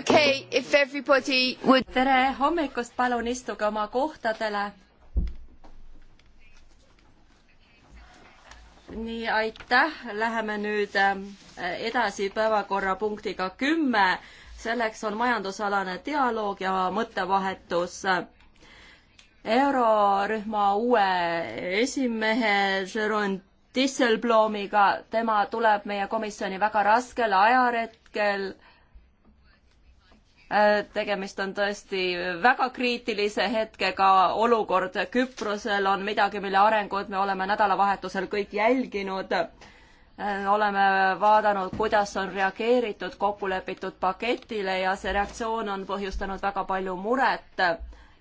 Okay, if everybody would... tere hommikust, palun istuge oma kohtadele. nii, aitäh, läheme nüüd ähm, edasi päevakorrapunktiga kümme. selleks on majandusalane dialoog ja mõttevahetus eurorühma uue esimehe Jerome Disselbloomiga, tema tuleb meie komisjoni väga raskel ajaretkel. Äh, tegemist on tõesti väga kriitilise hetkega, olukord Küprosel on midagi, mille arengut me oleme nädalavahetusel kõik jälginud äh, oleme vaadanud, kuidas on reageeritud kokkulepitud paketile ja see reaktsioon on põhjustanud väga palju muret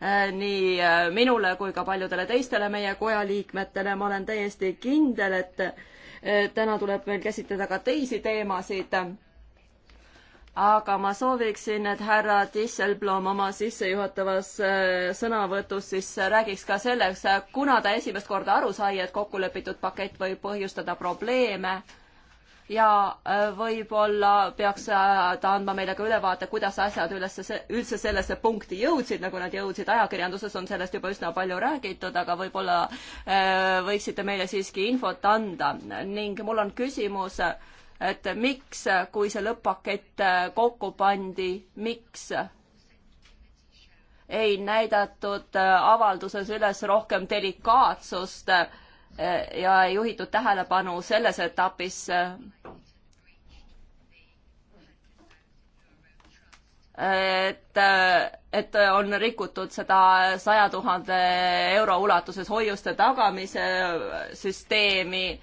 Äh, nii äh, minule kui ka paljudele teistele meie koja liikmetele. ma olen täiesti kindel, et äh, täna tuleb meil käsitleda ka teisi teemasid. aga ma sooviksin, et härra Disselblom oma sissejuhatavas sõnavõtus siis räägiks ka selleks, kuna ta esimest korda aru sai, et kokkulepitud pakett võib põhjustada probleeme ja äh, võib-olla peaks äh, ta andma meile ka ülevaate, kuidas asjad üles, üldse sellesse punkti jõudsid, nagu nad jõudsid. ajakirjanduses on sellest juba üsna palju räägitud, aga võib-olla äh, võiksite meile siiski infot anda ning mul on küsimus et miks, kui see lõpp-pakett kokku pandi, miks ei näidatud avalduses üles rohkem delikaatsust ja juhitud tähelepanu selles etapis et, et on rikutud seda saja tuhande euro ulatuses hoiuste tagamise süsteemi.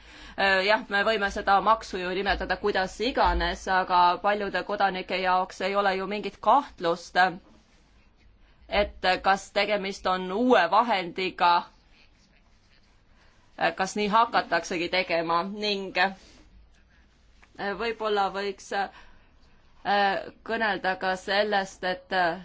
jah, me võime seda maksu ju nimetada kuidas iganes, aga paljude kodanike jaoks ei ole ju mingit kahtlust, et kas tegemist on uue vahendiga, kas nii hakataksegi tegema ning võib-olla võiks äh, Äh, kõnelda ka sellest, et äh,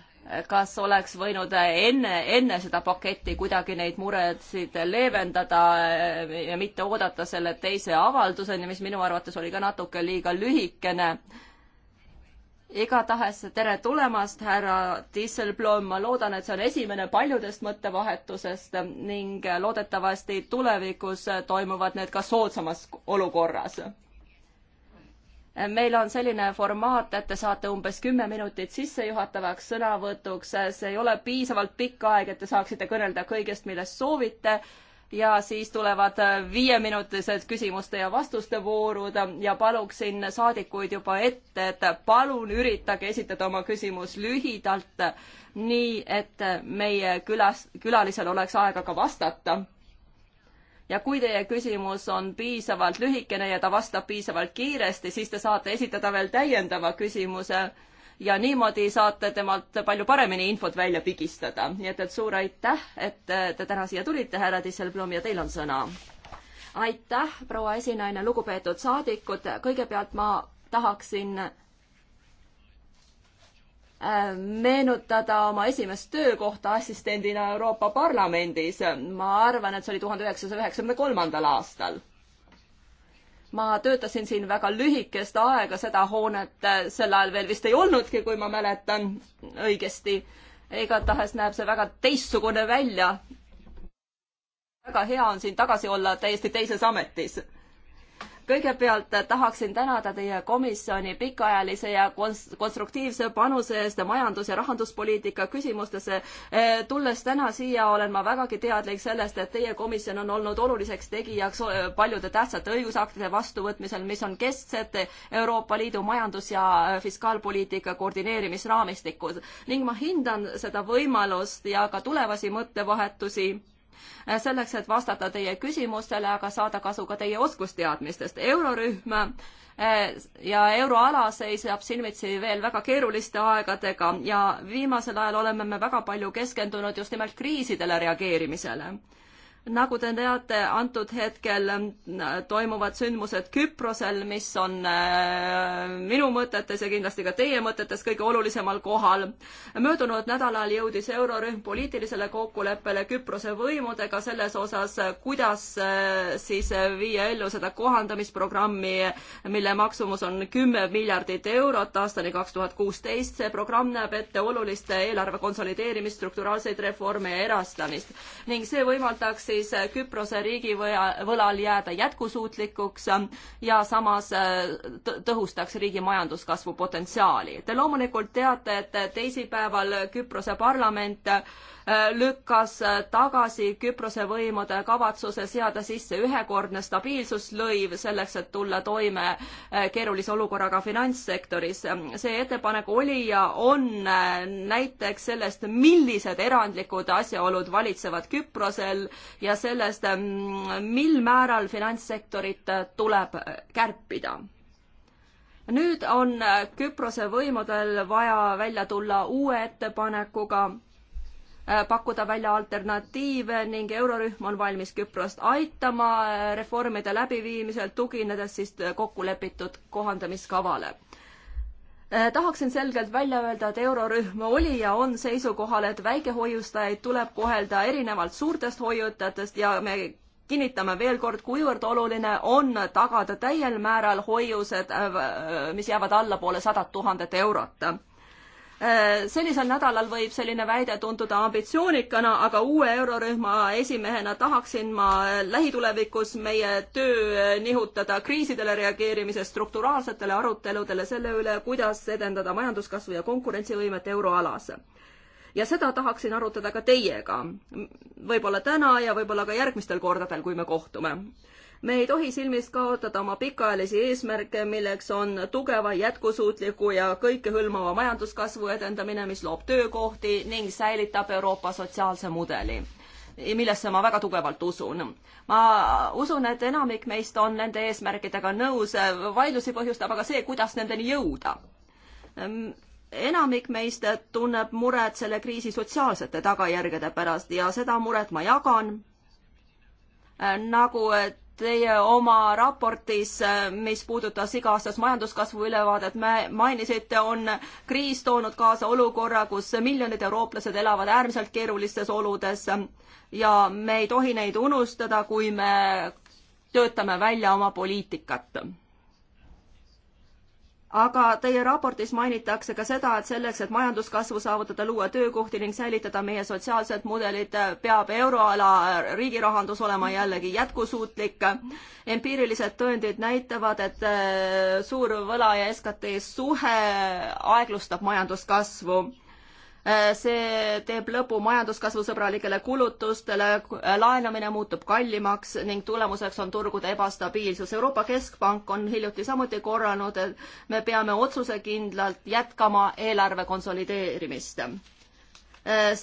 kas oleks võinud enne, enne seda paketti kuidagi neid muresid leevendada äh, ja mitte oodata selle teise avalduseni, mis minu arvates oli ka natuke liiga lühikene. igatahes tere tulemast, härra Dieselblom, ma loodan, et see on esimene paljudest mõttevahetusest ning loodetavasti tulevikus toimuvad need ka soodsamas olukorras meil on selline formaat, et te saate umbes kümme minutit sissejuhatavaks sõnavõtuks, see ei ole piisavalt pikk aeg, et te saaksite kõnelda kõigest, millest soovite ja siis tulevad viieminutilised küsimuste ja vastuste voorud ja paluksin saadikuid juba ette, et palun üritage esitada oma küsimus lühidalt, nii et meie külas, külalisel oleks aega ka vastata ja kui teie küsimus on piisavalt lühikene ja ta vastab piisavalt kiiresti, siis te saate esitada veel täiendava küsimuse ja niimoodi saate temalt palju paremini infot välja pigistada. nii et, et suur aitäh, et äh, te täna siia tulite, härra Disselblom, ja teil on sõna. aitäh, proua esinaine, lugupeetud saadikud, kõigepealt ma tahaksin meenutada oma esimest töökohta assistendina Euroopa Parlamendis. ma arvan, et see oli tuhande üheksasaja üheksakümne kolmandal aastal. ma töötasin siin väga lühikest aega, seda hoonet äh, sel ajal veel vist ei olnudki, kui ma mäletan õigesti. igatahes näeb see väga teistsugune välja. väga hea on siin tagasi olla täiesti teises ametis kõigepealt tahaksin tänada teie komisjoni pikaajalise ja konstruktiivse panuse eest majandus- ja rahanduspoliitika küsimustesse. Eh, tulles täna siia, olen ma vägagi teadlik sellest, et teie komisjon on olnud oluliseks tegijaks eh, paljude tähtsate õigusaktide vastuvõtmisel, mis on kesksed Euroopa Liidu majandus- ja eh, fiskaalpoliitika koordineerimisraamistikud ning ma hindan seda võimalust ja ka tulevasi mõttevahetusi Äh, selleks, et vastata teie küsimustele, aga saada kasu ka teie oskusteadmistest. eurorühm äh, ja euroala seisab silmitsi veel väga keeruliste aegadega ja viimasel ajal oleme me väga palju keskendunud just nimelt kriisidele reageerimisele nagu te teate, antud hetkel ähm, toimuvad sündmused Küprosel, mis on äh, minu mõtetes ja kindlasti ka teie mõtetes kõige olulisemal kohal. möödunud nädalal jõudis eurorühm poliitilisele kokkuleppele Küprose võimudega selles osas, kuidas äh, siis äh, viia ellu seda kohandamisprogrammi, mille maksumus on kümme miljardit eurot aastani kaks tuhat kuusteist. see programm näeb ette oluliste eelarve konsolideerimist, strukturaalseid reforme ja erastamist ning see võimaldaks suutis äh, Küprose riigivõlal jääda jätkusuutlikuks äh, ja samas äh, tõhustaks riigi majanduskasvu potentsiaali. Te loomulikult teate, et teisipäeval Küprose parlament lükkas tagasi Küprose võimude kavatsuse seada sisse ühekordne stabiilsuslõiv selleks, et tulla toime äh, keerulise olukorraga finantssektoris. see ettepanek oli ja on äh, näiteks sellest, millised erandlikud asjaolud valitsevad Küprosel ja sellest, äh, mil määral finantssektorit tuleb kärpida nüüd on Küprose võimudel vaja välja tulla uue ettepanekuga Äh, pakkuda välja alternatiive ning eurorühm on valmis Küprost aitama äh, reformide läbiviimisel, tuginedes siis äh, kokkulepitud kohandamiskavale tahaksin selgelt välja öelda, et eurorühm oli ja on seisukohal, et väikehoiustajaid tuleb kohelda erinevalt suurtest hoiutajatest ja me kinnitame veel kord, kuivõrd oluline on tagada täiel määral hoiused, mis jäävad allapoole sadat tuhandet eurot Äh, sellisel nädalal võib selline väide tunduda ambitsioonikana, aga uue eurorühma esimehena tahaksin ma äh, lähitulevikus meie töö äh, nihutada kriisidele reageerimise strukturaalsetele aruteludele selle üle, kuidas edendada majanduskasvu ja konkurentsivõimet euroalas. ja seda tahaksin arutada ka teiega, võib-olla täna ja võib-olla ka järgmistel kordadel, kui me kohtume me ei tohi silmist kaotada oma pikaajalisi eesmärke, milleks on tugeva, jätkusuutliku ja kõikehõlmava majanduskasvu edendamine, mis loob töökohti ning säilitab Euroopa sotsiaalse mudeli millesse ma väga tugevalt usun. ma usun, et enamik meist on nende eesmärkidega nõus, vaidlusi põhjustab aga see, kuidas nendeni jõuda. enamik meist tunneb muret selle kriisi sotsiaalsete tagajärgede pärast ja seda muret ma jagan. nagu Teie oma raportis, mis puudutas iga-aastast majanduskasvu ülevaadet, mainisite, on kriis toonud kaasa olukorra, kus miljonid eurooplased elavad äärmiselt keerulistes oludes ja me ei tohi neid unustada, kui me töötame välja oma poliitikat aga teie raportis mainitakse ka seda, et selleks, et majanduskasvu saavutada, luua töökohti ning säilitada meie sotsiaalsed mudelid, peab euroala riigirahandus olema jällegi jätkusuutlik. empiirilised tõendid näitavad, et äh, suur võla ja SKT suhe aeglustab majanduskasvu Äh, see teeb lõpu majanduskasvusõbralikele kulutustele, äh, laenamine muutub kallimaks ning tulemuseks on turgude ebastabiilsus. Euroopa Keskpank on hiljuti samuti korranud, et me peame otsusekindlalt jätkama eelarve konsolideerimist äh,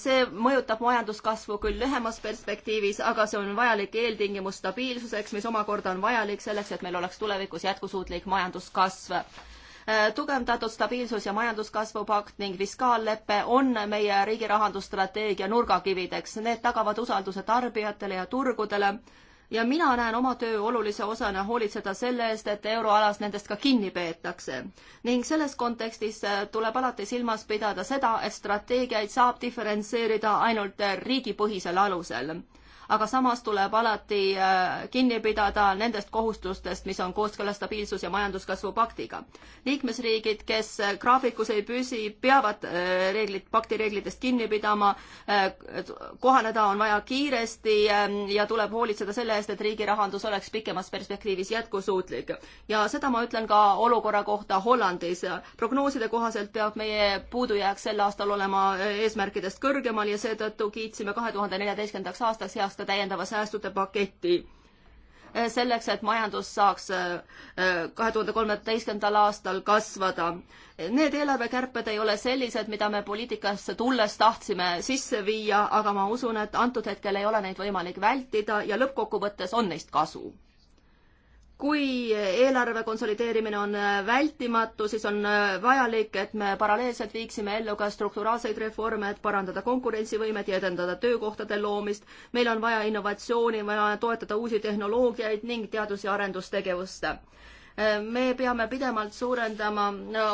see mõjutab majanduskasvu küll lühemas perspektiivis, aga see on vajalik eeltingimus stabiilsuseks, mis omakorda on vajalik selleks, et meil oleks tulevikus jätkusuutlik majanduskasv Äh, tugevdatud stabiilsus- ja majanduskasvupakt ning fiskaallepe on meie riigi rahandusstrateegia nurgakivideks. Need tagavad usalduse tarbijatele ja turgudele ja mina näen oma töö olulise osana hoolitseda selle eest, et euroalas nendest ka kinni peetakse. ning selles kontekstis äh, tuleb alati silmas pidada seda, et strateegiaid saab diferentseerida ainult riigipõhisel alusel aga samas tuleb alati äh, kinni pidada nendest kohustustest, mis on kooskõlas stabiilsus- ja majanduskasvu paktiga. liikmesriigid, kes äh, graafikus ei püsi, peavad äh, reeglid, pakti reeglitest kinni pidama, kohaneda on vaja kiiresti ähm, ja tuleb hoolitseda selle eest, et riigi rahandus oleks pikemas perspektiivis jätkusuutlik. ja seda ma ütlen ka olukorra kohta Hollandis. prognooside kohaselt peab meie puudujääk sel aastal olema eesmärkidest kõrgemal ja seetõttu kiitsime kahe tuhande neljateistkümnendaks aastaks heaks ka täiendava säästude paketi äh, selleks, et majandus saaks äh, äh, kahe tuhande kolmeteistkümnendal aastal kasvada. Need eelarvekärped ei ole sellised, mida me poliitikasse tulles tahtsime sisse viia, aga ma usun, et antud hetkel ei ole neid võimalik vältida ja lõppkokkuvõttes on neist kasu kui eelarve konsolideerimine on äh, vältimatu, siis on äh, vajalik, et me paralleelselt viiksime ellu ka strukturaalseid reforme, et parandada konkurentsivõimet ja edendada töökohtade loomist. meil on vaja innovatsiooni, vaja toetada uusi tehnoloogiaid ning teadus- ja arendustegevust. Äh, me peame pidevalt suurendama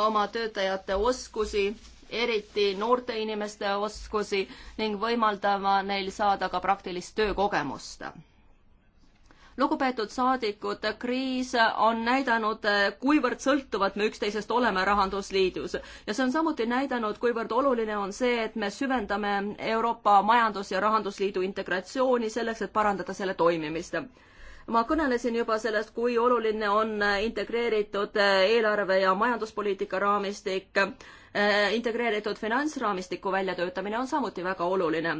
oma töötajate oskusi eriti noorte inimeste oskusi ning võimaldama neil saada ka praktilist töökogemust lugupeetud saadikud, kriis on näidanud, kuivõrd sõltuvad me üksteisest oleme Rahandusliidus ja see on samuti näidanud, kuivõrd oluline on see, et me süvendame Euroopa Majandus- ja Rahandusliidu integratsiooni selleks, et parandada selle toimimist ma kõnelesin juba sellest, kui oluline on integreeritud eelarve ja majanduspoliitika raamistik. integreeritud finantsraamistiku väljatöötamine on samuti väga oluline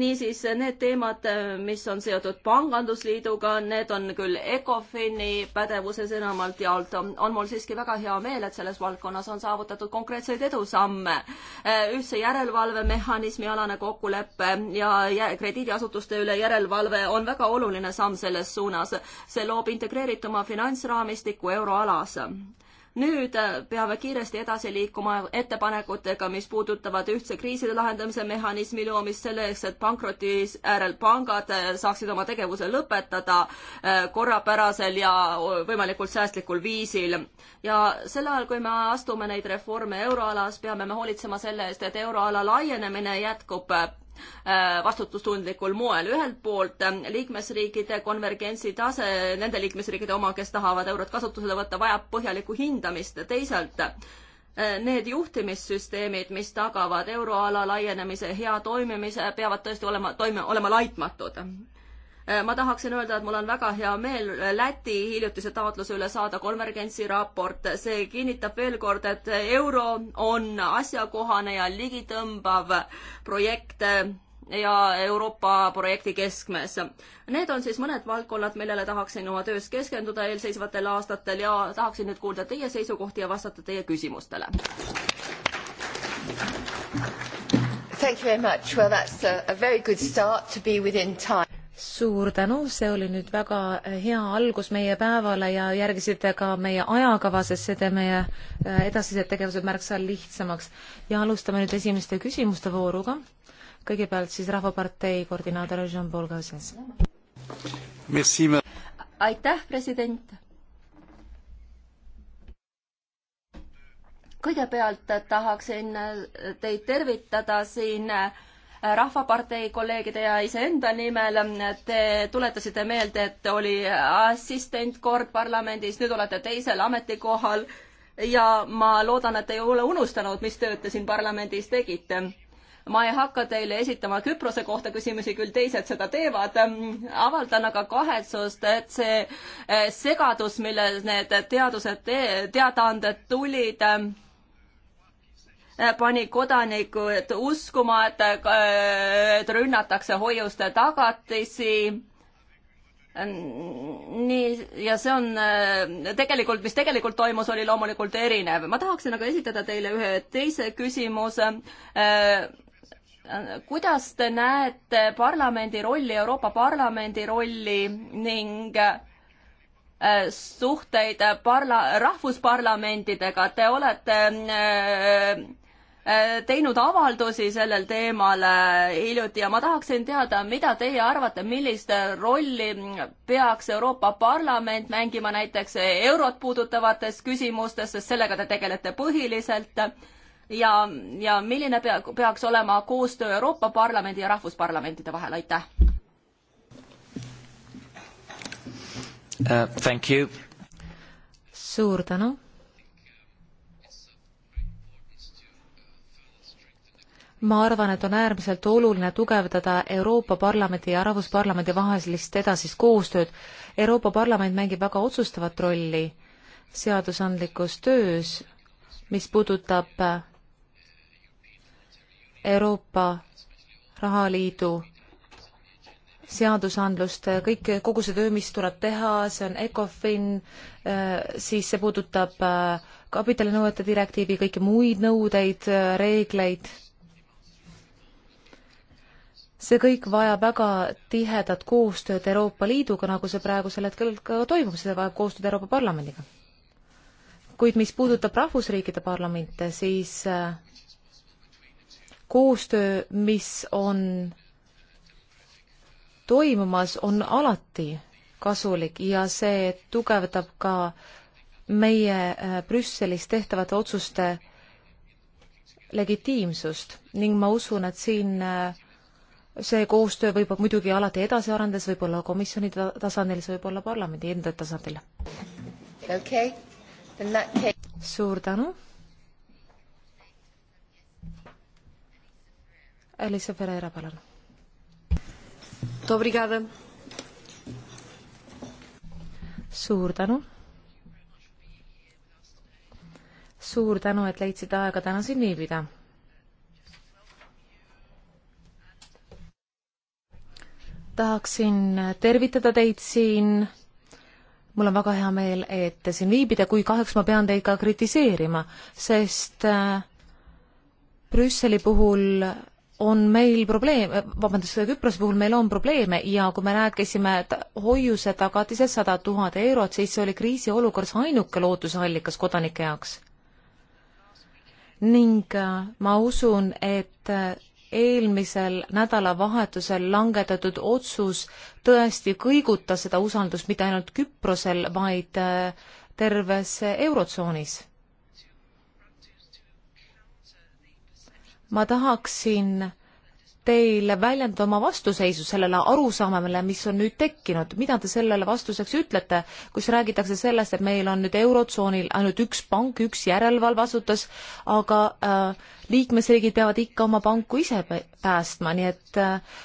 niisiis need teemad, äh, mis on seotud Pangandusliiduga, need on küll ECOFIN-i pädevuses enamalt jaolt, on mul siiski väga hea meel, et selles valdkonnas on saavutatud konkreetseid edusamme. Äh, ühtse järelevalvemehhanismi alane kokkulepe ja, ja krediidiasutuste üle järelevalve on väga oluline samm selles suunas. see loob integreerituma finantsraamistiku euroalas nüüd äh, peame kiiresti edasi liikuma ettepanekutega, mis puudutavad ühtse kriiside lahendamise mehhanismi loomist selleks, et pankroti äärel pangad äh, saaksid oma tegevuse lõpetada äh, korrapärasel ja võimalikult säästlikul viisil. ja sel ajal, kui me astume neid reforme euroalas, peame me hoolitsema selle eest, et euroala laienemine jätkub Äh, vastutustundlikul moel. ühelt poolt äh, liikmesriikide konvergentsi tase, nende liikmesriikide oma, kes tahavad eurot kasutusele võtta, vajab põhjalikku hindamist. teisalt äh, need juhtimissüsteemid, mis tagavad euroala laienemise hea toimimise, peavad tõesti olema, toime, olema laitmatud Äh, ma tahaksin öelda, et mul on väga hea meel äh, Läti hiljutise taotluse üle saada konvergentsi raport. see kinnitab veel kord, et euro on asjakohane ja ligitõmbav projekt äh, ja Euroopa projekti keskmes. Need on siis mõned valdkonnad, millele tahaksin oma töös keskenduda eelseisvatel aastatel ja tahaksin nüüd kuulda teie seisukohti ja vastata teie küsimustele. Thank you very much. Well, that's a, a very good start to be within time suur tänu, see oli nüüd väga hea algus meie päevale ja järgisite ka meie ajakava, sest see teeb meie äh, edasised tegevused märksa lihtsamaks. ja alustame nüüd esimeste küsimuste vooruga. kõigepealt siis Rahvapartei koordinaator Jean-Paul Gauzes. aitäh, president. kõigepealt tahaksin teid tervitada siin äh, Rahvapartei kolleegide ja iseenda nimel. Te tuletasite meelde, et oli assistent kord parlamendis, nüüd olete teisel ametikohal ja ma loodan, et te ei ole unustanud, mis tööd te siin parlamendis tegite ma ei hakka teile esitama Küprose kohta küsimusi, küll teised seda teevad. avaldan aga kahetsust, et see eh, segadus, milles need teadused te, teadaanded tulid, eh, Äh, pani kodanikud uskuma, et, äh, et rünnatakse hoiuste tagatisi. nii, ja see on äh, tegelikult, mis tegelikult toimus, oli loomulikult erinev. ma tahaksin aga esitada teile ühe teise küsimuse. kuidas te näete parlamendi rolli, Euroopa Parlamendi rolli ning suhteid parla-, rahvusparlamentidega, te olete äh, Äh, teinud avaldusi sellel teemal äh, hiljuti ja ma tahaksin teada, mida teie arvate, millist äh, rolli peaks Euroopa Parlament mängima näiteks eurot puudutavates küsimustes, sest sellega te tegelete põhiliselt, ja, ja milline pea, peaks olema koostöö Euroopa Parlamendi ja rahvusparlamentide vahel, aitäh uh,! Thank you! suur tänu! ma arvan, et on äärmiselt oluline tugevdada Euroopa Parlamendi ja Rahvusparlamendi vahelist edasist koostööd. Euroopa Parlament mängib väga otsustavat rolli seadusandlikus töös, mis puudutab Euroopa Rahaliidu seadusandlust, kõik, kogu see töö, mis tuleb teha, see on ECOFIN, siis see puudutab kapitalinõuete direktiivi, kõiki muid nõudeid, reegleid see kõik vajab väga tihedat koostööd Euroopa Liiduga, nagu see praegusel hetkel ka toimub, seda vajab koostööd Euroopa Parlamendiga. kuid mis puudutab rahvusriikide parlamente, siis äh, koostöö, mis on toimumas, on alati kasulik ja see tugevdab ka meie äh, Brüsselis tehtavate otsuste legitiimsust ning ma usun, et siin äh, see koostöö võib muidugi alati edasi arendades, võib-olla komisjoni tasandil, see võib olla parlamendi enda tasandil okay.. Case... suur tänu. Elisa Ferreira, palun. suur tänu. suur tänu, et leidsid aega täna siin viibida tahaksin tervitada teid siin. mul on väga hea meel, et te siin viibida, kui kahjuks ma pean teid ka kritiseerima, sest äh, Brüsseli puhul on meil probleem, vabandust, Küprose puhul meil on probleeme ja kui me rääkisime hoiuse tagatises sada tuhat eurot, siis see oli kriisiolukorras ainuke lootuseallikas kodanike jaoks. ning äh, ma usun, et äh, eelmisel nädalavahetusel langetatud otsus tõesti kõiguta seda usaldust mitte ainult Küprosel, vaid äh, terves Eurotsoonis. ma tahaksin teil väljenda oma vastuseisu sellele arusaamale, mis on nüüd tekkinud, mida te sellele vastuseks ütlete, kus räägitakse sellest, et meil on nüüd Eurotsoonil ainult üks pank, üks järelevalveasutus, aga äh, liikmesriigid peavad ikka oma panku ise päästma, nii et äh,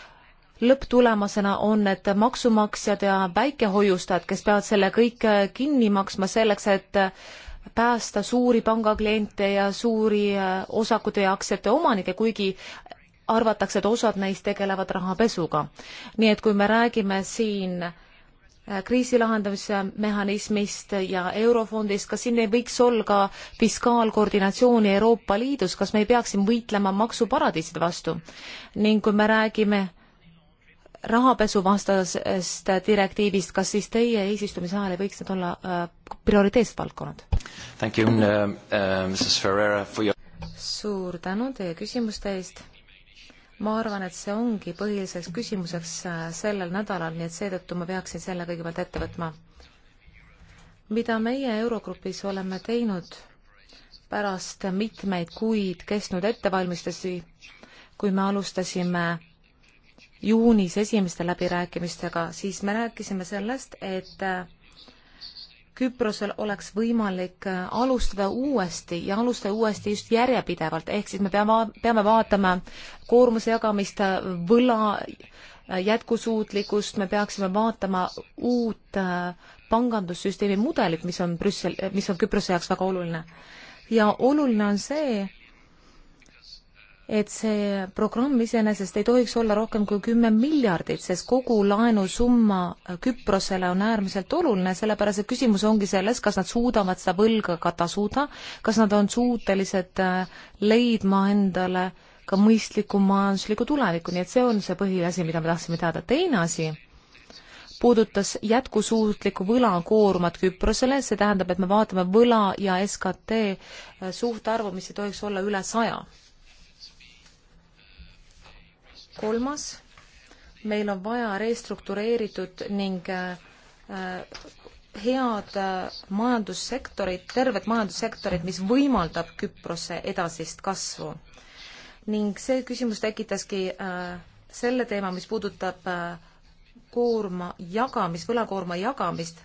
lõpptulemusena on need maksumaksjad ja väikehoiustajad, kes peavad selle kõik äh, kinni maksma selleks, et äh, päästa suuri pangakliente ja suuri äh, osakute ja aktsiate omanikke, kuigi arvatakse, et osad neist tegelevad rahapesuga. nii et kui me räägime siin äh, kriisi lahendamise mehhanismist ja Eurofondist, kas siin ei võiks olla ka fiskaalkoordinatsiooni Euroopa Liidus, kas me ei peaks siin võitlema maksuparadiiside vastu? ning kui me räägime rahapesuvastasest direktiivist, kas siis teie eesistumise ajal ei võiks need olla äh, prioriteetsed valdkonnad? Um, uh, your... suur tänu teie küsimuste eest ma arvan, et see ongi põhiliseks küsimuseks äh, sellel nädalal, nii et seetõttu ma peaksin selle kõigepealt ette võtma. mida meie Eurogrupis oleme teinud pärast mitmeid kuid kestnud ettevalmistusi, kui me alustasime juunis esimeste läbirääkimistega, siis me rääkisime sellest, et äh, Küprosel oleks võimalik äh, alustada uuesti ja alustada uuesti just järjepidevalt, ehk siis me peame, peame vaatama koormuse jagamist, äh, võla äh, jätkusuutlikkust, me peaksime vaatama uut pangandussüsteemi mudelit, mis on Brüssel, mis on Küprose jaoks väga oluline. ja oluline on see, et see programm iseenesest ei tohiks olla rohkem kui kümme miljardit, sest kogu laenusumma Küprosele on äärmiselt oluline, sellepärast et küsimus ongi selles, kas nad suudavad seda võlga ka tasuda, kas nad on suutelised äh, leidma endale ka mõistliku majandusliku tuleviku, nii et see on see põhiasi, mida me tahtsime teada. teine asi puudutas jätkusuutlikku võlakoormat Küprosele, see tähendab, et me vaatame võla ja SKT äh, suhtarvu, mis ei tohiks olla üle saja kolmas, meil on vaja restruktureeritud ning äh, head äh, majandussektorit, tervet majandussektorit, mis võimaldab Küprose edasist kasvu. ning see küsimus tekitaski äh, selle teema, mis puudutab koorma jagamist, võlakoorma jagamist,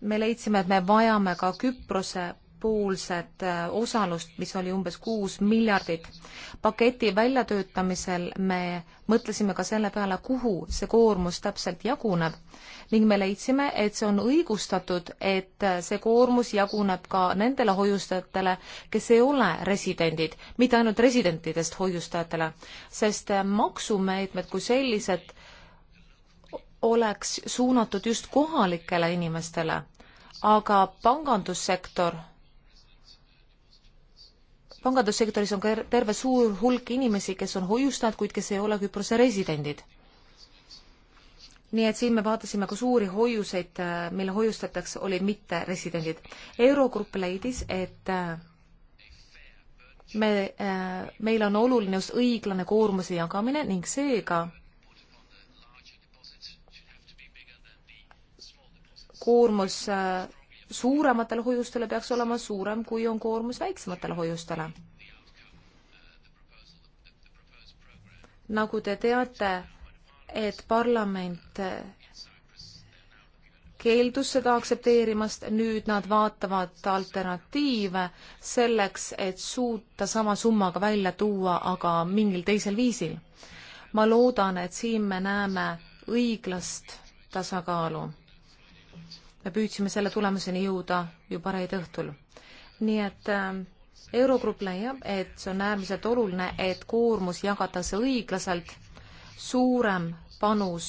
me leidsime, et me vajame ka Küprose kahepoolset äh, osalust, mis oli umbes kuus miljardit. paketi väljatöötamisel me mõtlesime ka selle peale, kuhu see koormus täpselt jaguneb ning me leidsime, et see on õigustatud, et äh, see koormus jaguneb ka nendele hoiustajatele, kes ei ole residendid, mitte ainult residentidest hoiustajatele, sest äh, maksumeetmed kui sellised oleks suunatud just kohalikele inimestele, aga pangandussektor pangandussektoris on ka er-, terve suur hulk inimesi, kes on hoiustajad, kuid kes ei ole Küprose residendid. nii et siin me vaatasime ka suuri hoiuseid, äh, mille hoiustajateks olid mitteresidendid. eurogrupp leidis, et äh, me, äh, meil on oluline just õiglane koormuse jagamine ning seega koormus suurematele hoiustele peaks olema suurem, kui on koormus väiksematele hoiustele. nagu te teate, et parlament keeldus seda aktsepteerimast, nüüd nad vaatavad alternatiive selleks, et suuta sama summaga välja tuua, aga mingil teisel viisil. ma loodan, et siin me näeme õiglast tasakaalu me püüdsime selle tulemuseni jõuda juba reede õhtul. nii et äh, Eurogrupp leiab, et see on äärmiselt oluline, et koormus jagatakse õiglaselt, suurem panus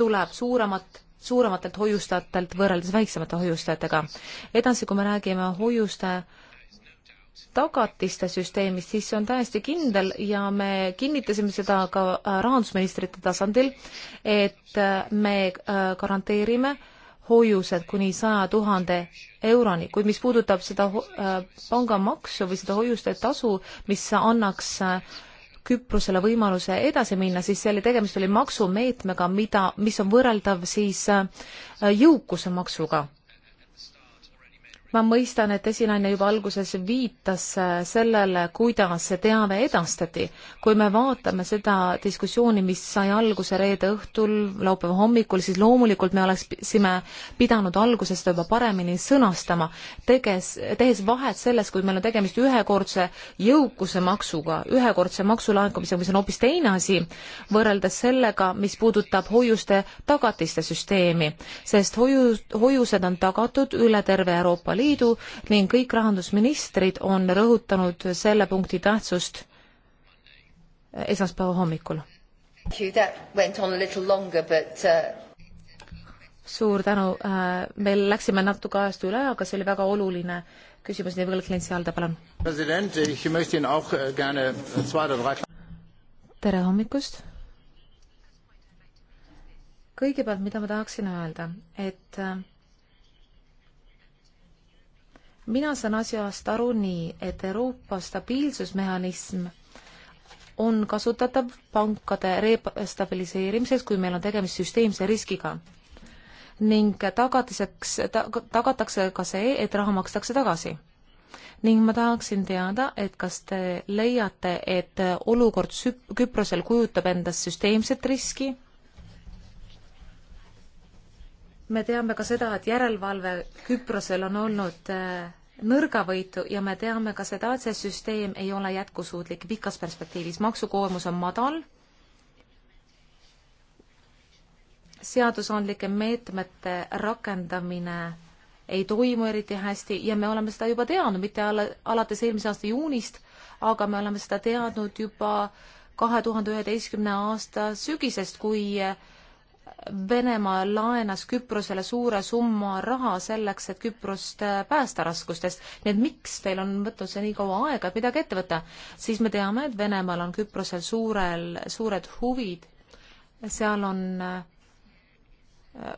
tuleb suuremat suurematelt hoiustajatelt võrreldes väiksemate hoiustajatega. edasi, kui me räägime hoiuste tagatiste süsteemist, siis see on täiesti kindel ja me kinnitasime seda ka äh, rahandusministrite tasandil, et äh, me garanteerime äh, hoiused kuni saja tuhande euroni, kuid mis puudutab seda äh, pangamaksu või seda hoiuste tasu, mis annaks äh, Küprosele võimaluse edasi minna, siis selle tegemist oli maksumeetmega, mida, mis on võrreldav siis äh, jõukuse maksuga ma mõistan, et esinaine juba alguses viitas äh, sellele, kuidas see teave edastati. kui me vaatame seda diskussiooni, mis sai alguse reede õhtul, laupäeva hommikul, siis loomulikult me oleksime pidanud alguses seda juba paremini sõnastama, teges, tehes vahet selles, kui meil on tegemist ühekordse jõukuse maksuga, ühekordse maksulaekumisega, mis on hoopis teine asi, võrreldes sellega, mis puudutab hoiuste tagatiste süsteemi, sest hoiu, hoiused on tagatud üle terve Euroopa Liidu, Liidu ning kõik rahandusministrid on rõhutanud selle punkti tähtsust esmaspäeva hommikul. Uh, suur tänu, äh, me läksime natuke ajast üle, aga see oli väga oluline küsimus, nii et Klintsi Alde, palun. Äh, äh, tere hommikust kõigepealt, mida ma tahaksin öelda, et mina saan asjast aru nii, et Euroopa stabiilsusmehhanism on kasutatav pankade restabiliseerimiseks, kui meil on tegemist süsteemse riskiga. ning tagatiseks ta,, tagatakse ka see, et raha makstakse tagasi. ning ma tahaksin teada, et kas te leiate, et olukord Küprosel kujutab endast süsteemset riski me teame ka seda, et järelevalve Küprosel on olnud äh, nõrgavõitu ja me teame ka seda, et see süsteem ei ole jätkusuutlik pikas perspektiivis. maksukoormus on madal, seadusandlike meetmete rakendamine ei toimu eriti hästi ja me oleme seda juba teadnud, mitte alla, alates eelmise aasta juunist, aga me oleme seda teadnud juba kahe tuhande üheteistkümne aasta sügisest, kui äh, Venemaa laenas Küprosele suure summa raha selleks, et Küprost äh, päästa raskustest. nii et miks teil on võtnud see nii kaua aega, et midagi ette võtta? siis me teame, et Venemaal on Küprosel suurel, suured huvid. seal on äh,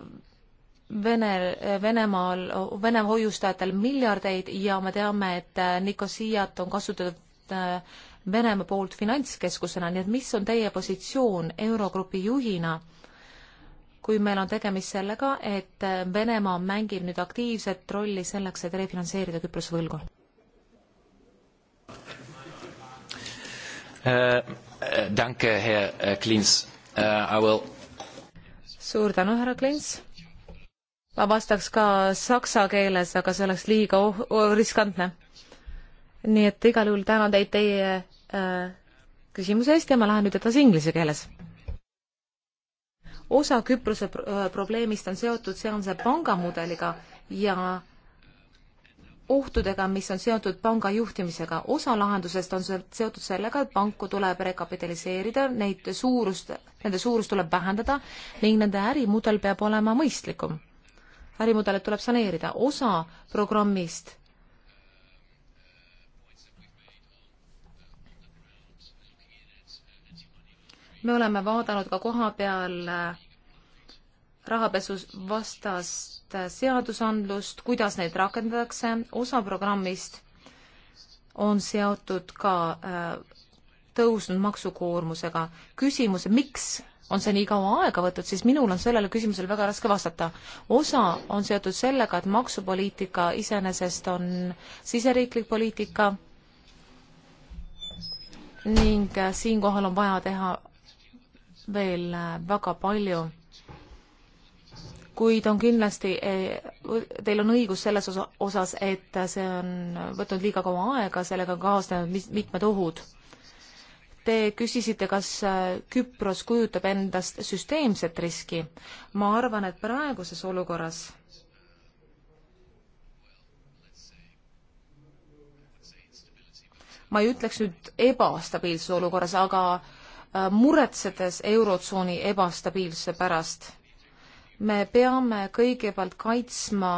Vene, Venemaal, Vene hoiustajatel miljardeid ja me teame, et äh, Nikosiat on kasutatud Venemaa poolt finantskeskusena, nii et mis on teie positsioon Eurogrupi juhina kui meil on tegemist sellega, et Venemaa mängib nüüd aktiivset rolli selleks, et refinantseerida Küprose võlgu? Äh, äh, danke, Herr äh, Klins. I will. suur tänu, härra Klins. ma vastaks ka saksa keeles, aga see oleks liiga oh oh riskantne. nii et igal juhul tänan teid teie äh, küsimuse eest ja ma lähen nüüd edasi inglise keeles osa Küprose äh, probleemist on seotud sealse pangamudeliga ja ohtudega, mis on seotud panga juhtimisega. osa lahendusest on seotud sellega, et panku tuleb rekapitaliseerida, neid suurust, nende suurust tuleb vähendada ning nende ärimudel peab olema mõistlikum. ärimudelit tuleb saneerida. osa programmist me oleme vaadanud ka koha peal äh, rahapesus vastast äh, seadusandlust, kuidas neid rakendatakse, osa programmist on seotud ka äh, tõusnud maksukoormusega. küsimus, miks on see nii kaua aega võtnud, siis minul on sellele küsimusele väga raske vastata. osa on seotud sellega, et maksupoliitika iseenesest on siseriiklik poliitika ning siinkohal on vaja teha veel äh, väga palju, kuid on kindlasti, e, teil on õigus selles osa, osas, et see on võtnud liiga kaua aega, sellega on kaasnenud mitmed ohud. Te küsisite, kas äh, Küpros kujutab endast süsteemset riski. ma arvan, et praeguses olukorras ma ei ütleks nüüd ebastabiilsuse olukorras, aga Äh, muretsedes Eurotsooni ebastabiilsuse pärast. me peame kõigepealt kaitsma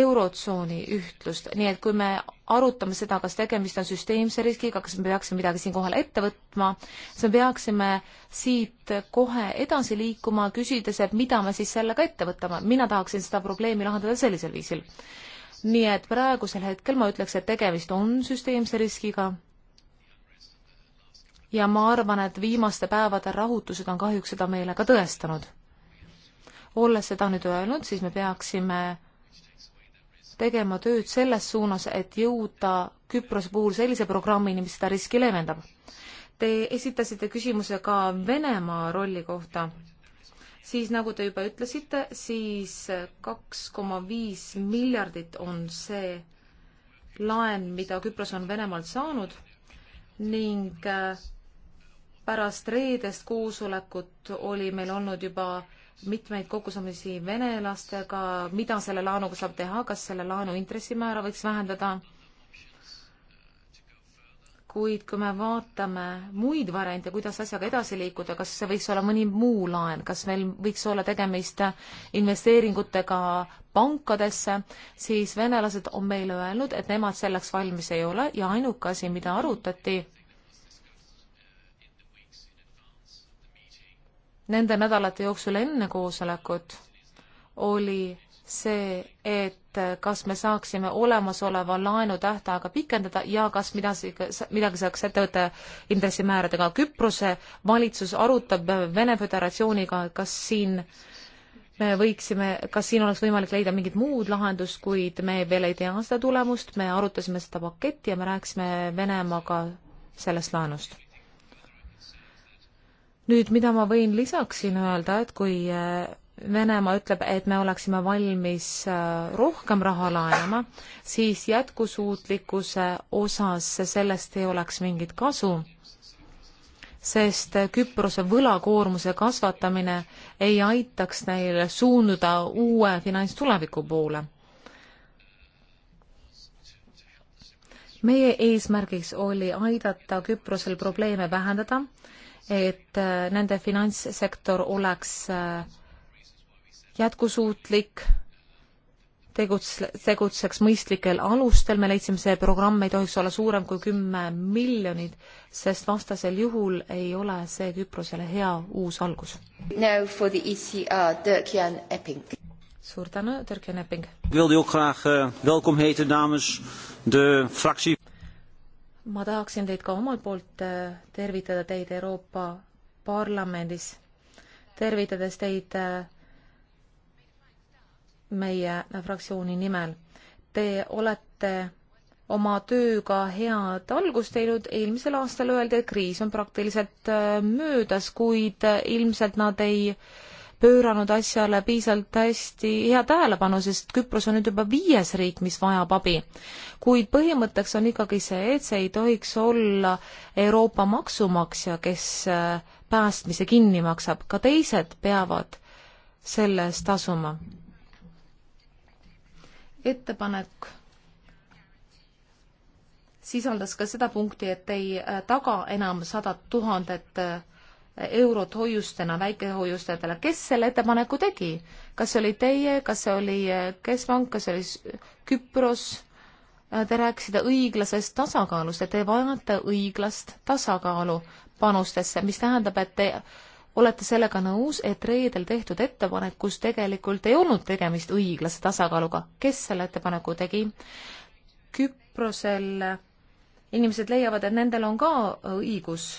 Eurotsooni ühtlust, nii et kui me arutame seda, kas tegemist on süsteemse riskiga, kas me peaksime midagi siinkohal ette võtma, siis me peaksime siit kohe edasi liikuma, küsides, et mida me siis sellega ette võtame. mina tahaksin seda probleemi lahendada sellisel viisil. nii et praegusel hetkel ma ütleks, et tegemist on süsteemse riskiga ja ma arvan, et viimaste päevade rahutused on kahjuks seda meile ka tõestanud. olles seda nüüd öelnud, siis me peaksime tegema tööd selles suunas, et jõuda Küprose puhul sellise programmini, mis seda riski leevendab. Te esitasite küsimuse ka Venemaa rolli kohta siis nagu te juba ütlesite, siis kaks koma viis miljardit on see laen, mida Küpros on Venemaalt saanud ning äh, pärast reedest koosolekut oli meil olnud juba mitmeid kogusamisi venelastega, mida selle laenuga saab teha, kas selle laenu intressimäära võiks vähendada. kuid kui me vaatame muid variante, kuidas asjaga edasi liikuda, kas see võiks olla mõni muu laen, kas meil võiks olla tegemist investeeringutega pankadesse, siis venelased on meile öelnud, et nemad selleks valmis ei ole ja ainuke asi, mida arutati nende nädalate jooksul enne koosolekut oli see, et kas me saaksime olemasoleva laenu tähtaega pikendada ja kas midagi, midagi saaks ette võtta intressimääradega. Küprose valitsus arutab Vene Föderatsiooniga, kas siin me võiksime, kas siin oleks võimalik leida mingit muud lahendust, kuid me veel ei tea seda tulemust, me arutasime seda paketti ja me rääkisime Venemaaga sellest laenust nüüd, mida ma võin lisaks siin öelda, et kui äh, Venemaa ütleb, et me oleksime valmis äh, rohkem raha laenama, siis jätkusuutlikkuse osas sellest ei oleks mingit kasu, sest äh, Küprose võlakoormuse kasvatamine ei aitaks neil suunduda uue finantstuleviku poole. meie eesmärgiks oli aidata Küprosel probleeme vähendada et äh, nende finantssektor oleks äh, jätkusuutlik, teguts-, tegutseks mõistlikel alustel, me leidsime, see programm ei tohiks olla suurem kui kümme miljonit, sest vastasel juhul ei ole see Küprosele hea uus algus. E suur tänu, Dirk-Jan Epping ma tahaksin teid ka omalt poolt äh, tervitada teid Euroopa Parlamendis, tervitades teid äh, meie fraktsiooni nimel. Te olete oma tööga head algust teinud, eelmisel aastal öeldi, et kriis on praktiliselt äh, möödas, kuid ilmselt nad ei äh, pööranud asjale piisavalt hästi hea tähelepanu, sest Küpros on nüüd juba viies riik, mis vajab abi. kuid põhimõtteks on ikkagi see, et see ei tohiks olla Euroopa maksumaksja, kes äh, päästmise kinni maksab, ka teised peavad selle eest tasuma. ettepanek sisaldas ka seda punkti, et ei äh, taga enam sadat tuhandet äh, eurot hoiustena väikehoiustajatele. kes selle ettepaneku tegi? kas see oli teie, kas see oli äh, Keskpank, kas see oli Küpros? Äh, te rääkisite õiglasest tasakaalust ja te vajate õiglast tasakaalu panustesse, mis tähendab, et te olete sellega nõus, et reedel tehtud ettepanekus tegelikult ei olnud tegemist õiglase tasakaaluga. kes selle ettepaneku tegi? Küprosel inimesed leiavad, et nendel on ka õigus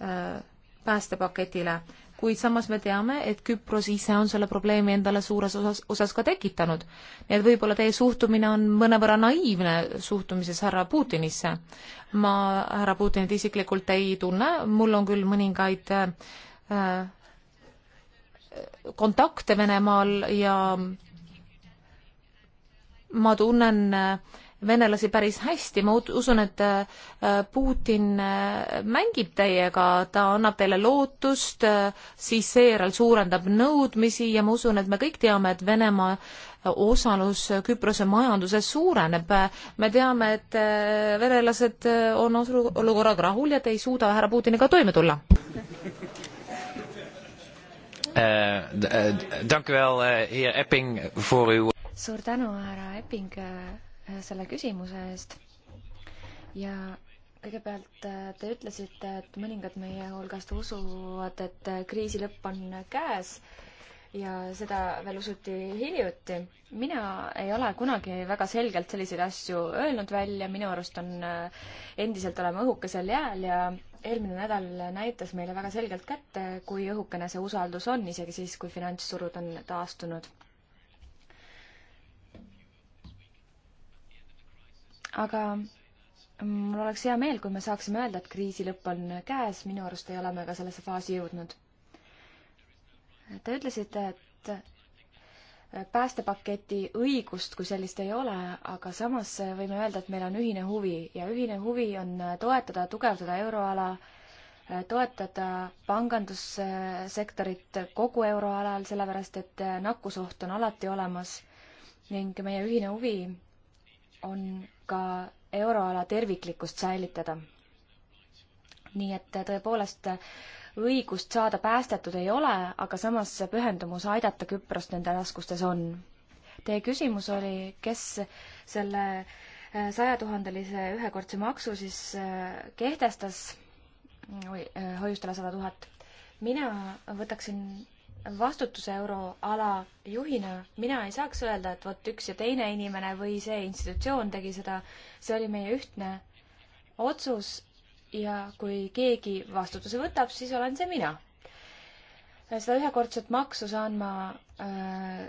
äh, päästepaketile, kuid samas me teame, et Küpros ise on selle probleemi endale suures osas, osas ka tekitanud. nii et võib-olla teie suhtumine on mõnevõrra naiivne suhtumises härra Putinisse. ma härra Putinit isiklikult ei tunne, mul on küll mõningaid äh, kontakte Venemaal ja ma tunnen äh, venelasi päris hästi, ma usun, et äh, Putin äh, mängib teiega, ta annab teile lootust, äh, siis seejärel suurendab nõudmisi ja ma usun, et me kõik teame, et Venemaa osalus Küprose majanduses suureneb. me teame, et venelased on olukorraga rahul ja te ei suuda härra Putiniga toime tulla. Eh, eh, dank u wel, eh, heer Epping, voor uw... Suur tänu, härra Epping selle küsimuse eest ja kõigepealt äh, te ütlesite, et mõningad meie hulgast usuvad, et äh, kriisi lõpp on käes ja seda veel usuti hiljuti. mina ei ole kunagi väga selgelt selliseid asju öelnud välja, minu arust on, äh, endiselt oleme õhukesel jääl ja eelmine nädal näitas meile väga selgelt kätte, kui õhukene see usaldus on, isegi siis, kui finantssurud on taastunud aga mul oleks hea meel, kui me saaksime öelda, et kriisi lõpp on käes, minu arust ei ole me ka sellesse faasi jõudnud. Te ütlesite, et päästepaketi õigust kui sellist ei ole, aga samas võime öelda, et meil on ühine huvi ja ühine huvi on toetada, tugevdada euroala, toetada pangandussektorit kogu euroalal, sellepärast et nakkusoht on alati olemas ning meie ühine huvi on ka euroala terviklikkust säilitada. nii et tõepoolest õigust saada päästetud ei ole, aga samas pühendumus aidata Küprost nende raskustes on. Teie küsimus oli, kes selle äh, sajatuhandelise ühekordse maksu siis äh, kehtestas, äh, hoiustele sada tuhat. mina võtaksin vastutuse euroala juhina mina ei saaks öelda, et vot üks ja teine inimene või see institutsioon tegi seda, see oli meie ühtne otsus ja kui keegi vastutuse võtab, siis olen see mina. seda ühekordset maksu saan ma äh,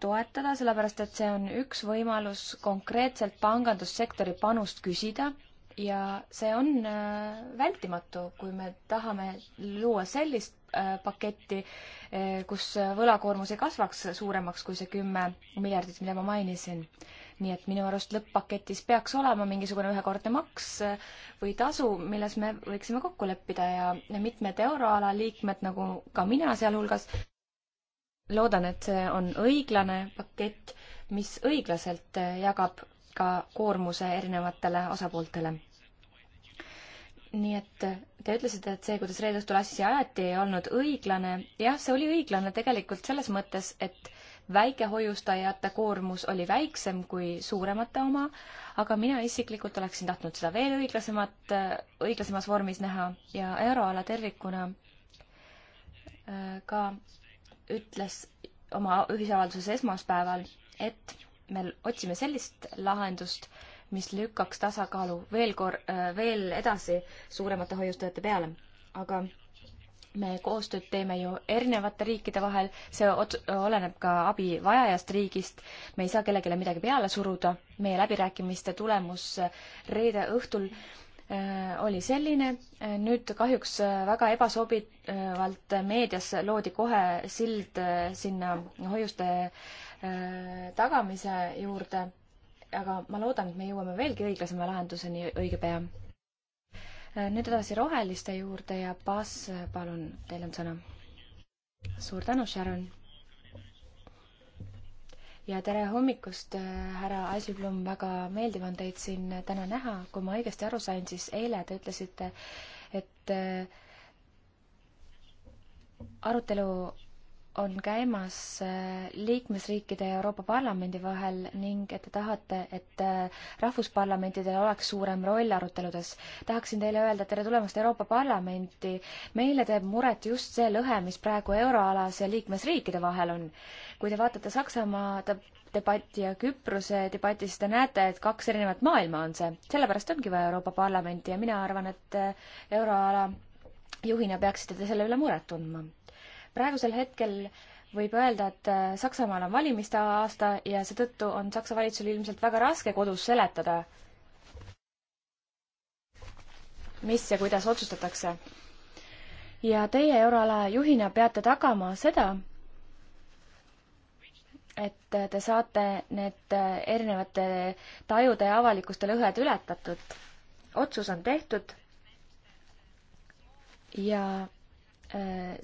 toetada, sellepärast et see on üks võimalus konkreetselt pangandussektori panust küsida ja see on äh, vältimatu, kui me tahame luua sellist Äh, paketti, äh, kus võlakoormus ei kasvaks suuremaks kui see kümme miljardit, mida ma mainisin. nii et minu arust lõpp-paketis peaks olema mingisugune ühekordne maks äh, või tasu, milles me võiksime kokku leppida ja mitmed euroala liikmed, nagu ka mina sealhulgas, loodan, et see on õiglane pakett, mis õiglaselt jagab ka koormuse erinevatele osapooltele nii et te ütlesite, et see, kuidas reede õhtul asja ajati, ei olnud õiglane. jah, see oli õiglane tegelikult selles mõttes, et väikehoiustajate koormus oli väiksem kui suuremate oma, aga mina isiklikult oleksin tahtnud seda veel õiglasemat, õiglasemas vormis näha ja euroala tervikuna äh, ka ütles oma ühisavalduses esmaspäeval, et me otsime sellist lahendust, mis lükkaks tasakaalu veel kor-, äh, veel edasi suuremate hoiustajate peale. aga me koostööd teeme ju erinevate riikide vahel, see ot-, oleneb ka abivajajast riigist, me ei saa kellelegi midagi peale suruda, meie läbirääkimiste tulemus äh, reede õhtul äh, oli selline, nüüd kahjuks väga ebasobivalt meedias loodi kohe sild sinna hoiuste tagamise juurde aga ma loodan, et me jõuame veelgi õiglasema lahenduseni õige pea. Äh, nüüd edasi roheliste juurde ja Bas, äh, palun, teil on sõna. suur tänu, Sharon. ja tere hommikust, äh, härra Asjublum, väga meeldiv on teid siin täna näha. kui ma õigesti aru sain, siis eile te ütlesite, et arutelu on käimas äh, liikmesriikide ja Euroopa Parlamendi vahel ning et te tahate, et äh, rahvusparlamentidel oleks suurem roll aruteludes. tahaksin teile öelda tere tulemast Euroopa Parlamenti. meile teeb muret just see lõhe, mis praegu euroalas ja liikmesriikide vahel on. kui te vaatate Saksamaa debatti ja Küprose debatti, siis te näete, et kaks erinevat maailma on see. sellepärast ongi vaja Euroopa Parlamenti ja mina arvan, et äh, euroala juhina peaksite te selle üle muret tundma praegusel hetkel võib öelda, et äh, Saksamaal on valimiste aasta ja seetõttu on Saksa valitsusel ilmselt väga raske kodus seletada, mis ja kuidas otsustatakse. ja teie euroala juhina peate tagama seda, et te saate need äh, erinevate tajude ja avalikuste lõhed ületatud. otsus on tehtud ja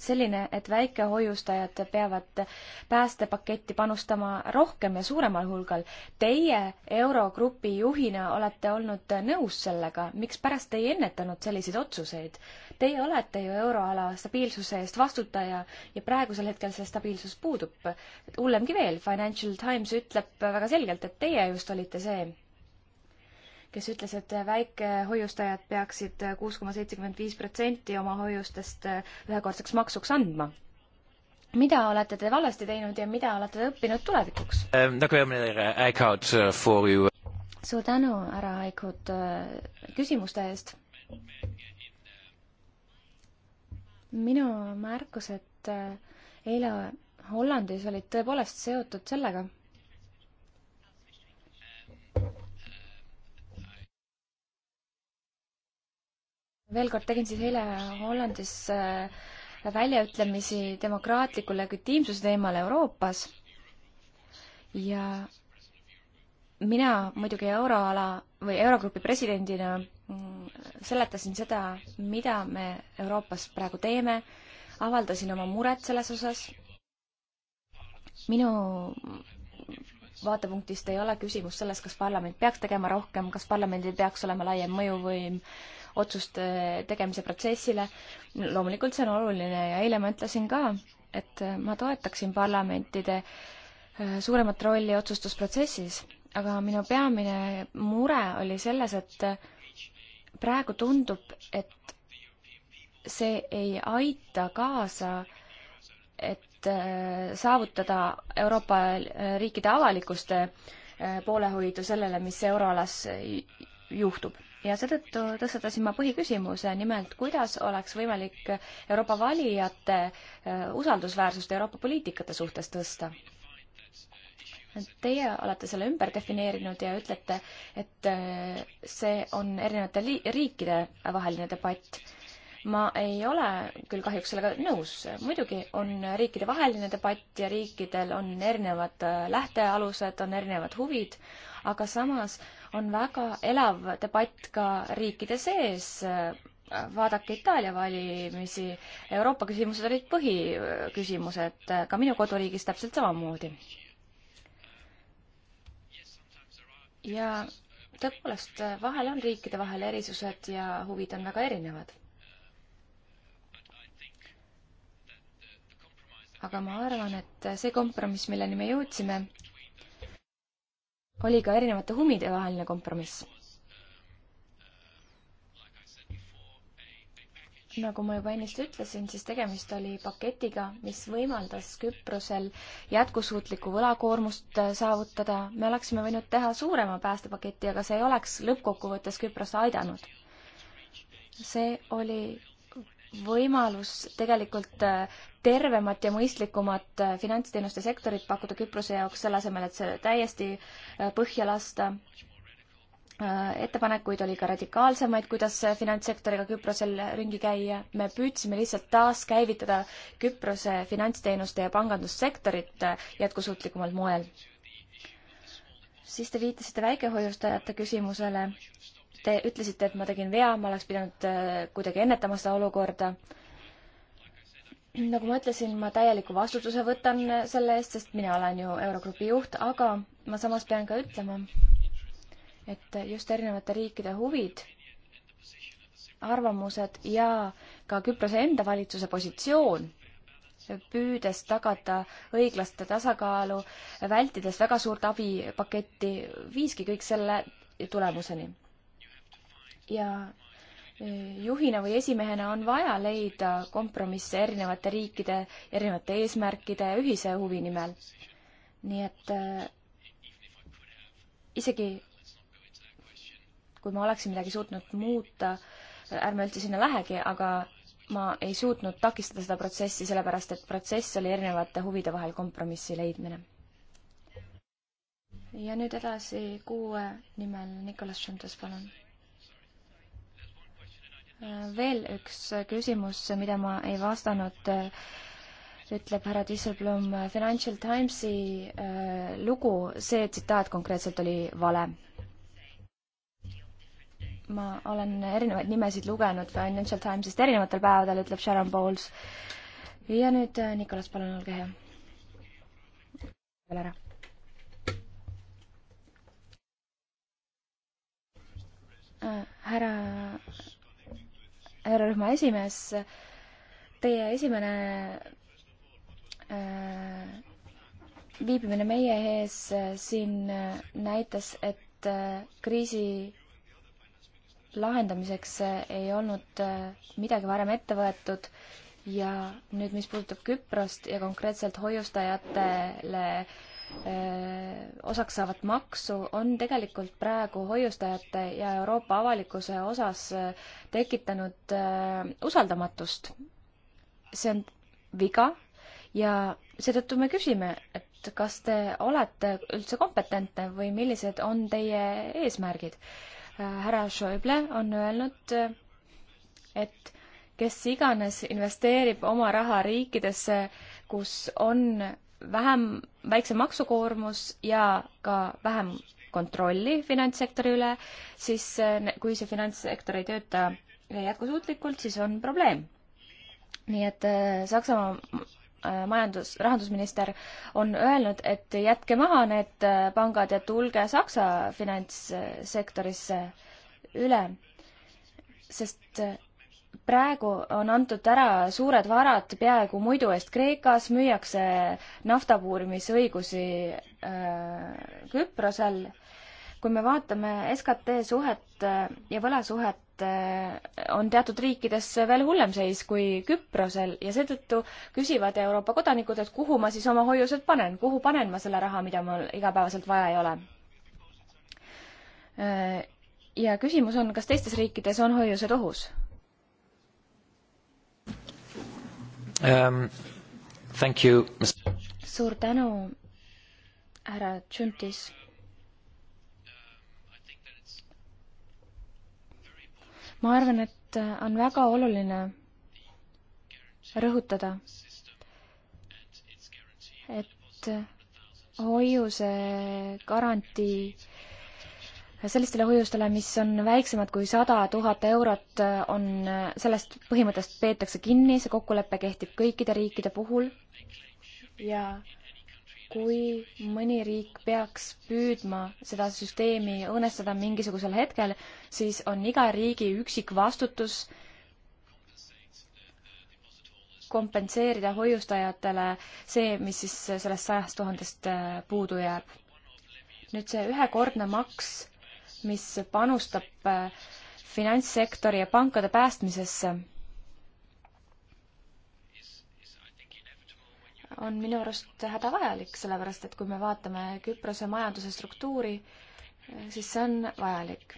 selline, et väikehoiustajad peavad päästepaketti panustama rohkem ja suuremal hulgal. Teie Eurogrupi juhina olete olnud nõus sellega, mikspärast te ei ennetanud selliseid otsuseid? Teie olete ju euroala stabiilsuse eest vastutaja ja praegusel hetkel see stabiilsus puudub. hullemgi veel, Financial Times ütleb väga selgelt, et teie just olite see, kes ütles, et väikehoiustajad peaksid kuus koma seitsekümmend viis protsenti oma hoiustest äh, ühekordseks maksuks andma. mida olete te valesti teinud ja mida olete õppinud tulevikuks um,? Eh, eh, suur tänu, härra Aikut, äh, küsimuste eest. minu märkused äh, eile Hollandis olid tõepoolest seotud sellega veel kord tegin siis eile Hollandis äh, väljaütlemisi demokraatliku legitiimsuse teemal Euroopas ja mina muidugi euroala või Eurogrupi presidendina mm, seletasin seda, mida me Euroopas praegu teeme, avaldasin oma muret selles osas. minu vaatepunktist ei ole küsimus selles, kas parlament peaks tegema rohkem, kas parlamendil peaks olema laiem mõjuvõim äh, otsuste tegemise protsessile. loomulikult see on oluline ja eile ma ütlesin ka, et ma toetaksin parlamentide äh, suuremat rolli otsustusprotsessis, aga minu peamine mure oli selles, et äh, praegu tundub, et see ei aita kaasa et äh, saavutada Euroopa riikide avalikkuste poolehoidu sellele, mis euroalas juhtub ja seetõttu tõstatasin ma põhiküsimuse, nimelt kuidas oleks võimalik Euroopa valijate äh, usaldusväärsust Euroopa poliitikate suhtes tõsta? Teie olete selle ümber defineerinud ja ütlete, et äh, see on erinevate riikide vaheline debatt. ma ei ole küll kahjuks sellega nõus. muidugi on riikidevaheline debatt ja riikidel on erinevad äh, lähtealused, on erinevad huvid, aga samas on väga elav debatt ka riikide sees. vaadake Itaalia valimisi, Euroopa küsimused olid põhiküsimused, ka minu koduriigis täpselt samamoodi. ja tõepoolest, vahel on riikide vahel erisused ja huvid on väga erinevad. aga ma arvan, et see kompromiss, milleni me jõudsime, oli ka erinevate huvide vaheline kompromiss. nagu ma juba ennist ütlesin, siis tegemist oli paketiga, mis võimaldas Küprosel jätkusuutlikku võlakoormust äh, saavutada. me oleksime võinud teha suurema päästepaketi, aga see ei oleks lõppkokkuvõttes Küprost aidanud. see oli võimalus tegelikult äh, tervemat ja mõistlikumat äh, finantsteenuste sektorit pakkuda Küprose jaoks, selle asemel, et see täiesti äh, põhja lasta. Äh, ettepanekuid oli ka radikaalsemaid, kuidas finantssektoriga Küprosel ringi käia. me püüdsime lihtsalt taaskäivitada Küprose finantsteenuste ja pangandussektorit jätkusuutlikumal moel. siis te viitasite väikehoiustajate küsimusele. Te ütlesite, et ma tegin vea, ma oleks pidanud kuidagi ennetama seda olukorda nagu ma ütlesin, ma täieliku vastutuse võtan selle eest, sest mina olen ju Eurogrupi juht, aga ma samas pean ka ütlema, et just erinevate riikide huvid, arvamused ja ka Küprose enda valitsuse positsioon, püüdes tagada õiglaste tasakaalu, vältides väga suurt abipaketti, viiski kõik selle tulemuseni. ja juhina või esimehena on vaja leida kompromisse erinevate riikide, erinevate eesmärkide ja ühise huvi nimel. nii et äh, isegi kui ma oleksin midagi suutnud muuta, äh, ärme üldse sinna lähegi, aga ma ei suutnud takistada seda protsessi, sellepärast et protsess oli erinevate huvide vahel kompromissi leidmine. ja nüüd edasi kuue nimel Nicolas Šuntas, palun veel üks küsimus, mida ma ei vastanud, ütleb härra Disselblom, Financial Timesi äh, lugu, see tsitaat konkreetselt oli vale. ma olen erinevaid nimesid lugenud Financial Timesist erinevatel päevadel, ütleb Sharon Bowles. ja nüüd äh, Nikolas, palun olge hea. veel ära. Äh, härra härra rühma esimees, teie esimene äh, viibimine meie ees äh, siin äh, näitas, et äh, kriisi lahendamiseks ei olnud midagi varem ette võetud ja nüüd, mis puudutab Küprost ja konkreetselt hoiustajatele äh, osaks saavat maksu on tegelikult praegu hoiustajate ja Euroopa avalikkuse osas tekitanud usaldamatust. see on viga ja seetõttu me küsime, et kas te olete üldse kompetentne või millised on teie eesmärgid. härra Schäuble on öelnud, et kes iganes investeerib oma raha riikidesse, kus on vähem, väiksem maksukoormus ja ka vähem kontrolli finantssektori üle, siis eh, kui see finantssektor ei tööta jätkusuutlikult, siis on probleem. nii et eh, Saksamaa eh, majandus, rahandusminister on öelnud, et jätke maha need pangad ja tulge Saksa finantssektorisse üle, sest praegu on antud ära suured varad peaaegu muidu eest Kreekas, müüakse naftapuurimisõigusi äh, Küprosel. kui me vaatame SKT suhet äh, ja võlasuhet äh,, on teatud riikides veel hullem seis kui Küprosel ja seetõttu küsivad Euroopa kodanikud, et kuhu ma siis oma hoiused panen, kuhu panen ma selle raha, mida mul igapäevaselt vaja ei ole äh,. ja küsimus on, kas teistes riikides on hoiused ohus? um,. Thank you. suur tänu, härra Tšuntis. ma arvan, et äh, on väga oluline rõhutada, et äh, hoiuse garantii sellistele hoiustele, mis on väiksemad kui sada tuhat eurot, on, sellest põhimõttest peetakse kinni, see kokkulepe kehtib kõikide riikide puhul ja kui mõni riik peaks püüdma seda süsteemi õõnestada mingisugusel hetkel, siis on iga riigi üksik vastutus kompenseerida hoiustajatele see, mis siis sellest sajast tuhandest puudu jääb nüüd see ühekordne maks mis panustab äh, finantssektori ja pankade päästmisesse, on minu arust hädavajalik, sellepärast et kui me vaatame Küprose majanduse struktuuri, siis see on vajalik.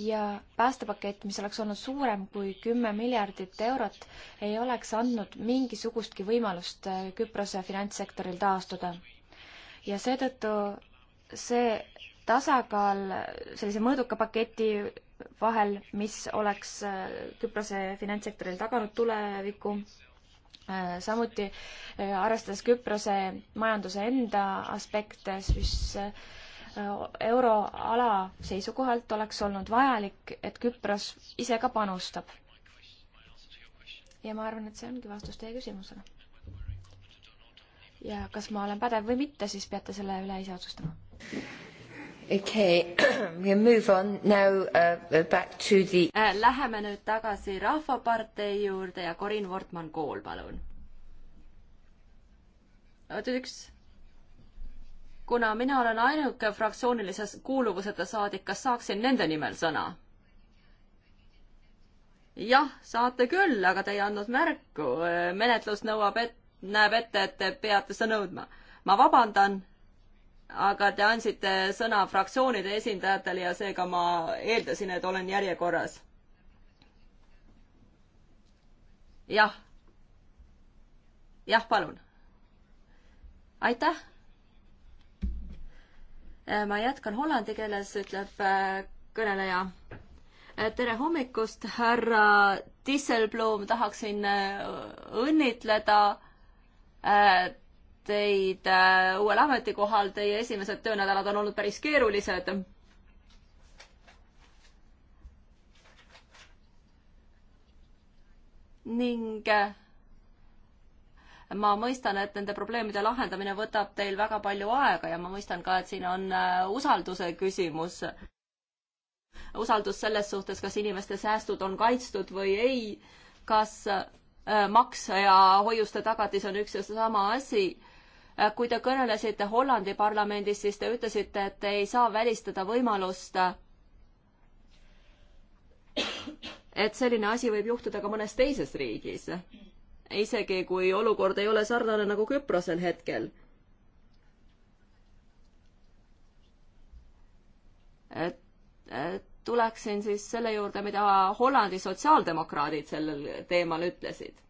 ja päästepakett, mis oleks olnud suurem kui kümme miljardit eurot, ei oleks andnud mingisugustki võimalust äh, Küprose finantssektoril taastuda. ja seetõttu see tasakaal sellise mõõduka paketi vahel, mis oleks äh, Küprose finantssektoril taganud tuleviku, äh, samuti äh, arvestades Küprose majanduse enda aspekte, siis euroala seisukohalt oleks olnud vajalik, et Küpros ise ka panustab. ja ma arvan, et see ongi vastus teie küsimusele. ja kas ma olen pädev või mitte, siis peate selle üle ise otsustama. Okay. Now, uh, the... Äh, läheme nüüd tagasi Rahvapartei juurde ja Corin Wortmann-Kool, palun. oot, üks. kuna mina olen ainuke fraktsioonilises kuuluvuseta saadik, kas saaksin nende nimel sõna? jah, saate küll, aga te ei andnud märku. Äh, menetlus nõuab, et, näeb ette, et te peate seda nõudma. ma vabandan aga te andsite sõna fraktsioonide esindajatele ja seega ma eeldasin, et olen järjekorras. jah. jah, palun. aitäh. Äh, ma jätkan hollandi keeles, ütleb äh, kõneleja. Äh, tere hommikust, härra Disselblom, tahaksin õnnitleda teid äh, uuel ametikohal, teie esimesed töönädalad on olnud päris keerulised. ning äh, ma mõistan, et nende probleemide lahendamine võtab teil väga palju aega ja ma mõistan ka, et siin on äh, usalduse küsimus. usaldus selles suhtes, kas inimeste säästud on kaitstud või ei, kas maks ja hoiuste tagatis on üks ja seesama asi Äh, kui te kõnelesite Hollandi parlamendis, siis te ütlesite, et te ei saa välistada võimalust, et selline asi võib juhtuda ka mõnes teises riigis. isegi kui olukord ei ole sarnane nagu Küprosel hetkel. et, et tuleksin siis selle juurde, mida Hollandi sotsiaaldemokraadid sellel teemal ütlesid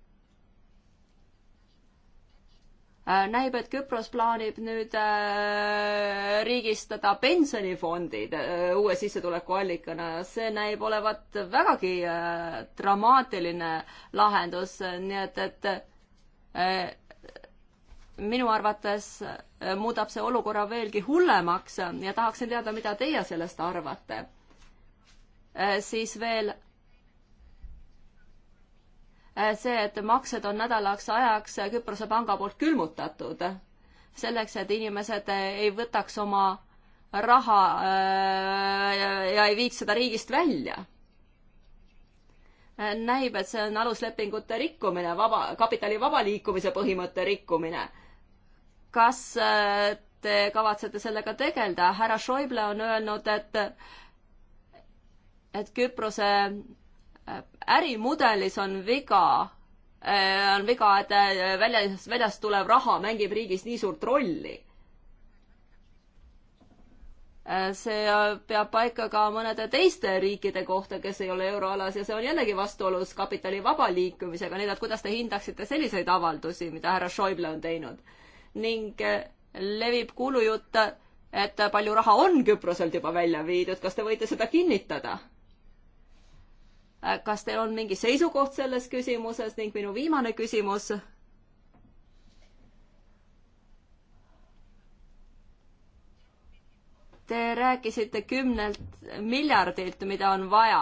Äh, näib, et Küpros plaanib nüüd äh, riigistada pensionifondid äh, uue sissetulekuallikana. see näib olevat vägagi dramaatiline lahendus, nii et, et minu arvates muudab see olukorra veelgi hullemaks ja tahaksin teada, mida teie sellest arvate. siis veel Äh, see, et maksed on nädalaks ajaks Küprose panga poolt külmutatud, selleks et inimesed ei võtaks oma raha äh, ja ei viiks seda riigist välja. Äh, näib, et see on aluslepingute rikkumine, vaba, kapitali vaba liikumise põhimõtte rikkumine. kas te kavatsete sellega tegeleda? härra Schäuble on öelnud, et et Küprose ärimudelis on viga, eh, on viga, et eh, väljas, väljast tulev raha mängib riigis nii suurt rolli. Eh, see peab paika ka mõnede teiste riikide kohta, kes ei ole euroalas ja see on jällegi vastuolus kapitali vaba liikumisega, nii et kuidas te hindaksite selliseid avaldusi, mida härra Schäuble on teinud? ning levib kuulujutt, et palju raha on Küproselt juba välja viidud, kas te võite seda kinnitada? Äh, kas teil on mingi seisukoht selles küsimuses ning minu viimane küsimus. Te rääkisite kümnelt miljardilt, mida on vaja.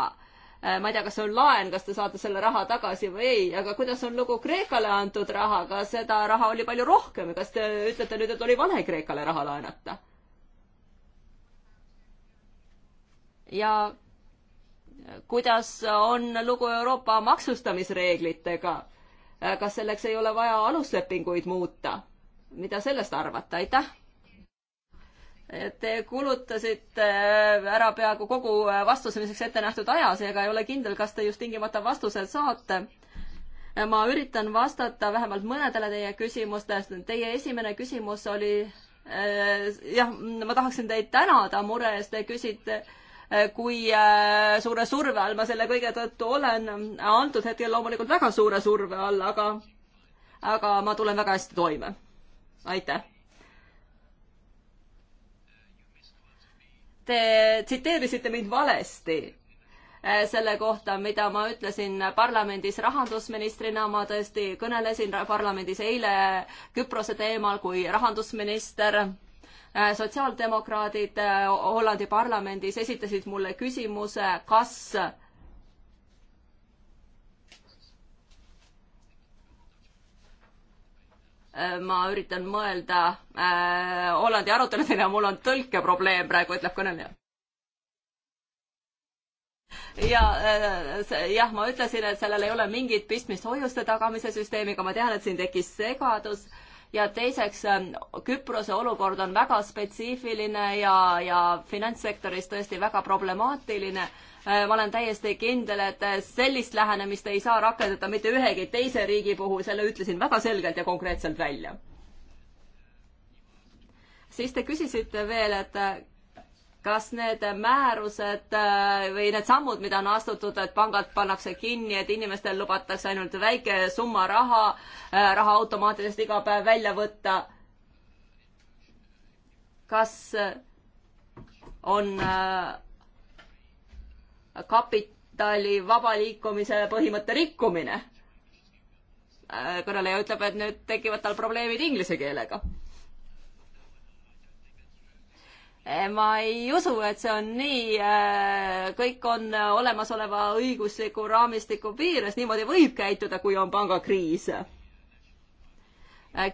Äh, ma ei tea, kas see on laen, kas te saate selle raha tagasi või ei, aga kuidas on lugu Kreekale antud rahaga, seda raha oli palju rohkem, kas te ütlete nüüd, et oli vale Kreekale raha laenata? ja kuidas on lugu Euroopa maksustamisreeglitega? kas selleks ei ole vaja aluslepinguid muuta? mida sellest arvate, aitäh! Te kulutasite äh, ära peaaegu kogu äh, vastustamiseks ette nähtud aja, seega ei ole kindel, kas te just tingimata vastused saate. ma üritan vastata vähemalt mõnedele teie küsimustest. Teie esimene küsimus oli, äh, jah, ma tahaksin teid tänada mure eest, te küsite äh, Eh, kui eh, suure surve all ma selle kõige tõttu olen. Eh, antud hetkel loomulikult väga suure surve all, aga, aga ma tulen väga hästi toime. aitäh. Te tsiteerisite mind valesti selle kohta, mida ma ütlesin parlamendis rahandusministrina, ma tõesti kõnelesin parlamendis eile Küprose teemal kui rahandusminister Äh, sotsiaaldemokraadid äh, Hollandi parlamendis esitasid mulle küsimuse, kas äh, ma üritan mõelda äh, Hollandi aruteludele, mul on tõlkeprobleem praegu, ütleb kõneleja. ja äh, jah, ma ütlesin, et sellel ei ole mingit pistmist hoiuste tagamise süsteemiga, ma tean, et siin tekkis segadus äh, ja teiseks, ähm, Küprose olukord on väga spetsiifiline ja, ja finantssektoris tõesti väga problemaatiline. Äh, ma olen täiesti kindel, et äh, sellist lähenemist ei saa rakendada mitte ühegi teise riigi puhul, selle ütlesin väga selgelt ja konkreetselt välja. siis te küsisite veel, et äh, kas need määrused äh, või need sammud, mida on astutud, et pangad pannakse kinni, et inimestel lubatakse ainult väike summa raha, äh, raha automaatiliselt iga päev välja võtta. kas äh, on kapitali vaba liikumise põhimõtte rikkumine? kõneleja ütleb, et nüüd tekivad tal probleemid inglise keelega Eh, ma ei usu, et see on nii, eh, kõik on eh, olemasoleva õigusliku raamistiku piires, niimoodi võib käituda, kui on pangakriis.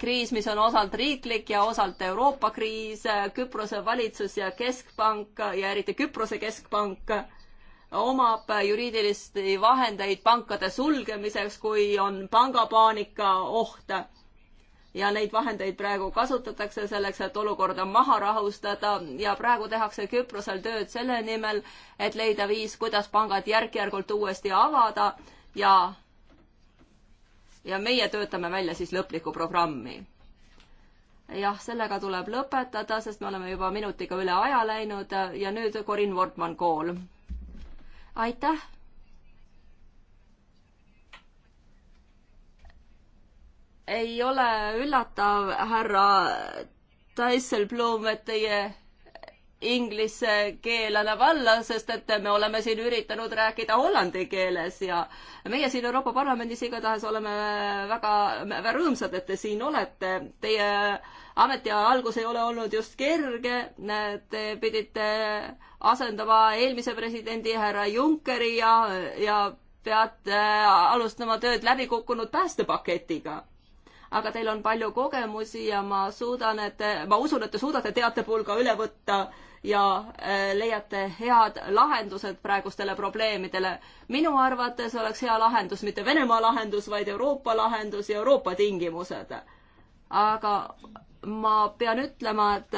kriis, mis on osalt riiklik ja osalt Euroopa kriis, Küprose valitsus ja keskpank ja eriti Küprose keskpank omab juriidilisi vahendeid pankade sulgemiseks, kui on pangapaanika oht ja neid vahendeid praegu kasutatakse selleks, et olukorda maha rahustada ja praegu tehakse Küprosel tööd selle nimel, et leida viis, kuidas pangad järk-järgult uuesti avada ja, ja meie töötame välja siis lõplikku programmi. jah, sellega tuleb lõpetada, sest me oleme juba minutiga üle aja läinud ja nüüd Corin Wortmann kool. aitäh ei ole üllatav, härra Tasselblom, et teie inglise keel annab alla, sest et me oleme siin üritanud rääkida hollandi keeles ja meie siin Euroopa Parlamendis igatahes oleme väga, väga rõõmsad, et te siin olete. Teie ametiaja algus ei ole olnud just kerge, te pidite asendama eelmise presidendi härra Junckeri ja, ja peate alustama tööd läbikukkunud päästepaketiga aga teil on palju kogemusi ja ma suudan, et, ma usun, et te suudate teatepulga üle võtta ja äh, leiate head lahendused praegustele probleemidele. minu arvates oleks hea lahendus mitte Venemaa lahendus, vaid Euroopa lahendus ja Euroopa tingimused. aga ma pean ütlema, et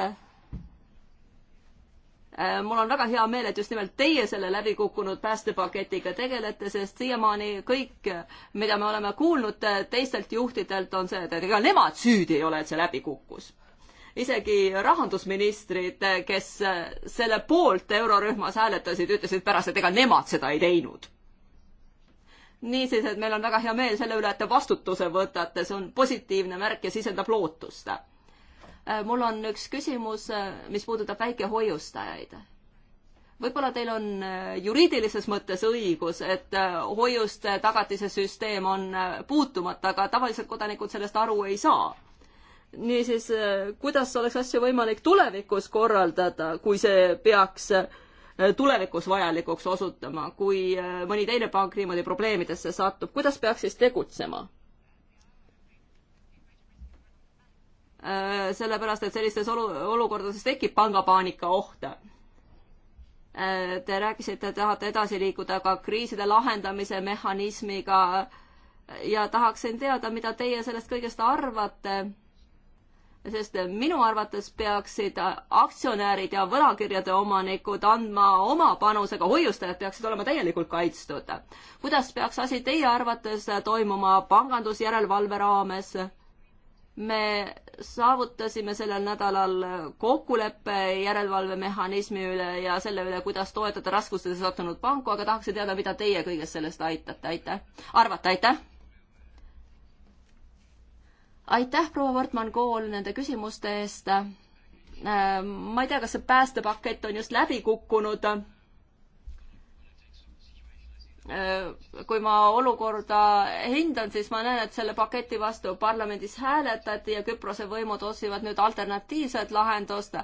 Äh, mul on väga hea meel, et just nimelt teie selle läbikukkunud päästepaketiga tegelete, sest siiamaani kõik, mida me oleme kuulnud äh, teistelt juhtidelt, on see, et ega nemad süüdi ei ole, et see läbi kukkus. isegi rahandusministrid, äh, kes selle poolt eurorühmas hääletasid, ütlesid pärast, et ega nemad seda ei teinud. niisiis, et meil on väga hea meel selle üle, et te vastutuse võtate, see on positiivne märk ja sisendab lootust Äh, mul on üks küsimus, äh, mis puudutab väikehoiustajaid. võib-olla teil on äh, juriidilises mõttes õigus, et hoiuste tagatise süsteem on puutumata, aga tavaliselt kodanikud sellest aru ei saa. niisiis, kuidas oleks asju võimalik tulevikus korraldada, kui see peaks tulevikus vajalikuks osutuma, kui mõni teine pank niimoodi probleemidesse satub, kuidas peaks siis tegutsema? Äh, sellepärast et sellistes olu-, olukordades tekib pangapaanika oht. Äh, te rääkisite, et tahate edasi liikuda ka kriiside lahendamise mehhanismiga ja tahaksin teada, mida teie sellest kõigest arvate, sest minu arvates peaksid aktsionärid ja võlakirjade omanikud andma oma panuse, ka hoiustajad peaksid olema täielikult kaitstud. kuidas peaks asi teie arvates toimuma pangandusjärelevalve raames? me saavutasime sellel nädalal kokkuleppe järelevalvemehhanismi üle ja selle üle, kuidas toetada raskustesse sattunud panku, aga tahaksin teada, mida teie kõigest sellest aitate, aitäh, arvate, aitäh! aitäh, proua Wortmann-Kool nende küsimuste eest. Äh, ma ei tea, kas see päästepakett on just läbi kukkunud Äh, kui ma olukorda hindan, siis ma näen, et selle paketi vastu parlamendis hääletati ja Küprose võimud otsivad nüüd alternatiivset lahendust.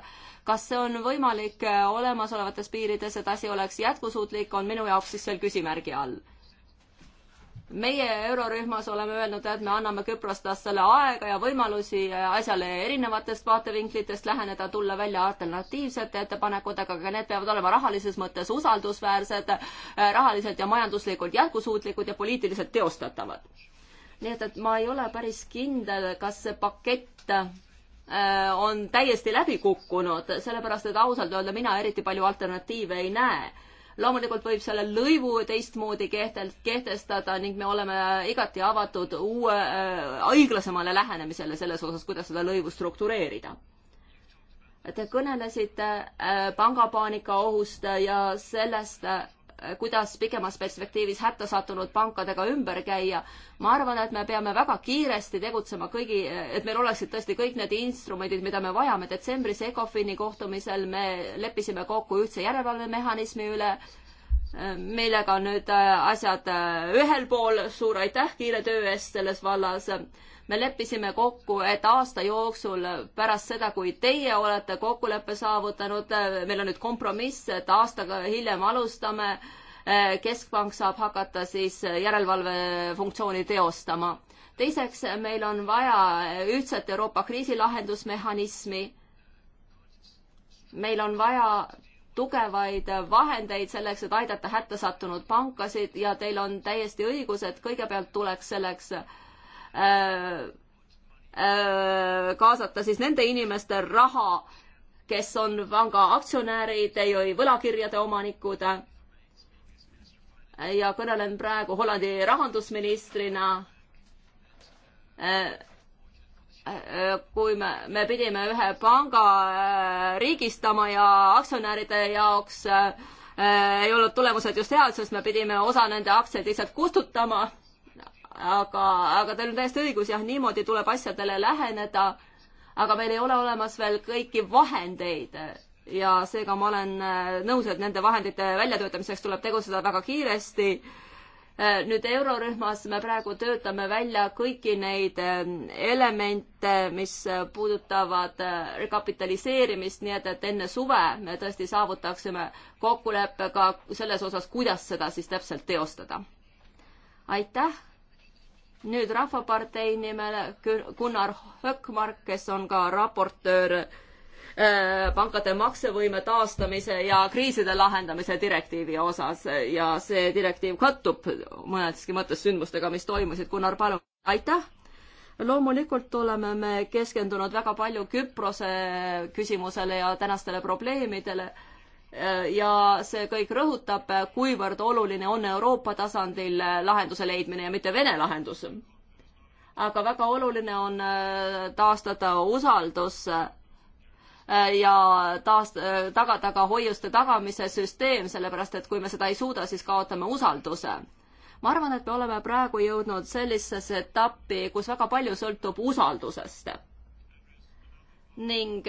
kas see on võimalik äh, olemasolevates piirides, et asi oleks jätkusuutlik, on minu jaoks siis veel küsimärgi all meie eurorühmas oleme öelnud, et me anname küprostlastele aega ja võimalusi asjale erinevatest vaatevinklitest läheneda, tulla välja alternatiivsete ettepanekutega, aga need peavad olema rahalises mõttes usaldusväärsed, eh, rahaliselt ja majanduslikult jätkusuutlikud ja poliitiliselt teostatavad. nii et, et ma ei ole päris kindel, kas see pakett eh, on täiesti läbi kukkunud, sellepärast et ausalt öelda mina eriti palju alternatiive ei näe loomulikult võib selle lõivu teistmoodi kehtel-, kehtestada ning me oleme igati avatud uue äh,, õiglasemale lähenemisele selles osas, kuidas seda lõivu struktureerida. Te kõnelesite äh, pangapaanika ohust ja sellest äh,, kuidas pikemas perspektiivis hätta sattunud pankadega ümber käia. ma arvan, et me peame väga kiiresti tegutsema kõigi, et meil oleksid tõesti kõik need instrumendid, mida me vajame. detsembris ECOFIN-i kohtumisel me leppisime kokku ühtse järelevalvemehhanismi üle, millega nüüd asjad ühel pool, suur aitäh kiire töö eest selles vallas me leppisime kokku, et aasta jooksul pärast seda, kui teie olete kokkuleppe saavutanud, meil on nüüd kompromiss, et aastaga hiljem alustame, keskpank saab hakata siis järelevalve funktsiooni teostama. teiseks, meil on vaja ühtset Euroopa kriisilahendusmehhanismi. meil on vaja tugevaid vahendeid selleks, et aidata hätta sattunud pankasid ja teil on täiesti õigus, et kõigepealt tuleks selleks äh, Äh, äh, kaasata siis nende inimeste raha, kes on panga aktsionärid või võlakirjade omanikud. ja kõnelen praegu Hollandi rahandusministrina. Äh, kui me, me pidime ühe panga riigistama ja aktsionäride jaoks ei olnud tulemused just head, sest me pidime osa nende aktsiaid lihtsalt kustutama aga, aga teil on täiesti õigus, jah, niimoodi tuleb asjadele läheneda, aga meil ei ole olemas veel kõiki vahendeid ja seega ma olen äh, nõus, et nende vahendite väljatöötamiseks tuleb tegutseda väga kiiresti. Äh, nüüd eurorühmas me praegu töötame välja kõiki neid ähm, elemente, mis äh, puudutavad rekapitaliseerimist, nii et, et enne suve me tõesti saavutaksime kokkuleppe ka selles osas, kuidas seda siis täpselt teostada. aitäh nüüd Rahvapartei nimel Gunnar Hökmark, kes on ka raportöör äh, pankade maksevõime taastamise ja kriiside lahendamise direktiivi osas ja see direktiiv kattub mõneski mõttes sündmustega, mis toimusid. Gunnar, palun, aitäh! loomulikult oleme me keskendunud väga palju Küprose küsimusele ja tänastele probleemidele Äh, ja see kõik rõhutab, äh, kuivõrd oluline on Euroopa tasandil äh, lahenduse leidmine ja mitte Vene lahendus. aga väga oluline on taastada usaldus ja taast-, tagada ka hoiuste tagamise süsteem, sellepärast et kui me seda ei suuda, siis kaotame usalduse. ma arvan, et me oleme praegu jõudnud sellisesse etappi, kus väga palju sõltub usaldusest. ning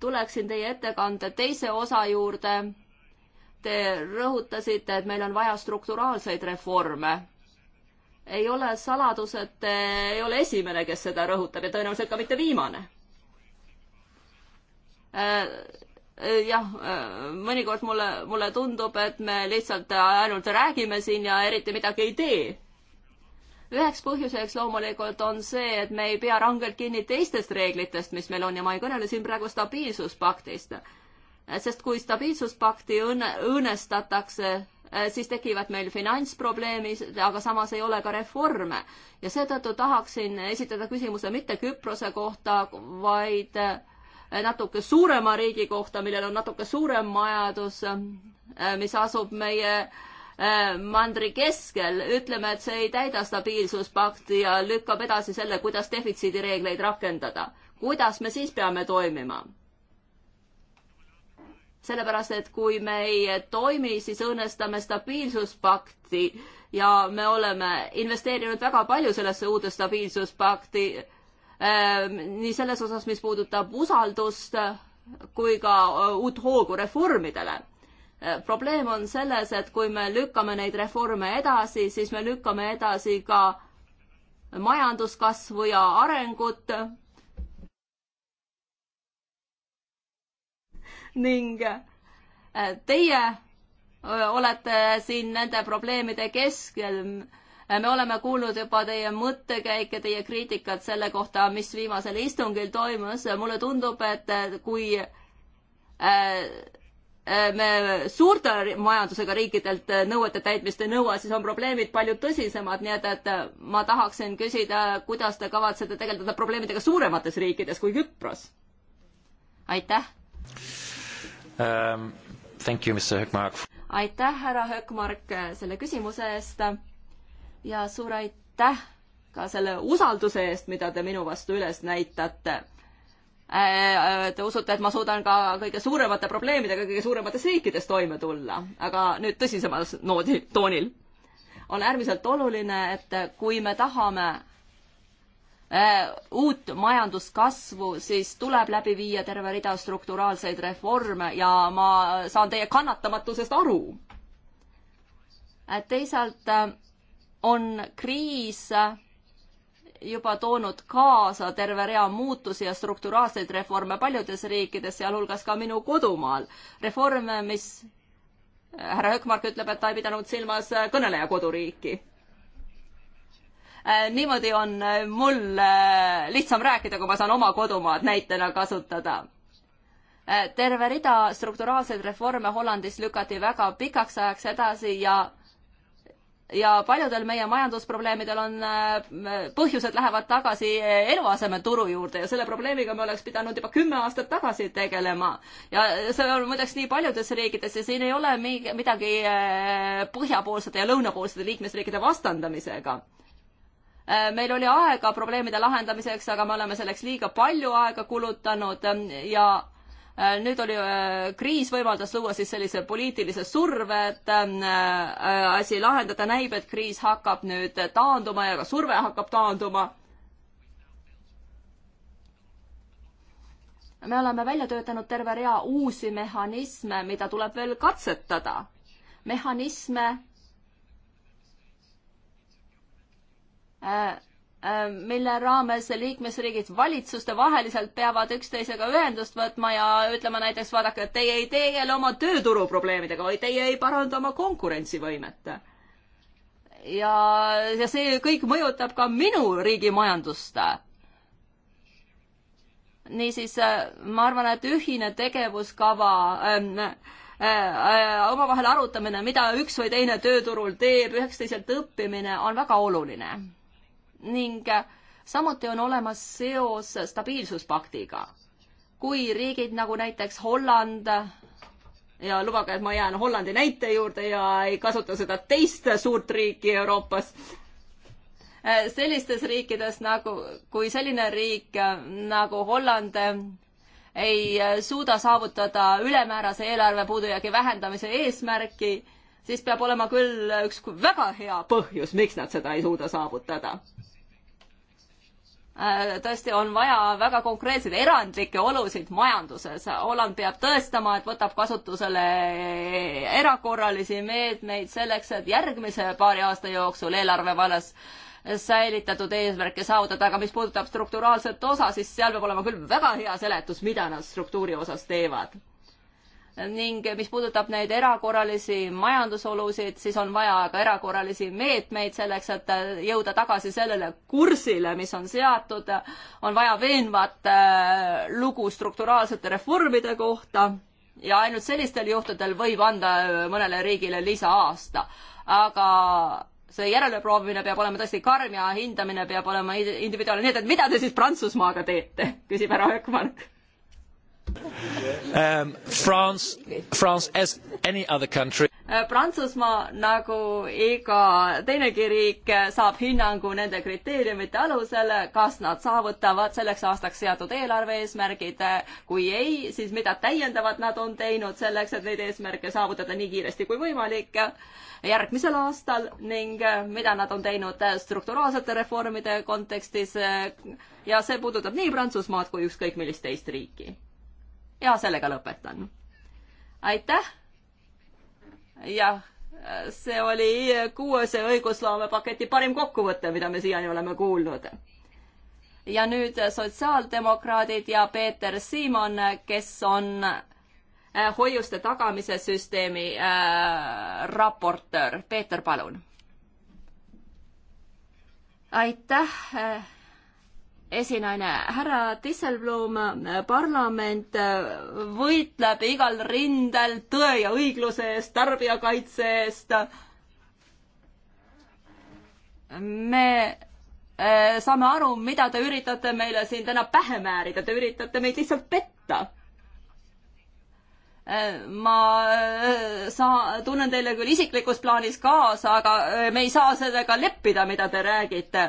tuleksin teie ettekande teise osa juurde. Te rõhutasite, et meil on vaja strukturaalseid reforme ei ole saladus, et ei ole esimene, kes seda rõhutab ja tõenäoliselt ka mitte viimane. Äh, äh, jah, äh, mõnikord mulle, mulle tundub, et me lihtsalt ainult räägime siin ja eriti midagi ei tee üheks põhjuseks loomulikult on see, et me ei pea rangelt kinni teistest reeglitest, mis meil on ja ma ei kõnele siin praegu stabiilsuspaktist. sest kui stabiilsuspakti õnne, õõnestatakse, siis tekivad meil finantsprobleemid, aga samas ei ole ka reforme. ja seetõttu tahaksin esitada küsimuse mitte Küprose kohta, vaid natuke suurema riigi kohta, millel on natuke suurem majandus, mis asub meie äh, Äh, mandri keskel, ütleme, et see ei täida stabiilsuspakti ja lükkab edasi selle, kuidas defitsiidireegleid rakendada. kuidas me siis peame toimima? sellepärast, et kui me ei toimi, siis õõnestame stabiilsuspakti ja me oleme investeerinud väga palju sellesse uude stabiilsuspakti, äh, nii selles osas, mis puudutab usaldust, kui ka uut hoogu reformidele probleem on selles, et kui me lükkame neid reforme edasi, siis me lükkame edasi ka majanduskasvu ja arengut. ning äh, teie olete siin nende probleemide keskel. Äh, me oleme kuulnud juba teie mõttekäike, teie kriitikat selle kohta, mis viimasel istungil toimus. mulle tundub, et äh, kui äh, Äh, me suurte majandusega riikidelt äh, nõuete täitmist ei nõua, siis on probleemid palju tõsisemad, nii et, et äh, ma tahaksin küsida, kuidas te kavatsete tegeleda probleemidega suuremates riikides kui Küpros? aitäh um,! Thank you, Mr Hökmark! aitäh, härra Hökmark, selle küsimuse eest ja suur aitäh ka selle usalduse eest, mida te minu vastu üles näitate Äh, äh, te usute, et ma suudan ka kõige suuremate probleemidega kõige suuremates riikides toime tulla, aga nüüd tõsisemas noodi, toonil. on äärmiselt oluline, et kui me tahame äh, uut majanduskasvu, siis tuleb läbi viia terve rida strukturaalseid reforme ja ma saan teie kannatamatusest aru. teisalt on kriis juba toonud kaasa terve rea muutusi ja strukturaalseid reforme paljudes riikides, sealhulgas ka minu kodumaal. reforme, mis äh, härra Hökmark ütleb, et ta ei pidanud silmas äh, kõneleja koduriiki. Äh, niimoodi on mul lihtsam rääkida, kui ma saan oma kodumaad näitena kasutada terve rida strukturaalseid reforme Hollandis lükati väga pikaks ajaks edasi ja ja paljudel meie majandusprobleemidel on, äh, põhjused lähevad tagasi äh, eluasemeturu juurde ja selle probleemiga me oleks pidanud juba kümme aastat tagasi tegelema. ja see on muideks nii paljudes riikides ja siin ei ole mingi, midagi äh, põhjapoolsete ja lõunapoolsete liikmesriikide vastandamisega. meil oli aega probleemide lahendamiseks, aga me oleme selleks liiga palju aega kulutanud ähm, ja Äh, nüüd oli, äh, kriis võimaldas luua siis sellise poliitilise surve, et ähm, äh, asi lahendada, näib, et kriis hakkab nüüd taanduma ja ka surve hakkab taanduma. me oleme välja töötanud terve rea uusi mehhanisme, mida tuleb veel katsetada. mehhanisme äh, Ähm, mille raames liikmesriigid valitsuste vaheliselt peavad üksteisega ühendust võtma ja ütlema näiteks, vaadake, et teie ei tegele oma tööturu probleemidega või teie ei paranda oma konkurentsivõimet. ja, ja see kõik mõjutab ka minu riigi majandust. niisiis, äh, ma arvan, et ühine tegevuskava ähm, äh, äh, omavahel arutamine, mida üks või teine tööturul teeb, üksteiselt õppimine on väga oluline ning samuti on olemas seos stabiilsuspaktiga. kui riigid nagu näiteks Holland ja lubage, et ma jään Hollandi näite juurde ja ei kasuta seda teist suurt riiki Euroopas, sellistes riikides nagu, kui selline riik nagu Holland ei suuda saavutada ülemäärase eelarve puudujäägi vähendamise eesmärki, siis peab olema küll üks väga hea põhjus, miks nad seda ei suuda saavutada Äh, tõesti on vaja väga konkreetseid erandlikke olusid majanduses. Holland peab tõestama, et võtab kasutusele erakorralisi meetmeid selleks, et järgmise paari aasta jooksul eelarve vallas säilitatud eesmärke saavutada, aga mis puudutab strukturaalset osa, siis seal peab olema küll väga hea seletus, mida nad struktuuri osas teevad ning mis puudutab neid erakorralisi majandusolusid, siis on vaja ka erakorralisi meetmeid selleks, et äh, jõuda tagasi sellele kursile, mis on seatud. on vaja veenvat äh, lugu strukturaalsete reformide kohta ja ainult sellistel juhtudel võib anda äh, mõnele riigile lisaaasta. aga see järeleproovimine peab olema tõesti karm ja hindamine peab olema individuaalne, nii et, et mida te siis Prantsusmaaga teete, küsib härra Hökmark um,. France, France as any other country. Äh, Prantsusmaa nagu iga teinegi riik äh, saab hinnangu nende kriteeriumite alusel, kas nad saavutavad selleks aastaks seatud eelarve eesmärgid. kui ei, siis mida täiendavat nad on teinud selleks, et neid eesmärke saavutada nii kiiresti kui võimalik järgmisel aastal ning äh, mida nad on teinud strukturaalsete reformide kontekstis. ja see puudutab nii Prantsusmaad kui ükskõik millist teist riiki ja sellega lõpetan. aitäh. jah, see oli kuuese õigusloomepaketi parim kokkuvõte, mida me siiani oleme kuulnud. ja nüüd sotsiaaldemokraadid ja Peeter Siimon, kes on äh, hoiuste tagamise süsteemi äh, raportöör. Peeter, palun. aitäh äh, esinaine, härra Disselblom, parlament võitleb igal rindel tõe ja õigluse eest, tarbijakaitse eest. me eh, saame aru, mida te üritate meile siin täna pähe määrida, te üritate meid lihtsalt petta. Eh, ma eh, saa-, tunnen teile küll isiklikus plaanis kaasa, aga me ei saa sellega leppida, mida te räägite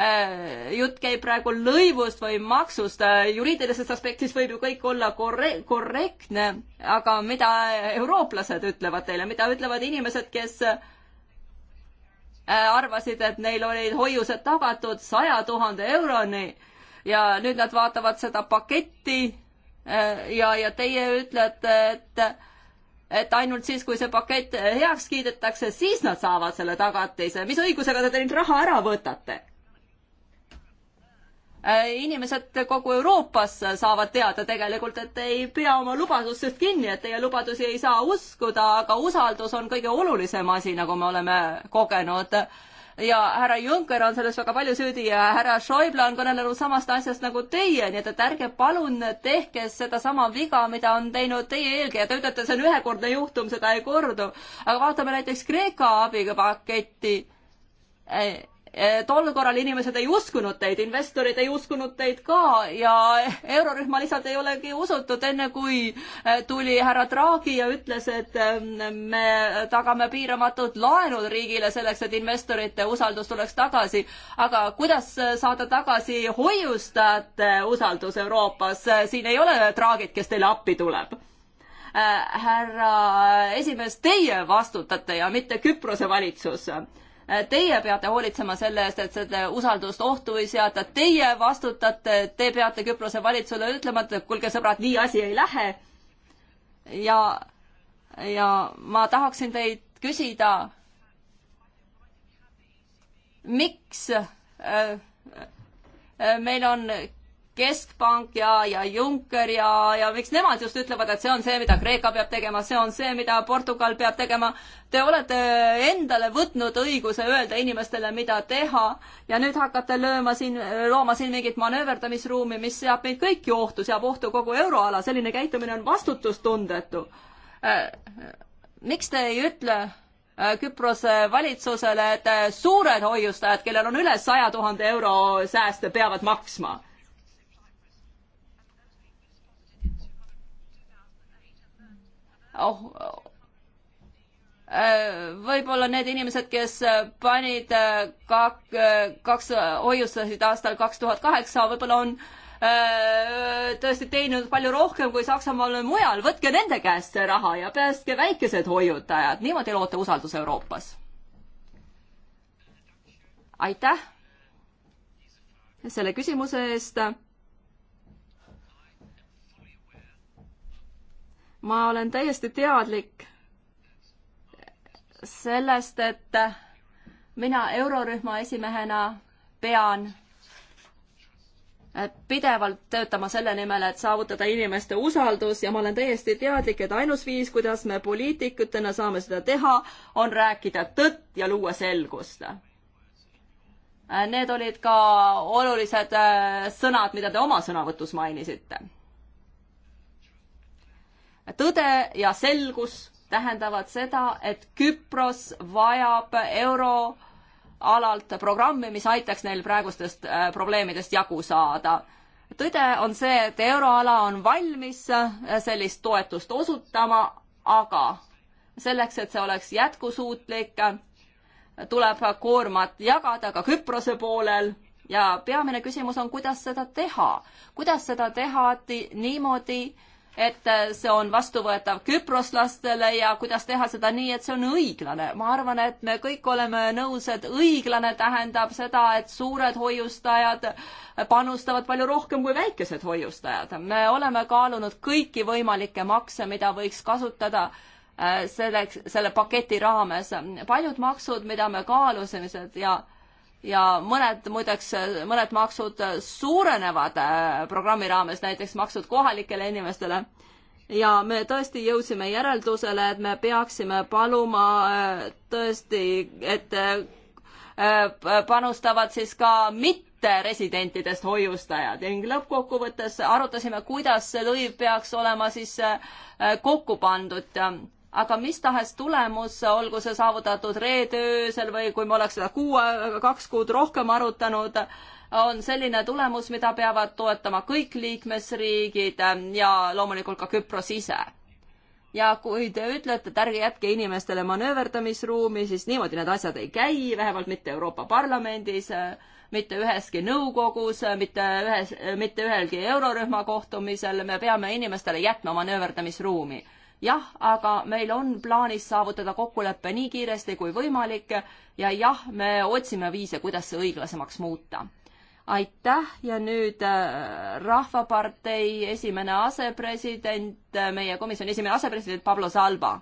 Äh, jutt käib praegu lõivust või maksust, äh, juriidilisest aspektist võib ju kõik olla korre-, korrektne, aga mida eurooplased ütlevad teile, mida ütlevad inimesed, kes äh, arvasid, et neil olid hoiused tagatud saja tuhande euroni ja nüüd nad vaatavad seda paketti ja, ja teie ütlete, et et ainult siis, kui see pakett heaks kiidetakse, siis nad saavad selle tagatise. mis õigusega te teilt raha ära võtate? Äh, inimesed kogu Euroopas saavad teada tegelikult, et te ei pea oma lubadustest kinni, et teie lubadusi ei saa uskuda, aga usaldus on kõige olulisem asi, nagu me oleme kogenud. ja härra Juncker on selles väga palju süüdi ja härra Schäuble on kõnelenud samast asjast nagu teie, nii et, et ärge palun tehke sedasama viga, mida on teinud teie eelkäija, te ütlete, see on ühekordne juhtum, seda ei kordu. aga vaatame näiteks Kreeka abipaketti ei äh, Eh, tol korral inimesed ei uskunud teid, investorid ei uskunud teid ka ja eurorühma lisad ei olegi usutud, enne kui eh, tuli härra Draghi ja ütles, et eh, me tagame piiramatud laenud riigile selleks, et investorite usaldus tuleks tagasi. aga kuidas saada tagasi hoiustajate usaldus Euroopas, siin ei ole Draghit, kes teile appi tuleb härra esimees, teie vastutate ja mitte Küprose valitsus Teie peate hoolitsema selle eest, et seda usaldust ohtu ei seata, teie vastutate, te peate Küprose valitsusele ütlema, et kuulge, sõbrad, nii asi ei lähe. ja, ja ma tahaksin teid küsida, miks äh, äh meil on keskpank ja, ja Juncker ja, ja miks nemad just ütlevad, et see on see, mida Kreeka peab tegema, see on see, mida Portugal peab tegema. Te olete endale võtnud õiguse öelda inimestele, mida teha ja nüüd hakkate lööma siin, looma siin mingit manööverdamisruumi, mis seab meid kõiki ohtu, seab ohtu kogu euroala, selline käitumine on vastutustundetu. Äh, miks te ei ütle äh, Küprose valitsusele, et äh, suured hoiustajad, kellel on üle saja tuhande euro sääste, peavad maksma? oh, oh. Äh, võib-olla need inimesed, kes panid äh, kak-, äh, kaks, hoiustasid aastal kaks tuhat kaheksa, võib-olla on tõesti teeninud palju rohkem kui Saksamaal või mujal, võtke nende käest see raha ja päästke väikesed hoiutajad, niimoodi loote usalduse Euroopas. aitäh selle küsimuse eest ma olen täiesti teadlik sellest, et mina eurorühma esimehena pean pidevalt töötama selle nimel, et saavutada inimeste usaldus ja ma olen täiesti teadlik, et ainus viis, kuidas me poliitikutena saame seda teha, on rääkida tõtt ja luua selgust. Need olid ka olulised äh, sõnad, mida te oma sõnavõtus mainisite tõde ja selgus tähendavad seda, et Küpros vajab euroalalt programmi, mis aitaks neil praegustest äh, probleemidest jagu saada. tõde on see, et euroala on valmis äh, sellist toetust osutama, aga selleks, et see oleks jätkusuutlik, tuleb koormat jagada ka Küprose poolel ja peamine küsimus on, kuidas seda teha. kuidas seda teha niimoodi, et äh, see on vastuvõetav küproslastele ja kuidas teha seda nii, et see on õiglane. ma arvan, et me kõik oleme nõus, et õiglane tähendab seda, et suured hoiustajad panustavad palju rohkem kui väikesed hoiustajad. me oleme kaalunud kõiki võimalikke makse, mida võiks kasutada äh, selleks, selle paketi raames. paljud maksud, mida me kaalusime ja ja mõned muideks, mõned maksud suurenevad äh, programmi raames, näiteks maksud kohalikele inimestele. ja me tõesti jõudsime järeldusele, et me peaksime paluma äh, tõesti, et äh, panustavad siis ka mitteresidentidest hoiustajad ning lõppkokkuvõttes arutasime, kuidas see lõiv peaks olema siis kokku pandud aga mis tahes tulemus, olgu see saavutatud reede öösel või kui me oleks seda kuu, kaks kuud rohkem arutanud, on selline tulemus, mida peavad toetama kõik liikmesriigid ja loomulikult ka Küpros ise. ja kui te ütlete, et ärge jätke inimestele manööverdamisruumi, siis niimoodi need asjad ei käi, vähemalt mitte Euroopa Parlamendis, mitte üheski nõukogus, mitte ühes, mitte ühelgi eurorühma kohtumisel, me peame inimestele jätma manööverdamisruumi jah, aga meil on plaanis saavutada kokkulepe nii kiiresti kui võimalik ja jah, me otsime viise, kuidas see õiglasemaks muuta. aitäh ja nüüd äh, Rahvapartei esimene asepresident, äh, meie komisjoni esimene asepresident Pablo Salva.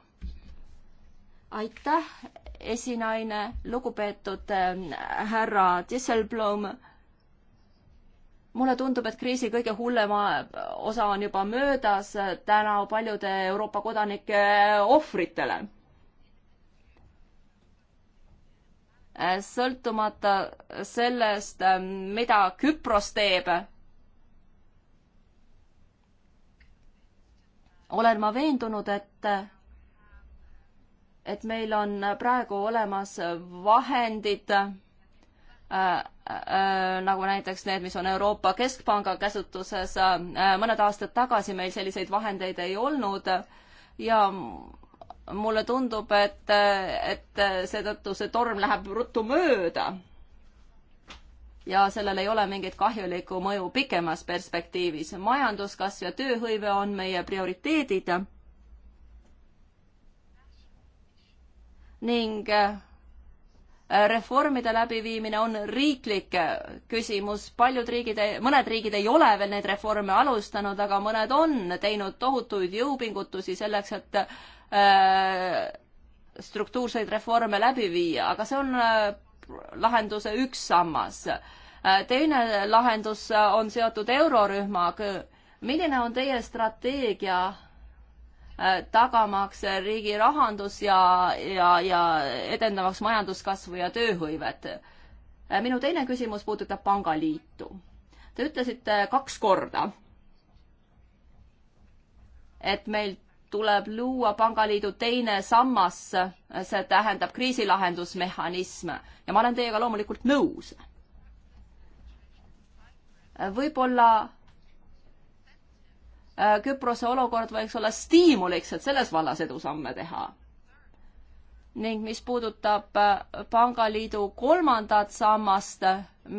aitäh, esinaine, lugupeetud äh, härra Disselblom mulle tundub, et kriisi kõige hullem osa on juba möödas äh, täna paljude Euroopa kodanike äh, ohvritele. Äh, sõltumata sellest, mida Küpros teeb, olen ma veendunud, et et meil on praegu olemas vahendid äh, Äh, nagu näiteks need, mis on Euroopa Keskpanga käsutuses. Äh, mõned aastad tagasi meil selliseid vahendeid ei olnud ja mulle tundub, et, et seetõttu see torm läheb ruttu mööda. ja sellel ei ole mingit kahjulikku mõju pikemas perspektiivis. majanduskasv ja tööhõive on meie prioriteedid. ning äh, reformide läbiviimine on riiklik küsimus, paljud riigid, mõned riigid ei ole veel neid reforme alustanud, aga mõned on teinud tohutuid jõupingutusi selleks, et äh, struktuurseid reforme läbi viia, aga see on äh, lahenduse üks sammas äh,. teine lahendus on seotud eurorühmaga. milline on teie strateegia Äh, tagamaks riigi rahandus ja, ja, ja edendamaks majanduskasvu ja tööhõivet. Äh, minu teine küsimus puudutab pangaliitu. Te ütlesite kaks korda, et meil tuleb luua pangaliidu teine sammas, see tähendab kriisilahendusmehhanism ja ma olen teiega loomulikult nõus. Äh, võib-olla Äh, Küprose olukord võiks olla stiimuliks, et selles vallas edusamme teha. ning mis puudutab äh, Pangaliidu kolmandat sammast,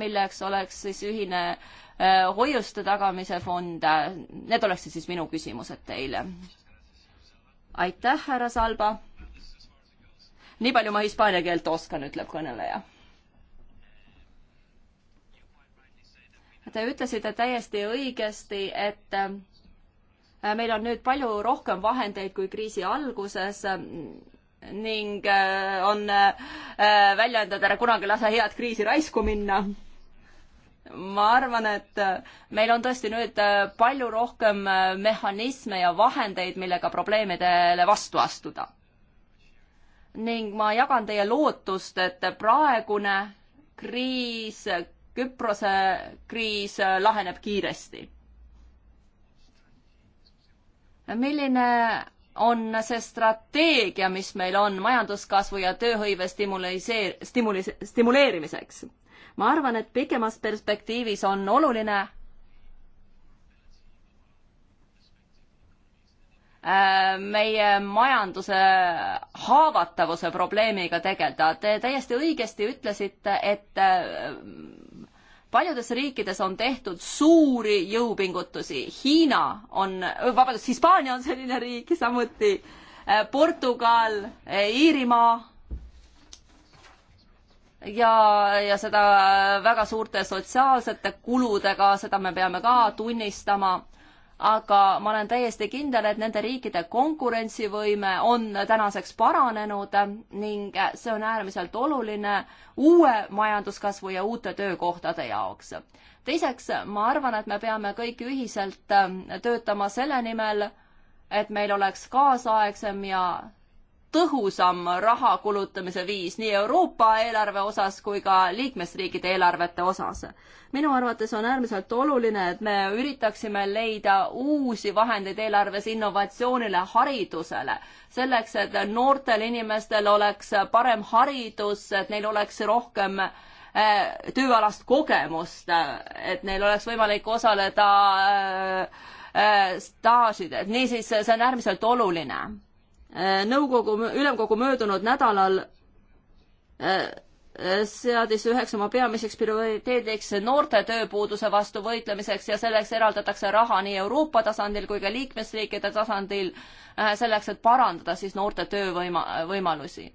milleks oleks siis ühine äh, hoiuste tagamise fond, need oleksid siis minu küsimused teile. aitäh, härra Salba. nii palju ma hispaania keelt oskan, ütleb kõneleja Te ütlesite täiesti õigesti, et Äh, meil on nüüd palju rohkem vahendeid kui kriisi alguses äh, ning äh, on väljendatud, ära kunagi lase head kriisi raisku minna ma arvan, et meil on tõesti nüüd palju rohkem mehhanisme ja vahendeid, millega probleemidele vastu astuda. ning ma jagan teie lootust, et praegune kriis, Küprose kriis laheneb kiiresti milline on see strateegia, mis meil on majanduskasvu ja tööhõive stimuliseer-, stimuli-, stimuleerimiseks? ma arvan, et pikemas perspektiivis on oluline äh, meie majanduse haavatavuse probleemiga tegeleda. Te täiesti õigesti ütlesite, et äh, paljudes riikides on tehtud suuri jõupingutusi, Hiina on, vabandust, Hispaania on selline riik samuti, äh, Portugal, äh, Iirimaa ja, ja seda väga suurte sotsiaalsete kuludega, seda me peame ka tunnistama aga ma olen täiesti kindel, et nende riikide konkurentsivõime on tänaseks paranenud ning see on äärmiselt oluline uue majanduskasvu ja uute töökohtade jaoks. teiseks, ma arvan, et me peame kõik ühiselt ähm, töötama selle nimel, et meil oleks kaasaegsem ja tõhusam raha kulutamise viis nii Euroopa eelarve osas kui ka liikmesriikide eelarvete osas. minu arvates on äärmiselt oluline, et me üritaksime leida uusi vahendeid eelarves innovatsioonile, haridusele, selleks, et noortel inimestel oleks parem haridus, et neil oleks rohkem äh, tööalast kogemust, et neil oleks võimalik osaleda äh, äh, staažidel, niisiis see on äärmiselt oluline Äh, nõukogu, ülemkogu möödunud nädalal äh, äh, seadis üheks oma peamiseks prioriteediks noorte tööpuuduse vastu võitlemiseks ja selleks eraldatakse raha nii Euroopa tasandil kui ka liikmesriikide tasandil selleks, et parandada siis noorte töövõima-, võimalusi.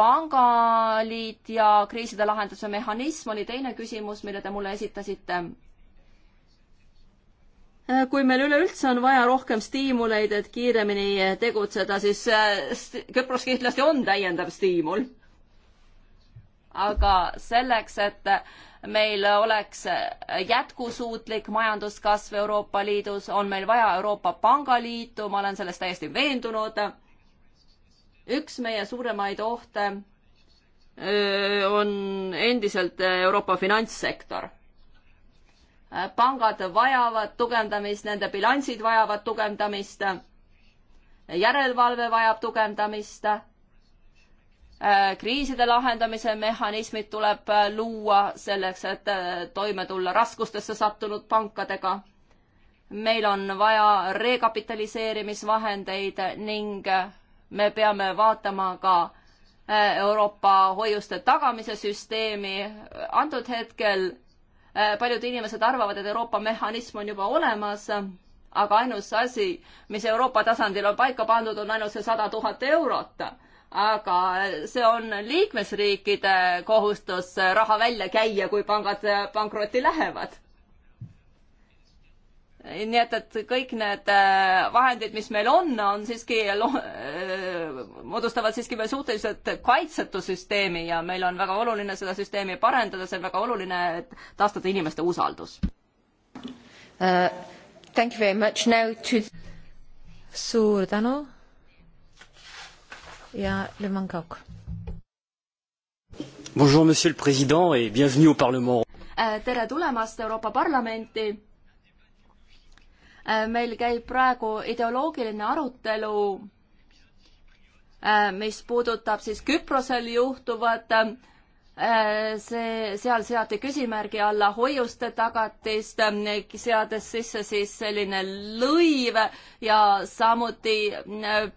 pangaliit ja kriiside lahenduse mehhanism oli teine küsimus, mille te mulle esitasite Äh, kui meil üleüldse on vaja rohkem stiimuleid, et kiiremini äh, tegutseda, siis äh, Küpros kindlasti on täiendav stiimul. aga selleks, et meil oleks jätkusuutlik majanduskasv Euroopa Liidus, on meil vaja Euroopa Pangaliitu, ma olen selles täiesti veendunud. üks meie suuremaid ohte on endiselt Euroopa finantssektor pangad vajavad tugevdamist, nende bilansid vajavad tugevdamist, järelevalve vajab tugevdamist, äh, kriiside lahendamise mehhanismid tuleb äh, luua selleks, et äh, toime tulla raskustesse sattunud pankadega. meil on vaja rekapitaliseerimisvahendeid ning me peame vaatama ka Euroopa hoiuste tagamise süsteemi. antud hetkel Äh, paljud inimesed arvavad, et Euroopa mehhanism on juba olemas, aga ainus asi, mis Euroopa tasandil on paika pandud, on ainult see sada tuhat eurot. aga see on liikmesriikide kohustus raha välja käia, kui pangad pankrotti lähevad nii et, et kõik need äh, vahendid, mis meil on, on siiski lo-, moodustavad siiski veel suhteliselt kaitsetu süsteemi ja meil on väga oluline seda süsteemi parendada, see on väga oluline, et taastada inimeste usaldus uh,. Thank you very much, now to suur tänu ja Le Mangok. Bonjour, monsieur le president et bienvenue au parlement uh,. tere tulemast Euroopa Parlamenti uh,. meil käib praegu ideoloogiline arutelu Äh, mis puudutab siis Küprosel juhtuvat, äh, see, seal seati küsimärgi alla hoiuste tagatist, äh, seades sisse siis selline lõiv ja samuti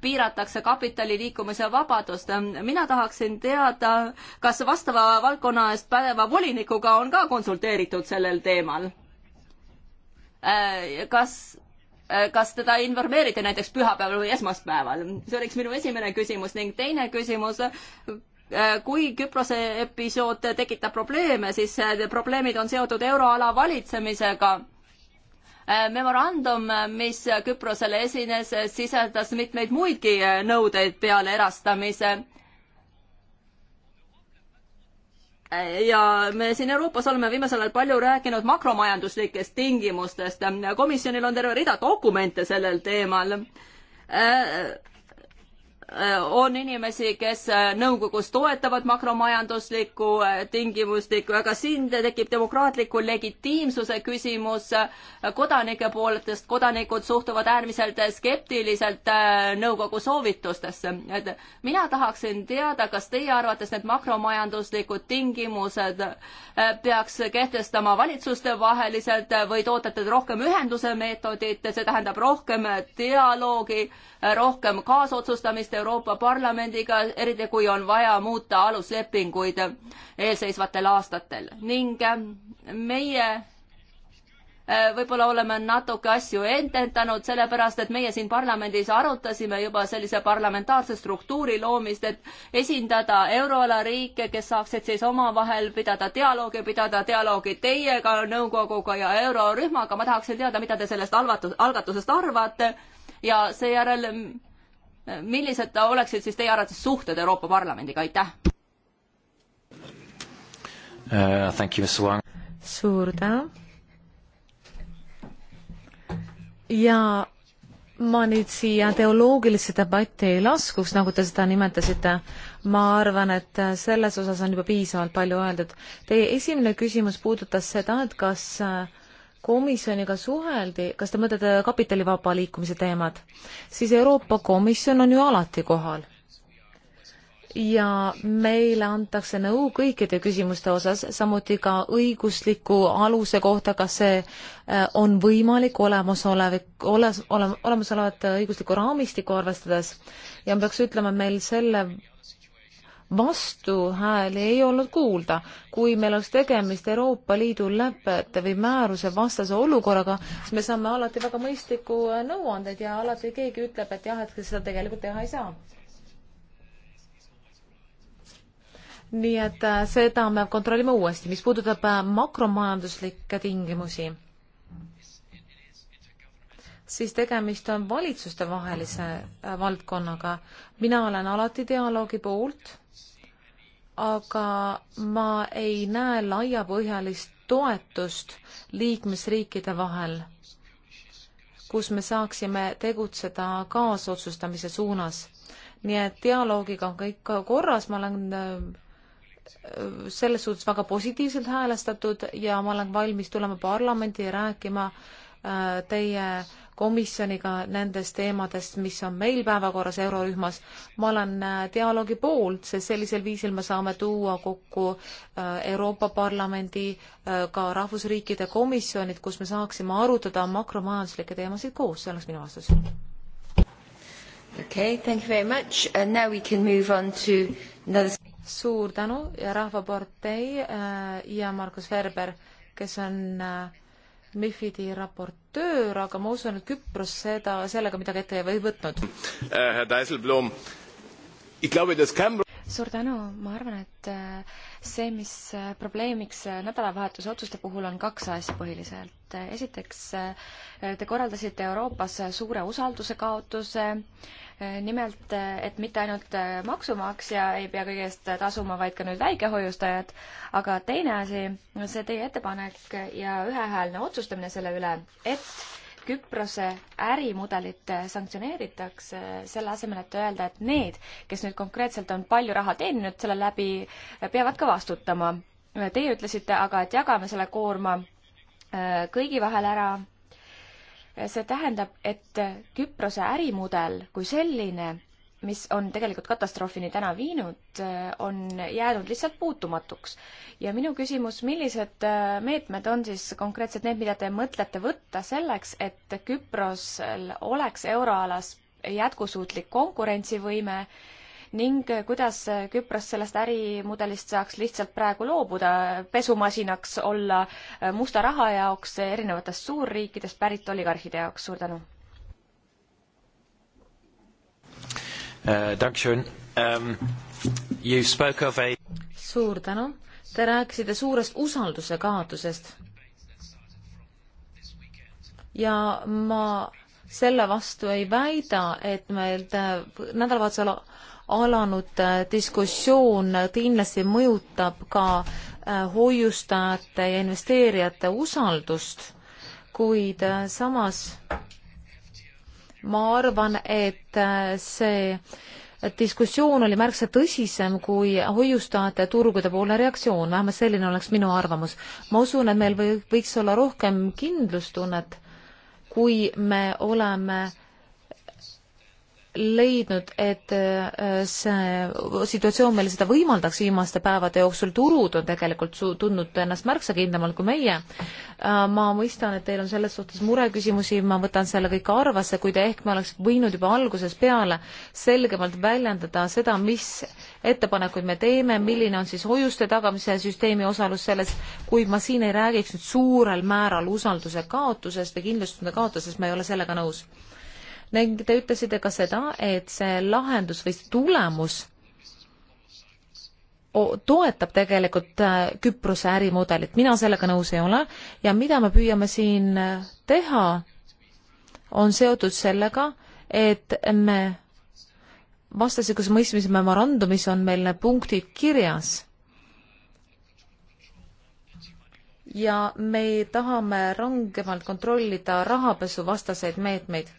piiratakse kapitali liikumise vabadust. mina tahaksin teada, kas vastava valdkonna eest pädeva volinikuga on ka konsulteeritud sellel teemal? kas Äh, kas teda informeeriti näiteks pühapäeval või esmaspäeval? see oleks minu esimene küsimus ning teine küsimus, äh, kui Küprose episood tekitab probleeme, siis äh, probleemid on seotud euroala valitsemisega. memorandum, mis Küprosele esines, sisaldas mitmeid muidki nõudeid peale erastamise ja me siin Euroopas oleme viimasel ajal palju rääkinud makromajanduslikest tingimustest. komisjonil on terve rida dokumente sellel teemal äh, Äh, on inimesi, kes äh, nõukogus toetavad makromajanduslikku äh, tingimuslikku, aga siin tekib demokraatliku legitiimsuse küsimus kodanike poolt, sest kodanikud suhtuvad äärmiselt skeptiliselt nõukogu soovitustesse. et mina tahaksin teada, kas teie arvates need makromajanduslikud tingimused peaks kehtestama valitsustevaheliselt või tootate rohkem ühenduse meetodit, see tähendab rohkem dialoogi rohkem kaasotsustamist Euroopa Parlamendiga, eriti kui on vaja muuta aluslepinguid eelseisvatel aastatel ning äh, meie äh, võib-olla oleme natuke asju entendanud, sellepärast et meie siin parlamendis arutasime juba sellise parlamentaarse struktuuri loomist, et esindada euroala riike, kes saaksid siis omavahel pidada dialoogi, pidada dialoogi teiega, nõukoguga ja eurorühmaga. ma tahaksin teada, mida te sellest algatusest arvate ja seejärel, millised oleksid siis teie arvates suhted Euroopa Parlamendiga, aitäh uh,! Thank you, Mr Wang. suur tänu. ja ma nüüd siia teoloogilisse debatti ei laskuks, nagu te seda nimetasite. ma arvan, et selles osas on juba piisavalt palju öeldud. Teie esimene küsimus puudutas seda, et kas äh, komisjoniga suheldi, kas te mõtlete kapitali vaba liikumise teemad, siis Euroopa Komisjon on ju alati kohal. ja meile antakse nõu kõikide küsimuste osas, samuti ka õigusliku aluse kohta, kas see äh, on võimalik olemasolev, ole, ole, olemasolevat õiguslikku raamistikku arvestades ja ma peaks ütlema, meil selle vastuhääli ei olnud kuulda. kui meil oleks tegemist Euroopa Liidu läpete või määruse vastase olukorraga, siis me saame alati väga mõistliku äh, nõuandeid ja alati keegi ütleb, et jah, et seda tegelikult teha ei saa. nii et äh, seda me kontrollime uuesti, mis puudutab äh, makromajanduslikke tingimusi siis tegemist on valitsustevahelise äh, valdkonnaga. mina olen alati dialoogi poolt, aga ma ei näe laiapõhjalist toetust liikmesriikide vahel, kus me saaksime tegutseda kaasotsustamise suunas. nii et dialoogiga on kõik korras, ma olen äh, selles suhtes väga positiivselt häälestatud ja ma olen valmis tulema parlamendi ja rääkima äh, Äh, teie komisjoniga nendest teemadest, mis on meil päevakorras eurorühmas. ma olen äh, dialoogi poolt, sest sellisel viisil me saame tuua kokku äh, Euroopa Parlamendi, ka rahvusriikide komisjonid, kus me saaksime arutada makromajanduslikke teemasid koos, see oleks minu vastus. Okay, thank you very much and uh, now we can move on to another suur tänu ja Rahvapartei ja Markus Verber, kes on äh, MIFID-i raportöör, aga ma usun, et Küpros seda, sellega midagi ette ei võtnud. härra äh, Dijsselbloem, ich glaube, das kann suur tänu, ma arvan, et äh, see, mis äh, probleemiks nädalavahetuse otsuste puhul on kaks asja põhiliselt. esiteks, te korraldasite Euroopas suure usalduse kaotuse äh, Äh, nimelt, äh, et mitte ainult äh, maksumaksja ei pea kõige eest tasuma, vaid ka nüüd väikehoiustajad. aga teine asi, see teie ettepanek ja ühehäälne otsustamine selle üle, et Küprose ärimudelit sanktsioneeritakse, selle asemel, et öelda, et need, kes nüüd konkreetselt on palju raha teeninud selle läbi, peavad ka vastutama. Teie ütlesite aga, et jagame selle koorma kõigi vahel ära see tähendab, et Küprose ärimudel kui selline, mis on tegelikult katastroofini täna viinud, on jäänud lihtsalt puutumatuks. ja minu küsimus, millised äh, meetmed on siis konkreetselt need, mida te mõtlete võtta selleks, et Küprosel oleks euroalas jätkusuutlik konkurentsivõime äh, ning kuidas Küpros sellest ärimudelist saaks lihtsalt praegu loobuda, pesumasinaks olla musta raha jaoks erinevatest suurriikidest pärit oligarhide jaoks, suur tänu! Äh, Dankeschön. Um, you spoke of a... suur tänu. Te rääkisite suurest usalduse kaotusest. ja ma selle vastu ei väida, et meil nädalavahetusel alanud äh, diskussioon kindlasti mõjutab ka äh, hoiustajate ja investeerijate usaldust, kuid äh, samas ma arvan, et see diskussioon oli märksa tõsisem kui hoiustajate turgude poolne reaktsioon, vähemalt selline oleks minu arvamus. ma usun, et meil või, võiks olla rohkem kindlustunnet, kui me oleme leidnud, et äh, see situatsioon meil seda võimaldaks viimaste päevade jooksul, turud on tegelikult su-, tundnud ennast märksa kindlamalt kui meie. Äh, ma mõistan, et teil on selles suhtes mureküsimusi, ma võtan selle kõik arvesse, kuid ehk me oleks võinud juba algusest peale selgemalt väljendada seda, mis ettepanekuid me teeme, milline on siis hoiuste tagamise süsteemi osalus selles, kuid ma siin ei räägiks nüüd suurel määral usalduse kaotusest või kindlustunde kaotusest, ma ei ole sellega nõus ning te ütlesite ka seda, et see lahendus või see tulemus toetab tegelikult äh, Küprose ärimudelit, mina sellega nõus ei ole ja mida me püüame siin äh, teha, on seotud sellega, et me vastastikuse mõistmise memorandumis on meil need punktid kirjas. ja me tahame rangemalt kontrollida rahapesuvastaseid meetmeid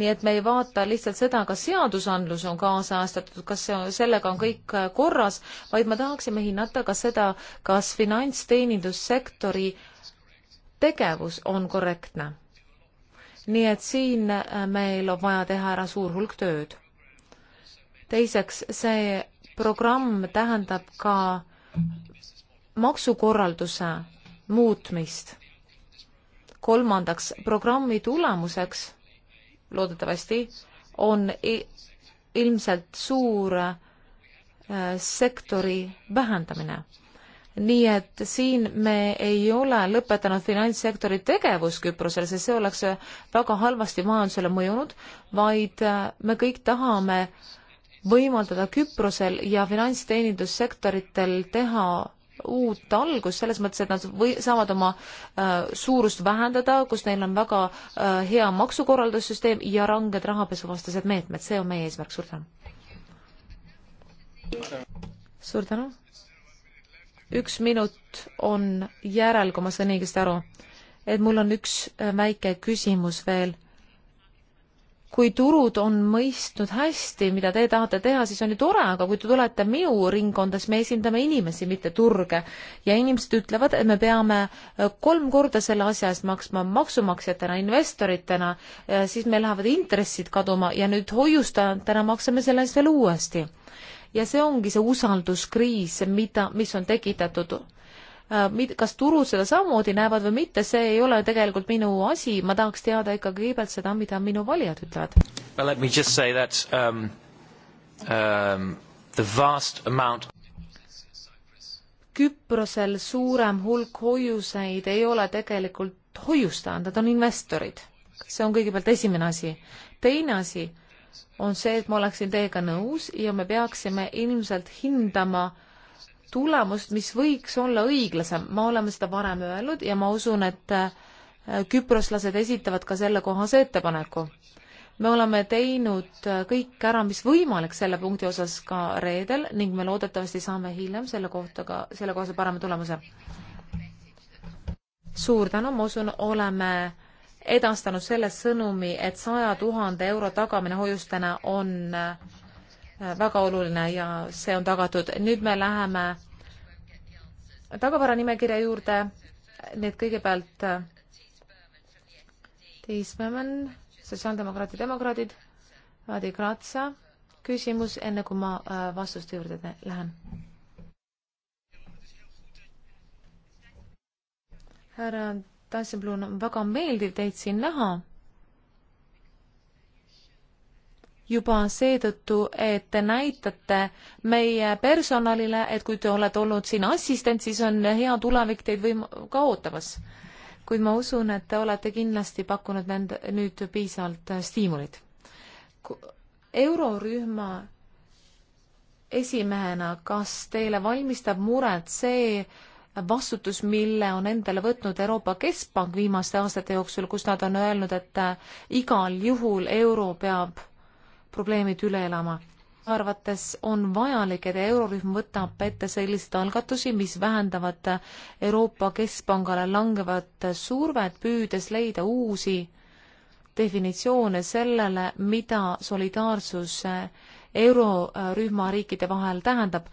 nii et me ei vaata lihtsalt seda, kas seadusandlus on kaasajastatud, kas see, sellega on kõik äh, korras, vaid me tahaksime hinnata ka seda, kas finantsteenindussektori tegevus on korrektne. nii et siin äh, meil on vaja teha ära suur hulk tööd. teiseks, see programm tähendab ka maksukorralduse muutmist. kolmandaks, programmi tulemuseks loodetavasti, on ilmselt suur äh, sektori vähendamine. nii et siin me ei ole lõpetanud finantssektori tegevust Küprosel, sest see oleks väga halvasti majandusele mõjunud, vaid äh, me kõik tahame võimaldada Küprosel ja finantsteenindussektoritel teha uut algust, selles mõttes, et nad või-, saavad oma äh, suurust vähendada, kus neil on väga äh, hea maksukorraldussüsteem ja ranged rahapesuvastased meetmed, see on meie eesmärk, suur tänu. suur tänu. üks minut on järel, kui ma sain õigesti aru. et mul on üks äh, väike küsimus veel kui turud on mõistnud hästi, mida te tahate teha, siis on ju tore, aga kui te tulete minu ringkonda, siis me esindame inimesi, mitte turge. ja inimesed ütlevad, et me peame äh, kolm korda selle asja eest maksma maksumaksjatena, investoritena, siis meil lähevad intressid kaduma ja nüüd hoiustajatena maksame selle eest veel uuesti. ja see ongi see usalduskriis, mida, mis on tekitatud Äh, kas turud seda samamoodi näevad või mitte, see ei ole tegelikult minu asi, ma tahaks teada ikka kõigepealt seda, mida minu valijad ütlevad. Well let me just say that um, um, the vast amount Küprosel suurem hulk hoiuseid ei ole tegelikult hoiustajad, nad on investorid. see on kõigepealt esimene asi. teine asi on see, et ma oleksin teiega nõus ja me peaksime ilmselt hindama äh, tulemust, mis võiks olla õiglasem, me oleme seda varem öelnud ja ma usun, et äh, küproslased esitavad ka sellekohase ettepaneku. me oleme teinud äh, kõik ära, mis võimalik selle punkti osas ka reedel ning me loodetavasti saame hiljem selle kohta ka, sellekohase parema tulemuse. suur tänu, ma usun, oleme edastanud selle sõnumi, et saja tuhande euro tagamine hoiustena on äh, Äh, väga oluline ja see on tagatud. nüüd me läheme tagavaranimekirja juurde. Need kõigepealt äh, Tiis Mämmen, sotsiaaldemokraadid, demokraadid, Adi Kratsa. küsimus, enne kui ma äh, vastuste juurde lähen. härra Tassenblum, väga meeldiv teid siin näha juba seetõttu, et te näitate meie personalile, et kui te olete olnud siin assistent, siis on hea tulevik teid võim-, ka ootamas. kuid ma usun, et te olete kindlasti pakkunud nende, nüüd piisavalt äh, stiimulit. eurorühma esimehena, kas teile valmistab muret see, vastutus, mille on endale võtnud Euroopa Keskpank viimaste aastate jooksul, kus nad on öelnud, et äh, igal juhul euro peab probleemid üle elama. arvates on vajalik, et eurorühm võtab ette selliseid algatusi, mis vähendavad Euroopa Keskpangale langevat survet, püüdes leida uusi definitsioone sellele, mida solidaarsus eurorühma riikide vahel tähendab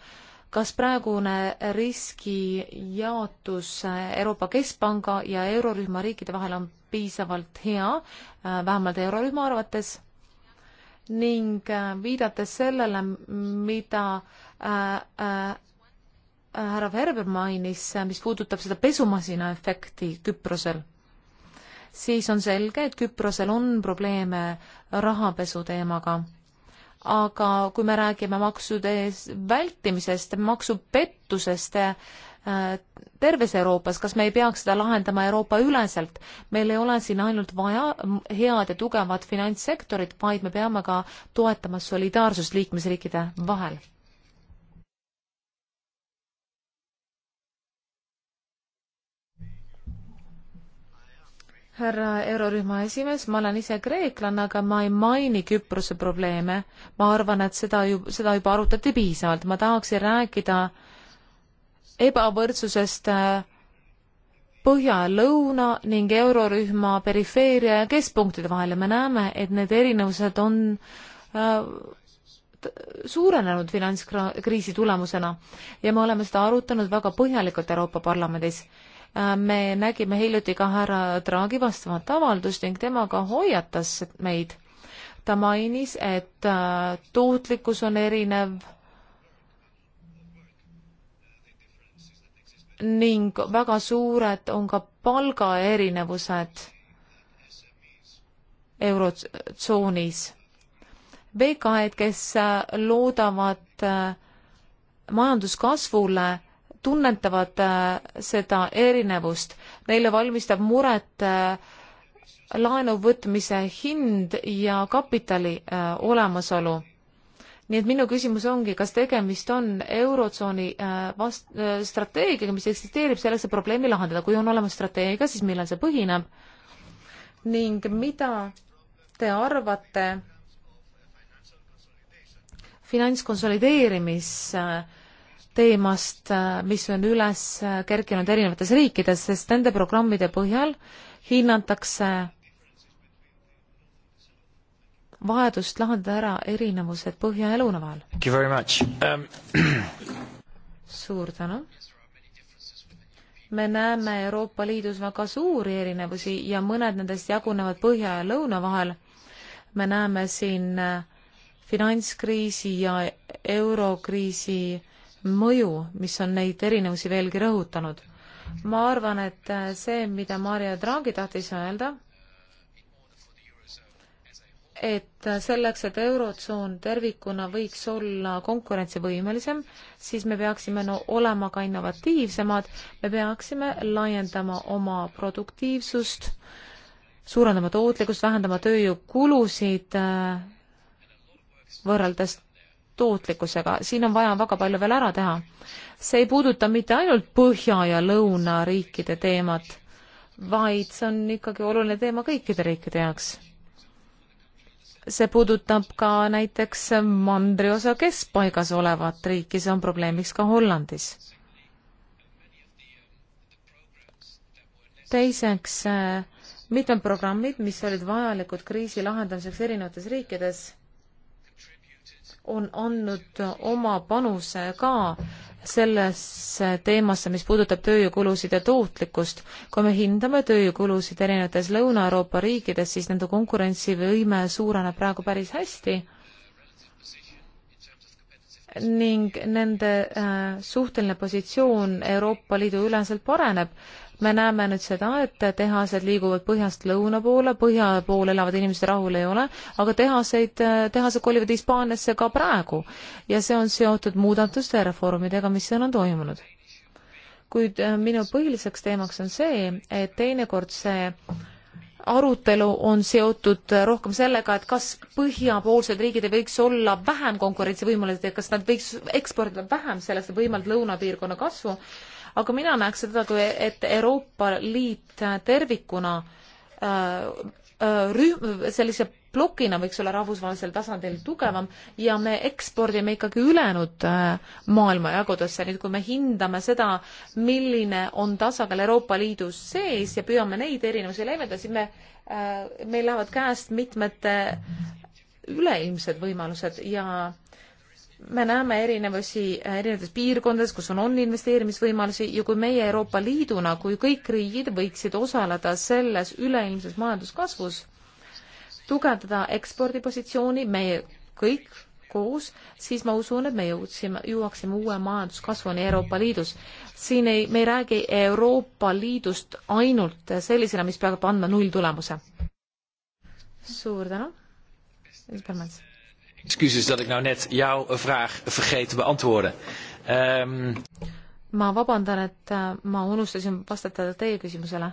kas praegune riskijaotus Euroopa Keskpanga ja eurorühma riikide vahel on piisavalt hea, vähemalt eurorühma arvates? ning äh, viidates sellele, mida äh, äh, härra Ferber mainis, mis puudutab seda pesumasina efekti Küprosel, siis on selge, et Küprosel on probleeme rahapesu teemaga. aga kui me räägime maksude vältimisest, maksupettusest, terves Euroopas, kas me ei peaks seda lahendama Euroopa üleselt? meil ei ole siin ainult vaja head ja tugevat finantssektorit, vaid me peame ka toetama solidaarsust liikmesriikide vahel. härra eurorühma esimees, ma olen ise kreeklane, aga ma ei maini Küprose probleeme. ma arvan, et seda ju, seda juba arutati piisavalt, ma tahaksin rääkida äh, ebavõrdsusest äh, põhja-lõuna ning eurorühma perifeeria ja keskpunktide vahel ja me näeme, et need erinevused on äh, suurenenud finantskriisi tulemusena ja me oleme seda arutanud väga põhjalikult Euroopa Parlamendis. Äh, me nägime hiljuti ka härra Draghi vastavat avaldust ning tema ka hoiatas meid. ta mainis, et tootlikkus on erinev ning väga suured on ka palgaerinevused eurotsoonis. VKE-d, kes äh, loodavad äh, majanduskasvule, tunnetavad äh, seda erinevust, neile valmistab muret laenu võtmise hind ja kapitali olemasolu nii et minu küsimus ongi, kas tegemist on Eurotsooni äh, vast-, äh, strateegiaga, mis eksisteerib selleks, et probleemi lahendada, kui on olemas strateegia, siis millel see põhineb ning mida te arvate finantskonsolideerimisteemast, äh, mis on üles kerkinud erinevates riikides, sest nende programmide põhjal hinnatakse vajadust lahendada ära erinevused põhja ja lõuna vahel. Um... suur tänu. me näeme Euroopa Liidus väga suuri erinevusi ja mõned nendest jagunevad põhja ja lõuna vahel. me näeme siin äh, finantskriisi ja eurokriisi mõju, mis on neid erinevusi veelgi rõhutanud. ma arvan, et äh, see, mida Mario Draghi tahtis öelda et selleks, et Eurotsoon tervikuna võiks olla konkurentsivõimelisem, siis me peaksime no olema ka innovatiivsemad, me peaksime laiendama oma produktiivsust, suurendama tootlikkust, vähendama tööjõukulusid äh, võrreldes tootlikkusega, siin on vaja väga palju veel ära teha. see ei puuduta mitte ainult Põhja- ja Lõunariikide teemat, vaid see on ikkagi oluline teema kõikide riikide jaoks see puudutab ka näiteks mandriosa keskpaigas olevat riiki, see on probleemiks ka Hollandis. teiseks, äh, mitmed programmid, mis olid vajalikud kriisi lahendamiseks erinevates riikides, on andnud oma panuse ka sellesse teemasse, mis puudutab tööjõukulusid ja tootlikkust. kui me hindame tööjõukulusid erinevates Lõuna-Euroopa riikides, siis nende konkurentsivõime suureneb praegu päris hästi ning nende äh, suhteline positsioon Euroopa Liidu üleselt pareneb me näeme nüüd seda, et tehased liiguvad põhjast lõuna poole, põhja pool elavad inimesed rahul ei ole, aga tehaseid, tehased kolivad Hispaaniasse ka praegu ja see on seotud muudatuste ja reformidega, mis seal on toimunud. kuid eh, minu põhiliseks teemaks on see, et teinekord see arutelu on seotud rohkem sellega, et kas põhjapoolsed riigid ei võiks olla vähem konkurentsivõimelised ja kas nad võiks eksportida vähem sellest, et võimalikult lõunapiirkonna kasvu aga mina näeks seda, kui, et Euroopa Liit tervikuna äh, äh, rühm, sellise plokina võiks olla rahvusvahelisel tasandil tugevam ja me ekspordime ikkagi ülejäänud äh, maailma jagudesse, nüüd kui me hindame seda, milline on tasakaal Euroopa Liidus sees ja püüame neid erinevusi leevendada, siis me, äh, meil lähevad käest mitmed üleilmsed võimalused ja me näeme erinevusi äh, erinevates piirkondades, kus on, on investeerimisvõimalusi ja kui meie Euroopa Liiduna, kui kõik riigid võiksid osaleda selles üleilmses majanduskasvus, tugevdada ekspordipositsiooni, meie kõik koos, siis ma usun, et me jõudsime, jõuaksime uue majanduskasvuni Euroopa Liidus. siin ei, me ei räägi Euroopa Liidust ainult sellisena, mis peab andma nulltulemuse. suur tänu, Isbermans Excuses dat ik nou net jouw eh, vraag vergeten beantwoorden um.... ma vabandan, et eh, ma unustasin vastata teie küsimusele.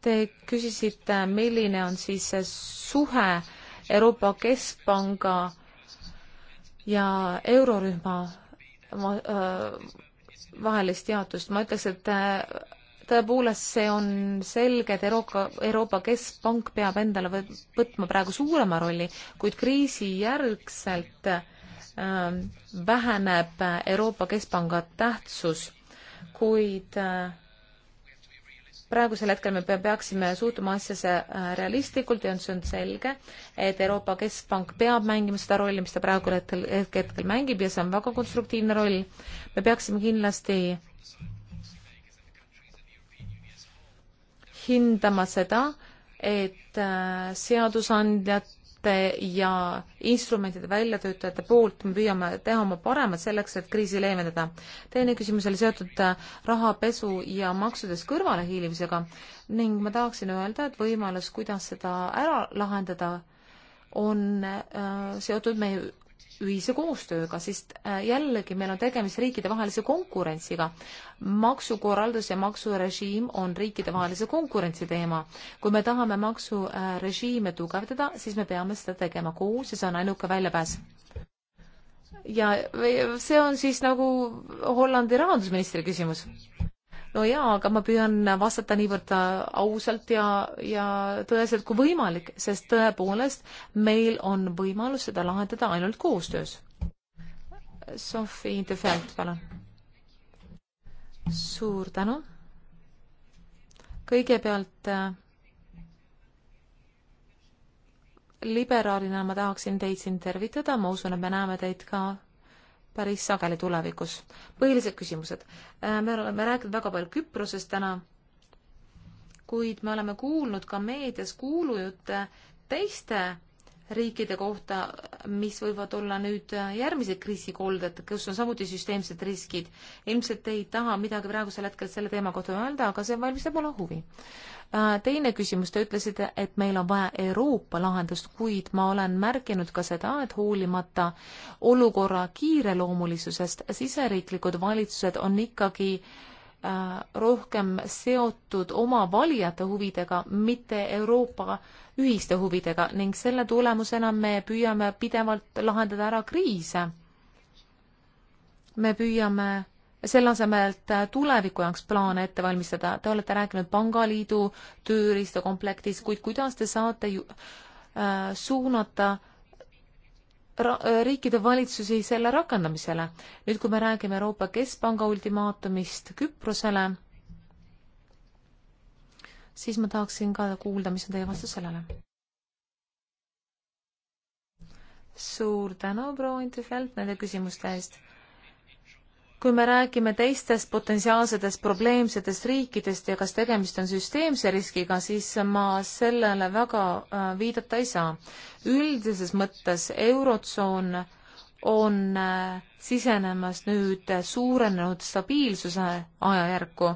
Te küsisite, milline on siis see suhe Euroopa Keskpanga ja eurorühma eh, vahelist jaotust. ma ütleks, et tõepoolest, see on selge, et Euroopa, Euroopa Keskpank peab endale võtma praegu suurema rolli, kuid kriisi järgselt ähm, väheneb Euroopa Keskpanga tähtsus, kuid äh, praegusel hetkel me peaksime suhtuma asjasse äh, realistlikult ja see on selge, et Euroopa Keskpank peab mängima seda rolli, mis ta praegu hetkel, hetkel mängib ja see on väga konstruktiivne roll. me peaksime kindlasti hindama seda, et äh, seadusandjate ja instrumentide väljatöötajate poolt me püüame teha oma paremat selleks, et kriisi leevendada. teine küsimus oli seotud äh, rahapesu ja maksudest kõrvalehiilimisega ning ma tahaksin öelda, et võimalus, kuidas seda ära lahendada, on äh, seotud meie ühise koostööga, sest äh, jällegi meil on tegemist riikidevahelise konkurentsiga. maksukorraldus ja maksurežiim on riikidevahelise konkurentsi teema. kui me tahame maksurežiime tugevdada, siis me peame seda tegema koos ja see on ainuke väljapääs. ja see on siis nagu Hollandi rahandusministri küsimus no jaa, aga ma püüan vastata niivõrd äh, ausalt ja, ja tõeselt kui võimalik, sest tõepoolest meil on võimalus seda lahendada ainult koostöös. Sofi Interfeld, palun. suur tänu. kõigepealt äh, liberaalina ma tahaksin teid siin tervitada, ma usun, et me näeme teid ka päris sageli tulevikus. põhilised küsimused. Äh, me oleme rääkinud väga palju Küprosest täna, kuid me oleme kuulnud ka meedias kuulujutte teiste riikide kohta, mis võivad olla nüüd järgmised kriisikolded, kus on samuti süsteemsed riskid. ilmselt ei taha midagi praegusel hetkel selle teema kohta öelda, aga see valmistab mulle huvi. Äh, teine küsimus, te ütlesite, et meil on vaja Euroopa lahendust, kuid ma olen märkinud ka seda, et hoolimata olukorra kiireloomulisusest, siseriiklikud valitsused on ikkagi äh, rohkem seotud oma valijate huvidega, mitte Euroopa äh, ühiste huvidega ning selle tulemusena me püüame pidevalt lahendada ära kriise. me püüame selle asemel, et tuleviku jaoks plaane ette valmistada, te olete rääkinud pangaliidu tööriistakomplektist, kuid kuidas te saate ju, äh, suunata riikide valitsusi selle rakendamisele. nüüd, kui me räägime Euroopa Keskpanga ultimaatumist Küprosele siis ma tahaksin ka kuulda, mis on teie vastus sellele. suur tänu, proua Intifeld, nende küsimuste eest. kui me räägime teistest potentsiaalsetest probleemsetest riikidest ja kas tegemist on süsteemse riskiga, siis ma sellele väga äh, viidata ei saa. üldises mõttes Eurotsoon on äh, sisenemas nüüd suurenenud stabiilsuse ajajärku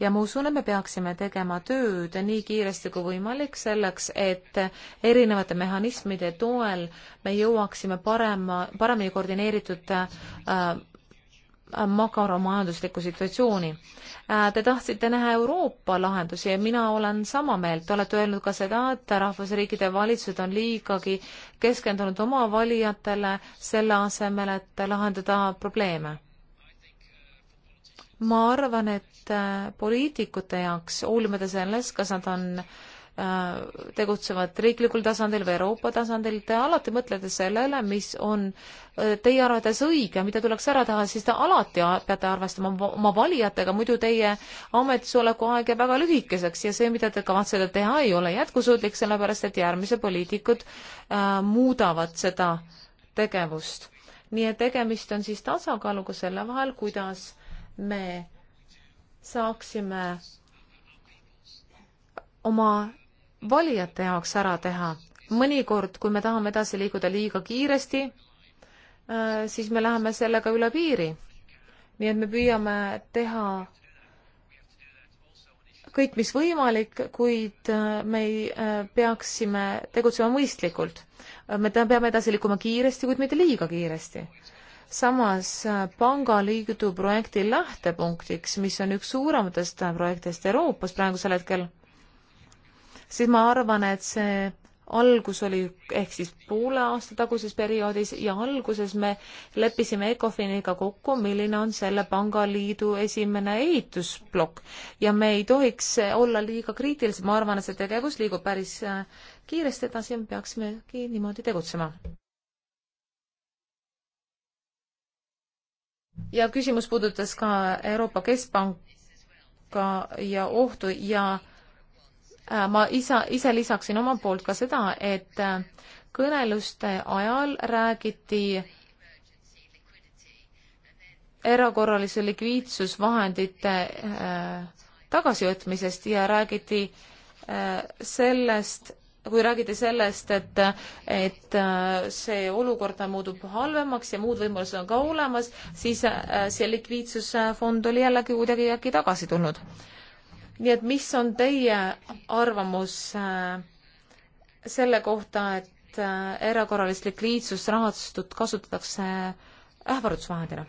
ja ma usun, et me peaksime tegema tööd nii kiiresti kui võimalik selleks, et erinevate mehhanismide toel me jõuaksime parema, paremini koordineeritud äh, äh makaromajanduslikku situatsiooni. Äh, te tahtsite näha Euroopa lahendusi ja mina olen sama meelt, te olete öelnud ka seda, et rahvusriikide valitsused on liigagi keskendunud oma valijatele selle asemel, et lahendada probleeme ma arvan, et äh, poliitikute jaoks, hoolimata sellest, kas nad on äh, tegutsevad riiklikul tasandil või Euroopa tasandil, te alati mõtlete sellele, mis on äh, teie arvates õige, mida tuleks ära teha, siis te alati peate arvestama oma valijatega, muidu teie ametisoleku aeg jääb väga lühikeseks ja see, mida te kavatsete teha, ei ole jätkusuutlik, sellepärast et järgmised poliitikud äh, muudavad seda tegevust. nii et tegemist on siis tasakaaluga selle vahel, kuidas me saaksime oma valijate jaoks ära teha. mõnikord, kui me tahame edasi liikuda liiga kiiresti, äh, siis me läheme sellega üle piiri. nii et me püüame teha kõik, mis võimalik, kuid äh, me ei äh, peaksime tegutsema mõistlikult. me peame edasi liikuma kiiresti, kuid mitte liiga kiiresti samas äh, Pangaliidu projekti lähtepunktiks, mis on üks suurematest äh, projektidest Euroopas praegusel hetkel, siis ma arvan, et see algus oli ehk siis poole aasta taguses perioodis ja alguses me leppisime Ecofiniga kokku, milline on selle pangaliidu esimene ehitusplokk ja me ei tohiks olla liiga kriitilised, ma arvan, et see tegevus liigub päris äh, kiiresti edasi ja me peaksimegi niimoodi tegutsema. ja küsimus puudutas ka Euroopa Keskpanka ja ohtu ja äh, ma isa, ise lisaksin omalt poolt ka seda, et äh, kõneluste ajal räägiti erakorralise likviidsusvahendite äh, tagasivõtmisest ja räägiti äh, sellest, kui räägiti sellest, et, et äh, see olukord muutub halvemaks ja muud võimalused on ka olemas, siis äh, see likviidsusfond oli jällegi kuidagi äkki tagasi tulnud. nii et mis on teie arvamus äh, selle kohta, et erakorralist likviidsusrahastut kasutatakse ähvardusvahendina?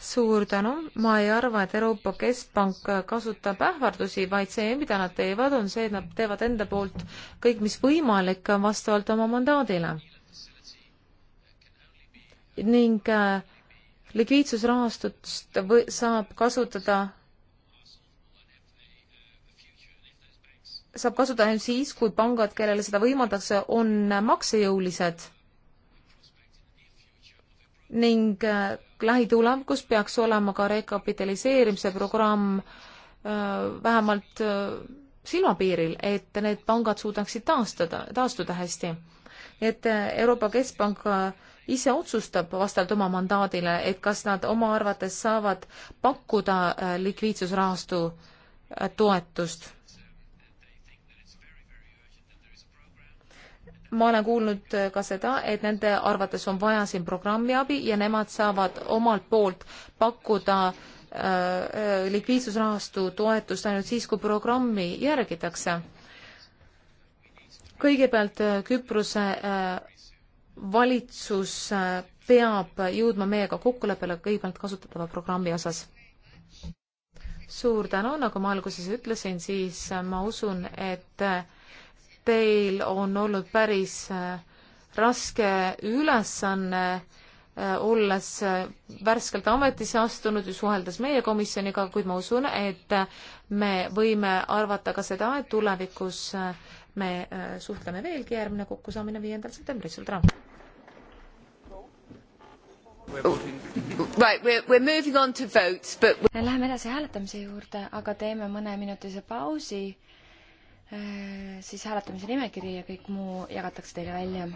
suur tänu, ma ei arva, et Euroopa Keskpank kasutab ähvardusi, vaid see, mida nad teevad, on see, et nad teevad enda poolt kõik, mis võimalik, vastavalt oma mandaadile. ning äh, likviidsusrahastust või saab kasutada, saab kasutada ainult siis, kui pangad, kellele seda võimaldatakse, on maksejõulised ning äh, lähitulevikus peaks olema ka rekapitaliseerimise programm äh, vähemalt äh, silmapiiril, et need pangad suudaksid taastada, taastuda hästi. et Euroopa Keskpank ise otsustab vastavalt oma mandaadile, et kas nad oma arvates saavad pakkuda likviidsusrahastu toetust ma olen kuulnud äh, ka seda, et nende arvates on vaja siin programmi abi ja nemad saavad omalt poolt pakkuda äh, äh likviidsusrahastu toetust ainult siis, kui programmi järgitakse. kõigepealt äh, Küprose äh, valitsus äh, peab jõudma meiega kokkuleppele kõigepealt kasutatava programmi osas suur tänu, nagu ma alguses ütlesin, siis ma usun, et teil on olnud päris äh, raske ülesanne äh, olles äh, värskelt ametisse astunud ja suheldes meie komisjoniga, kuid ma usun, et me võime arvata ka seda, et tulevikus me suhtleme veelgi, järgmine kokkusaamine viiendal septembril, suur tänu! Läheme edasi hääletamise juurde, aga teeme mõneminutise pausi Äh, siis hääletamise nimekiri ja kõik muu jagatakse teile välja.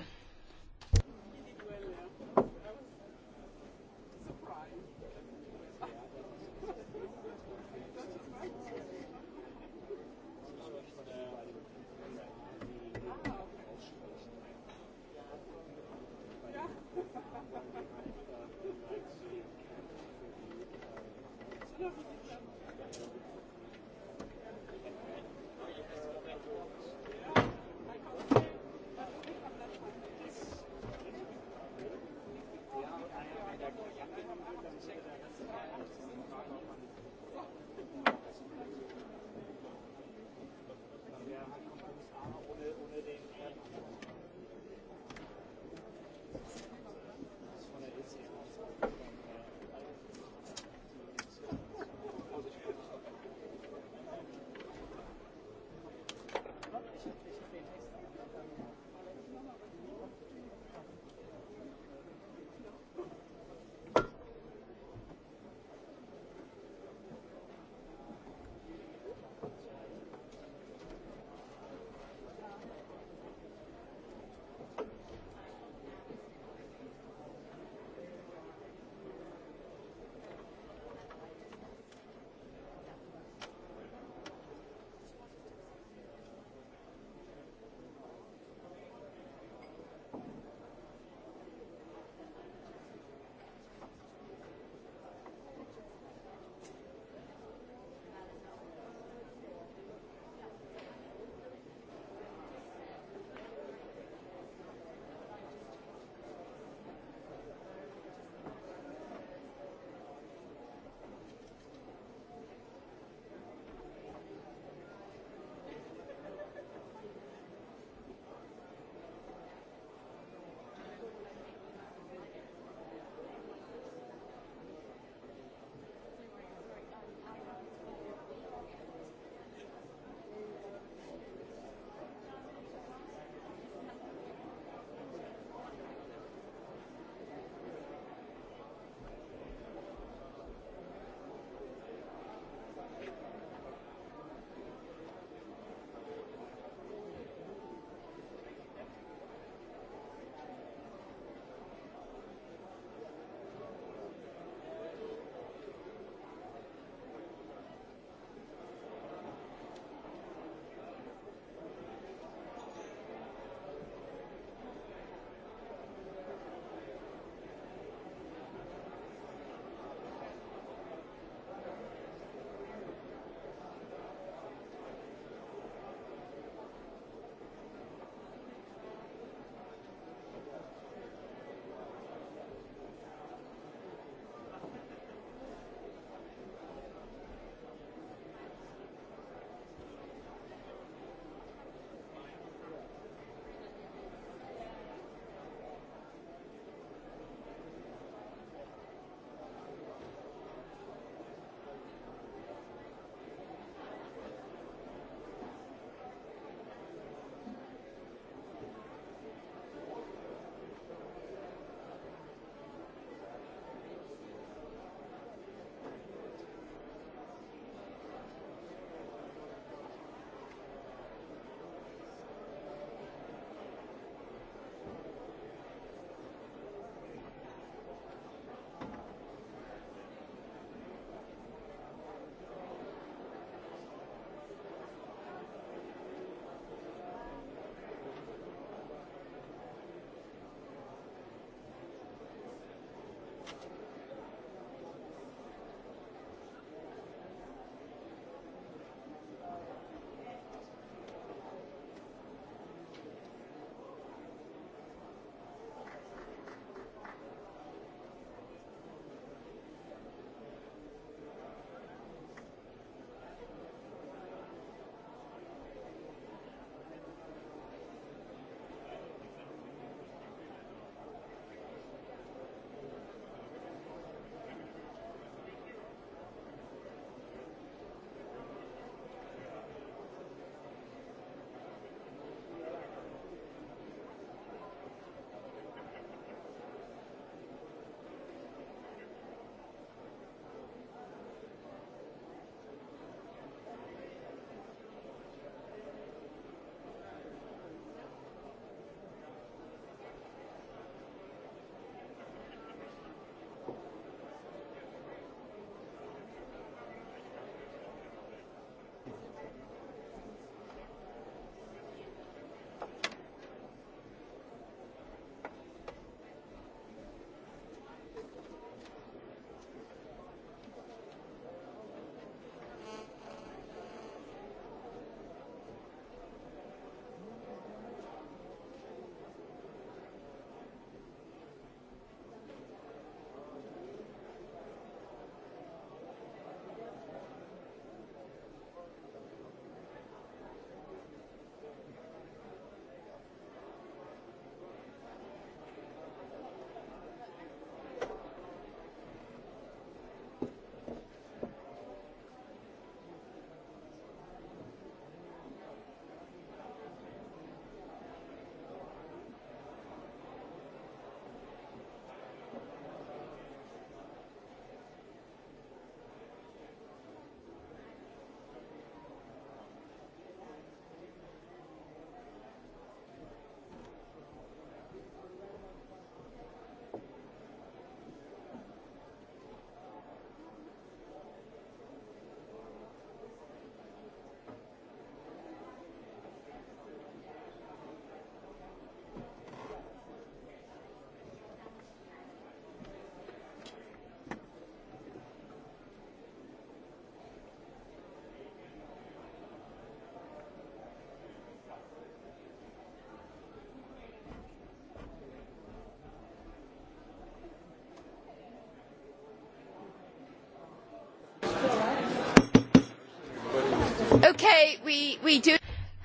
okay, we, we do...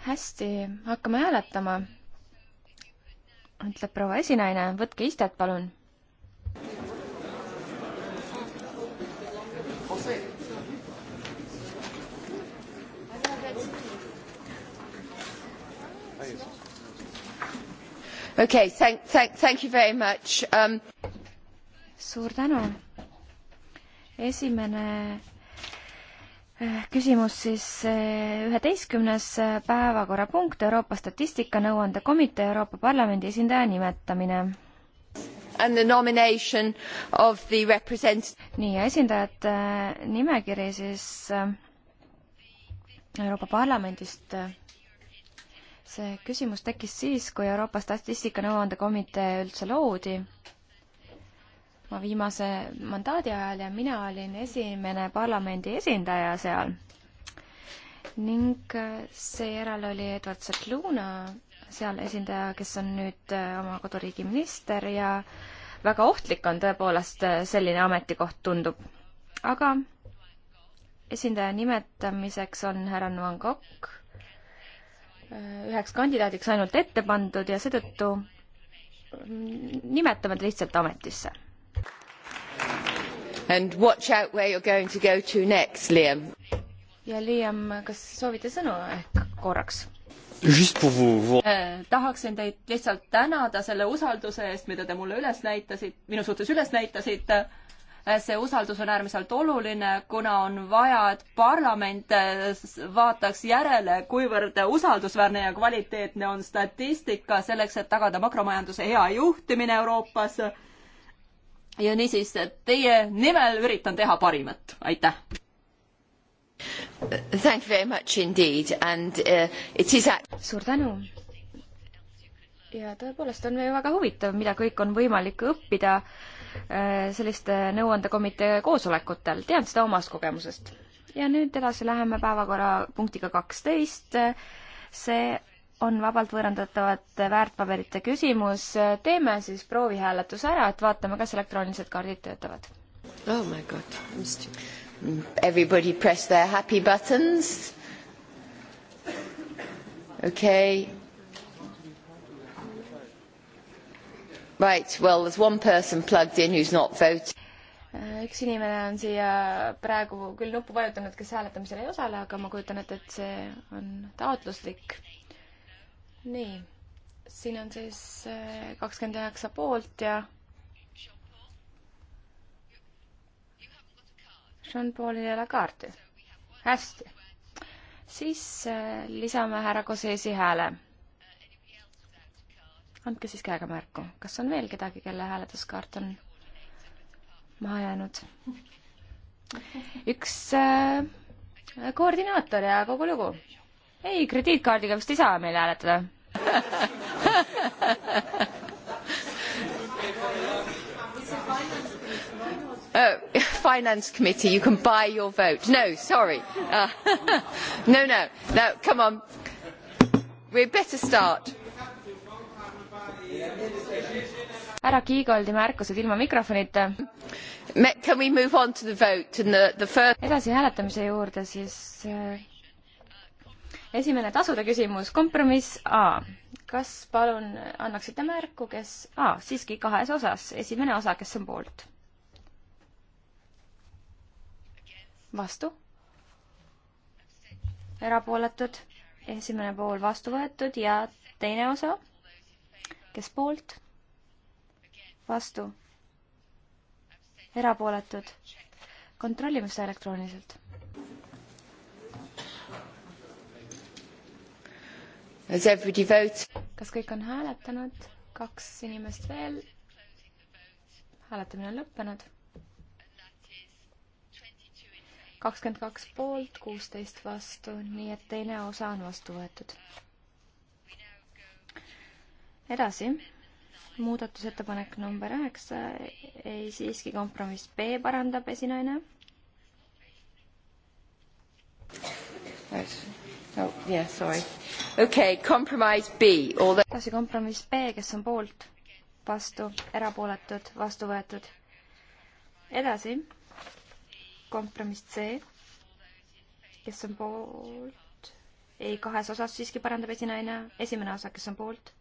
hästi, hakkame hääletama, ütleb proua esinaine, võtke istet, palun. Okay, thank, thank, thank you very much um.... suur tänu. esimene Eh, küsimus siis eh, üheteistkümnes eh, päevakorrapunkt Euroopa Statistikanõuande Komitee Euroopa Parlamendi esindaja nimetamine. And the nomination of the represent-. nii ja esindajate nimekiri siis Euroopa Parlamendist. see küsimus tekkis siis, kui Euroopa Statistikanõuande Komitee üldse loodi oma viimase mandaadi ajal ja mina olin esimene parlamendi esindaja seal. ning äh, seejärel oli Edward Zakluna seal esindaja, kes on nüüd äh, oma koduriigi minister ja väga ohtlik on tõepoolest äh, selline ametikoht, tundub. aga esindaja nimetamiseks on härra Nguyen Kokk üheks kandidaadiks ainult ette pandud ja seetõttu mm, nimetame ta lihtsalt ametisse And watch out where you're going to go to next, Liam. ja Liam, kas soovite sõnu ehk korraks? Vous... Eh, tahaksin teid lihtsalt tänada selle usalduse eest, mida te mulle üles näitasite, minu suhtes üles näitasite äh, see usaldus on äärmiselt oluline, kuna on vaja, et parlament äh, vaataks järele, kuivõrd usaldusväärne ja kvaliteetne on statistika selleks, et tagada makromajanduse hea juhtimine Euroopas ja niisiis, teie nimel üritan teha parimat, aitäh! Thank you very much indeed and uh, it is at... suur tänu! ja tõepoolest on ju väga huvitav, mida kõik on võimalik õppida äh, selliste nõuandekomitee koosolekutel, tean seda omast kogemusest. ja nüüd edasi läheme päevakorrapunktiga kaksteist, see on vabalt võõrandatavate väärtpaberite küsimus. teeme siis proovihääletuse ära, et vaatame, kas elektroonilised kaardid töötavad. Oh my god, mm, everybody press their happy buttons. Okay. Right, well there is one person plugged in who is not voting. Äh, üks inimene on siia praegu küll nuppu vajutanud, kes hääletamisel ei osale, aga ma kujutan ette, et see on taotluslik nii, siin on siis äh, kakskümmend üheksa poolt ja Jean-Paulil ei ole kaarti. hästi. siis äh, lisame härra Koseesi hääle. andke siis käega märku, kas on veel kedagi, kelle hääletuskaart on maha jäänud? üks äh, koordinaator ja kogu lugu ei, krediitkaardiga vist ei saa meil hääletada oh, finance committee you can buy your vote no sorry uh, no no no come on we better start härra Kiigoldi märkused ilma mikrofonita. Can we move on to the vote and the, the first edasi hääletamise juurde siis äh, esimene tasude küsimus, kompromiss A. kas palun annaksite märku, kes ah,, siiski kahes osas, esimene osa, kes on poolt? vastu? erapooletud? esimene pool vastu võetud ja teine osa? kes poolt? vastu? erapooletud? kontrollime seda elektrooniliselt kas kõik on hääletanud? kaks inimest veel. hääletamine on lõppenud. kakskümmend kaks poolt, kuusteist vastu, nii et teine osa on vastu võetud. edasi, muudatusettepanek number üheksa, ei siiski kompromiss B parandab esinaine oh, yeah, sorry. Okay, compromise B. All the... edasi kompromiss B, kes on poolt, vastu, erapooletud, vastu võetud. edasi, kompromiss C, kes on poolt, ei, kahes osas siiski parandab esinaine, esimene osa, kes on poolt,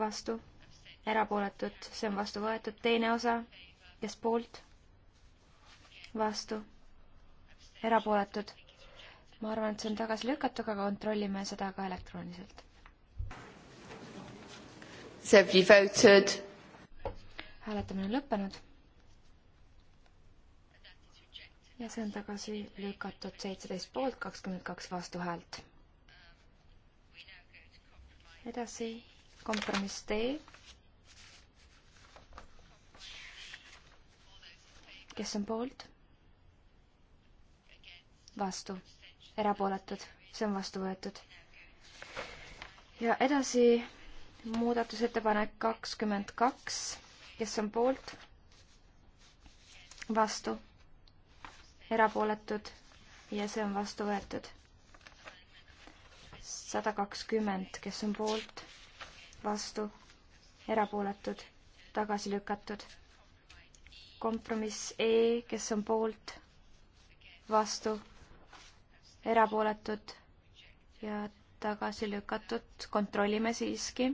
vastu, erapooletud, see on vastu võetud, teine osa, kes poolt, vastu, erapooletud ma arvan, et see on tagasi lükatud, aga kontrollime seda ka elektrooniliselt. hääletamine on lõppenud. ja see on tagasi lükatud seitseteist poolt, kakskümmend kaks vastuhäält. edasi kompromiss D kes on poolt? vastu erapooletud, see on vastu võetud. ja edasi muudatusettepanek kakskümmend kaks, kes on poolt, vastu, erapooletud ja see on vastu võetud. sada kakskümmend, kes on poolt, vastu, erapooletud, tagasi lükatud. kompromiss E, kes on poolt, vastu erapooletud ja tagasi lükatud, kontrollime siiski.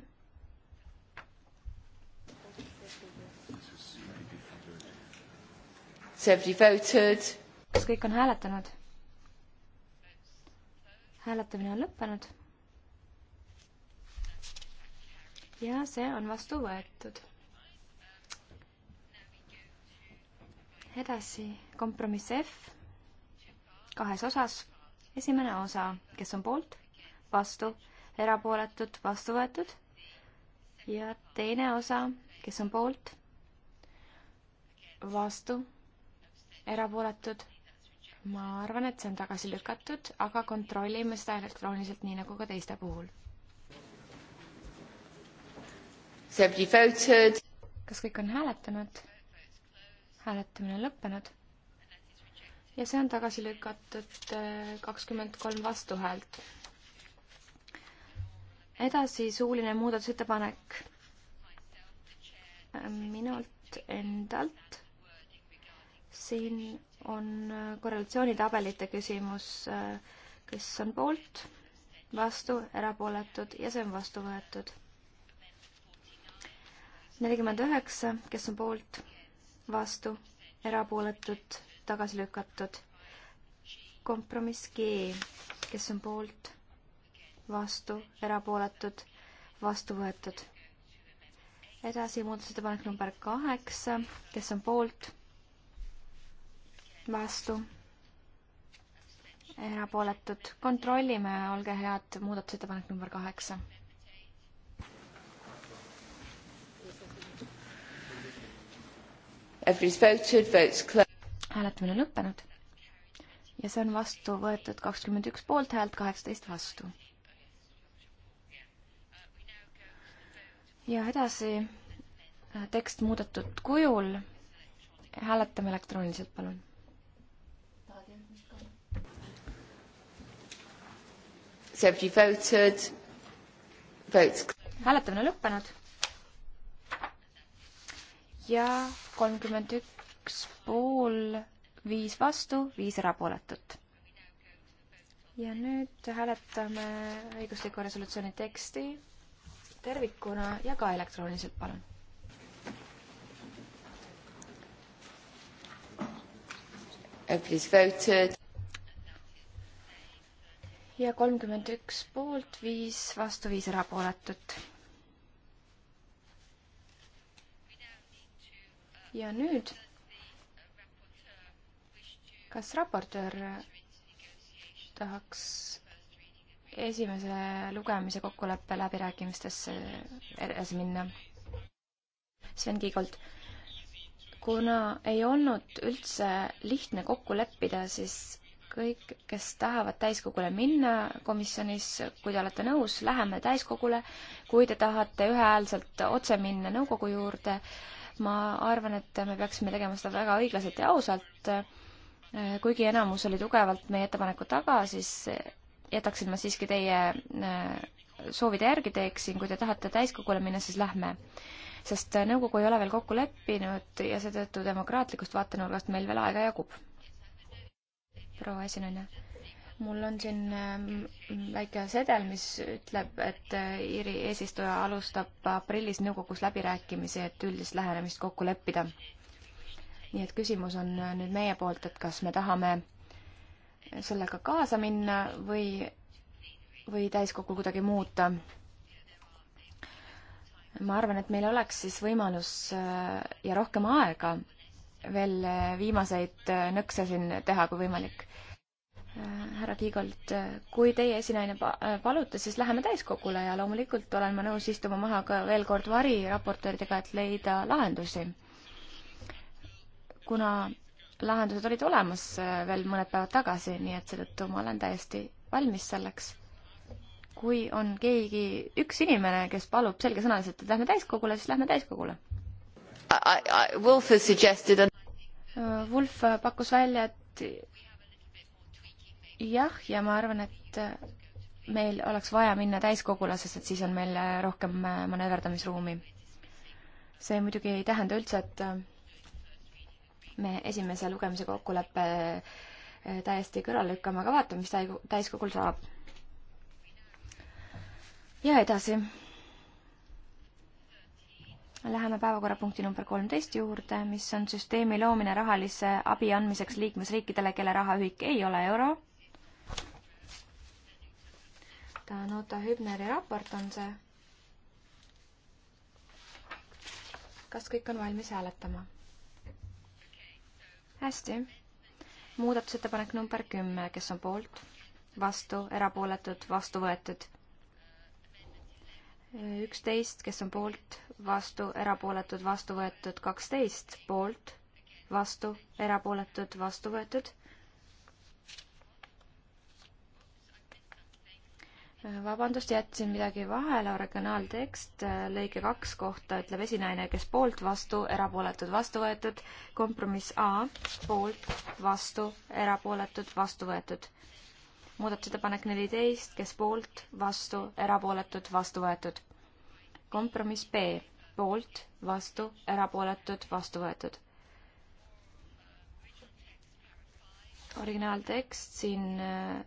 kas kõik on hääletanud? hääletamine on lõppenud. ja see on vastu võetud. edasi kompromiss F kahes osas esimene osa, kes on poolt, vastu, erapooletud, vastu võetud. ja teine osa, kes on poolt, vastu, erapooletud. ma arvan, et see on tagasi lükatud, aga kontrollime seda elektrooniliselt, nii nagu ka teiste puhul. kas kõik on hääletanud? hääletamine lõppenud ja see on tagasi lükatud äh, kakskümmend kolm vastuhäält. edasi suuline muudatusettepanek äh, minult endalt. siin on äh, korrelatsioonitabelite küsimus, kes on poolt, vastu, erapooletud ja see on vastu võetud. nelikümmend üheksa, kes on poolt, vastu, erapooletud tagasi lükatud. kompromiss G, kes on poolt, vastu, erapooletud, vastu võetud. edasi muudatusettepanek number kaheksa, kes on poolt, vastu, erapooletud. kontrollime, olge head, muudatusettepanek number kaheksa everybody's voted votes closed hääletamine lõppenud ja see on vastu võetud kakskümmend üks poolthäält, kaheksateist vastu. ja edasi äh, tekst muudetud kujul. hääletame elektrooniliselt, palun. hääletamine lõppenud ja kolmkümmend üks kaks pool, viis vastu, viis erapooletut. ja nüüd hääletame õigusliku resolutsiooni teksti tervikuna ja ka elektrooniliselt, palun. ja kolmkümmend üks poolt, viis vastu, viis erapooletut ja nüüd kas raportöör tahaks esimese lugemise kokkuleppe läbirääkimistesse edasi minna? Sven Kiigolt. kuna ei olnud üldse lihtne kokku leppida, siis kõik, kes tahavad täiskogule minna komisjonis, kui te olete nõus, läheme täiskogule. kui te tahate ühehäälselt otse minna nõukogu juurde, ma arvan, et me peaksime tegema seda väga õiglaselt ja ausalt Äh, kuigi enamus oli tugevalt meie ettepaneku taga, siis äh, jätaksin ma siiski teie äh, soovide järgi teeksin, kui te tahate täiskogule minna, siis lähme. sest nõukogu ei ole veel kokku leppinud ja seetõttu demokraatlikust vaatenurgast meil veel aega jagub. proua esinaine, mul on siin ähm, väike sedel, mis ütleb, et Iiri eesistuja alustab aprillis nõukogus läbirääkimisi, et üldist lähenemist kokku leppida nii et küsimus on nüüd meie poolt, et kas me tahame sellega kaasa minna või, või täiskogul kuidagi muuta. ma arvan, et meil oleks siis võimalus äh, ja rohkem aega veel äh, viimaseid äh, nõkse siin teha, kui võimalik. härra Kiigolt, kui teie esinaine palute, siis läheme täiskogule ja loomulikult olen ma nõus istuma maha ka veel kord variraportööridega, et leida lahendusi kuna lahendused olid olemas äh, veel mõned päevad tagasi, nii et seetõttu ma olen täiesti valmis selleks. kui on keegi, üks inimene, kes palub selgesõnaliselt, et lähme täiskogule, siis lähme täiskogule. Wolf has suggested and... Äh, Wolf pakkus välja, et jah, ja ma arvan, et äh, meil oleks vaja minna täiskogule, sest et siis on meil rohkem manööverdamisruumi. see muidugi ei tähenda üldse, et me esimese lugemise kokkuleppe äh, täiesti kõrvale lükkame, aga vaatame, mis täiskogul saab. ja edasi. Läheme päevakorrapunkti number kolmteist juurde, mis on süsteemi loomine rahalise abi andmiseks liikmesriikidele, kelle rahaühik ei ole euro. ta on Otto Hübneri raport, on see kas kõik on valmis hääletama? hästi. muudatusettepanek number kümme, kes on poolt, vastu, erapooletud, vastu võetud. üksteist, kes on poolt, vastu, erapooletud, vastu võetud, kaksteist, poolt, vastu, erapooletud, vastu võetud vabandust, jätsin midagi vahele, originaaltekst äh, lõike kaks kohta ütleb esinaine, kes poolt, vastu, erapooletud, vastu võetud, kompromiss A, poolt, vastu, erapooletud, vastu võetud. muudatusettepanek neliteist, kes poolt, vastu, erapooletud, vastu võetud. kompromiss B, poolt, vastu, erapooletud, vastu võetud. originaaltekst siin äh,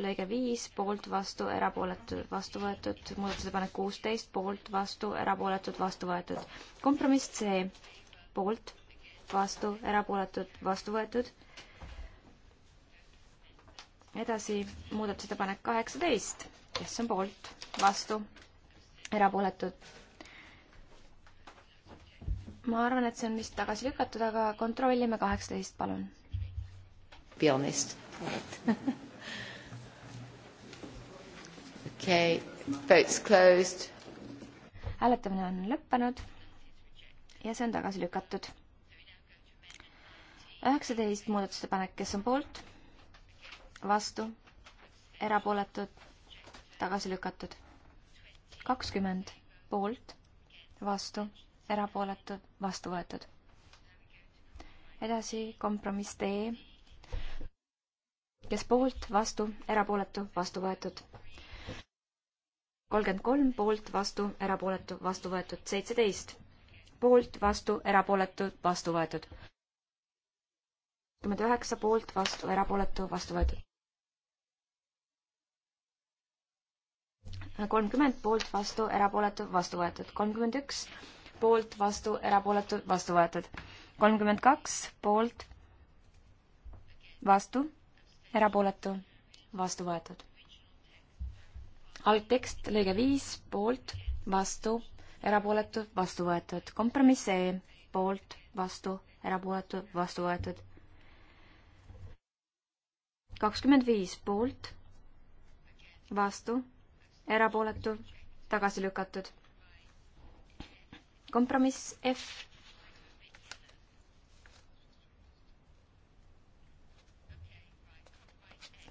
lõige viis, poolt, vastu, erapooletud, vastu võetud, muudatusettepanek kuusteist, poolt, vastu, erapooletud, vastu võetud. kompromiss C, poolt, vastu, erapooletud, vastu võetud. edasi muudatusettepanek kaheksateist, kes on poolt, vastu, erapooletud. ma arvan, et see on vist tagasi lükatud, aga kontrollime kaheksateist, palun. Be honest okei okay., votes closed. hääletamine on lõppenud ja see on tagasi lükatud. üheksateist muudatusettepanek, kes on poolt, vastu, erapooletud, tagasi lükatud. kakskümmend poolt, vastu, erapooletud, vastu võetud. edasi kompromiss D kes poolt, vastu, erapooletu, vastu võetud kolmkümmend kolm poolt, vastu, erapooletu, vastu võetud. seitseteist poolt, vastu, erapooletu, vastu võetud. kakskümmend üheksa poolt, vastu, erapooletu, vastu võetud. kolmkümmend poolt, vastu, erapooletu, vastu võetud. kolmkümmend üks poolt, vastu, erapooletu, vastu võetud. kolmkümmend kaks poolt, vastu, erapooletu, vastu võetud algtekst, lõige viis, poolt, vastu, erapooletu, vastu võetud. kompromiss E, poolt, vastu, erapooletu, vastu võetud. kakskümmend viis, poolt, vastu, erapooletu, tagasi lükatud. kompromiss F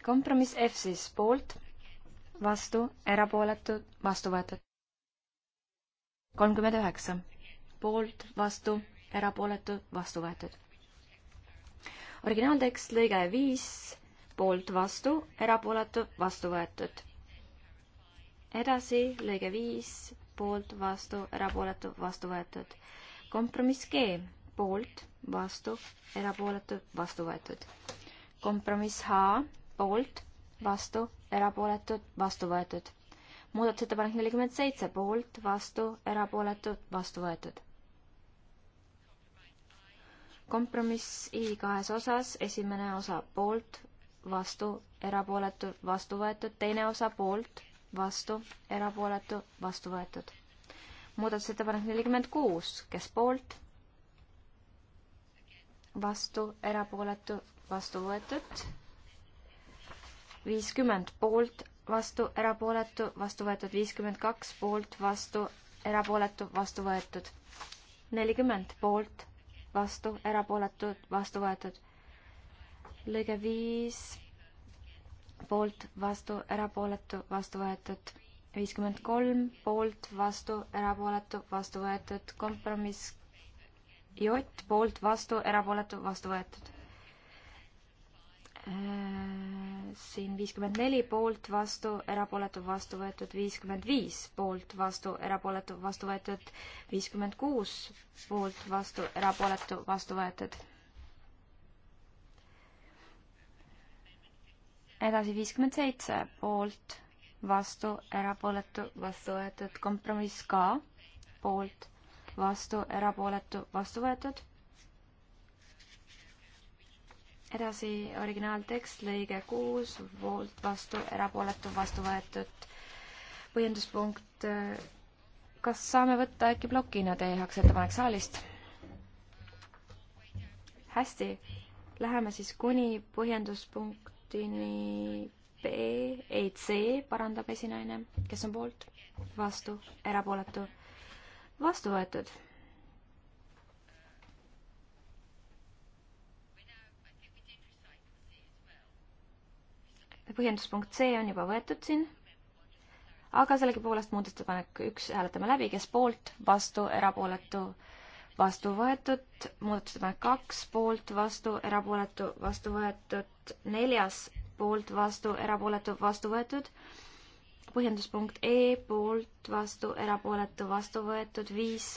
kompromiss F siis poolt, vastu, erapooletud, vastu võetud. kolmkümmend üheksa, poolt, vastu, erapooletud, vastu võetud. originaaltekst lõige viis, poolt, vastu, erapooletud, vastu võetud. edasi lõige viis, poolt, vastu, erapooletud, vastu võetud. kompromiss G, poolt, vastu, erapooletud, vastu võetud. kompromiss H, poolt, vastu, erapooletud, vastu võetud. muudatusettepanek nelikümmend seitse, poolt, vastu, erapooletud, vastu võetud. kompromiss I kahes osas, esimene osa poolt, vastu, erapooletu, vastu võetud, teine osa poolt, vastu, erapooletu, vastu võetud. muudatusettepanek nelikümmend kuus, kes poolt? vastu, erapooletu, vastu võetud viiskümmend poolt, vastu, erapooletu, vastu võetud viiskümmend kaks poolt, vastu, erapooletu, vastu võetud nelikümmend poolt, vastu, erapooletu, vastu võetud. lõige viis poolt, vastu, erapooletu, vastu võetud viiskümmend kolm poolt, vastu, erapooletu, vastu võetud, kompromiss J poolt, vastu, erapooletu, vastu võetud siin viiskümmend neli poolt, vastu, erapooletu, vastu võetud viiskümmend viis poolt, vastu, erapooletu, vastu võetud viiskümmend kuus poolt, vastu, erapooletu, vastu võetud. edasi viiskümmend seitse poolt, vastu, erapooletu, vastu võetud, kompromiss ka poolt, vastu, erapooletu, vastu võetud edasi originaaltekst, lõige kuus, poolt, vastu, erapooletu, vastu võetud. põhjenduspunkt, kas saame võtta äkki plokina teie heaks ettepanek saalist? hästi, läheme siis kuni põhjenduspunktini B, ei C, parandab esinaine, kes on poolt, vastu, erapooletu, vastu võetud põhjenduspunkt C on juba võetud siin. aga sellegipoolest muudatusettepanek üks hääletame läbi, kes poolt, vastu, erapooletu, vastu võetud, muudatusettepanek kaks, poolt, vastu, erapooletu, vastu võetud, neljas, poolt, vastu, erapooletu, vastu võetud, põhjenduspunkt E, poolt, vastu, erapooletu, vastu võetud, viis,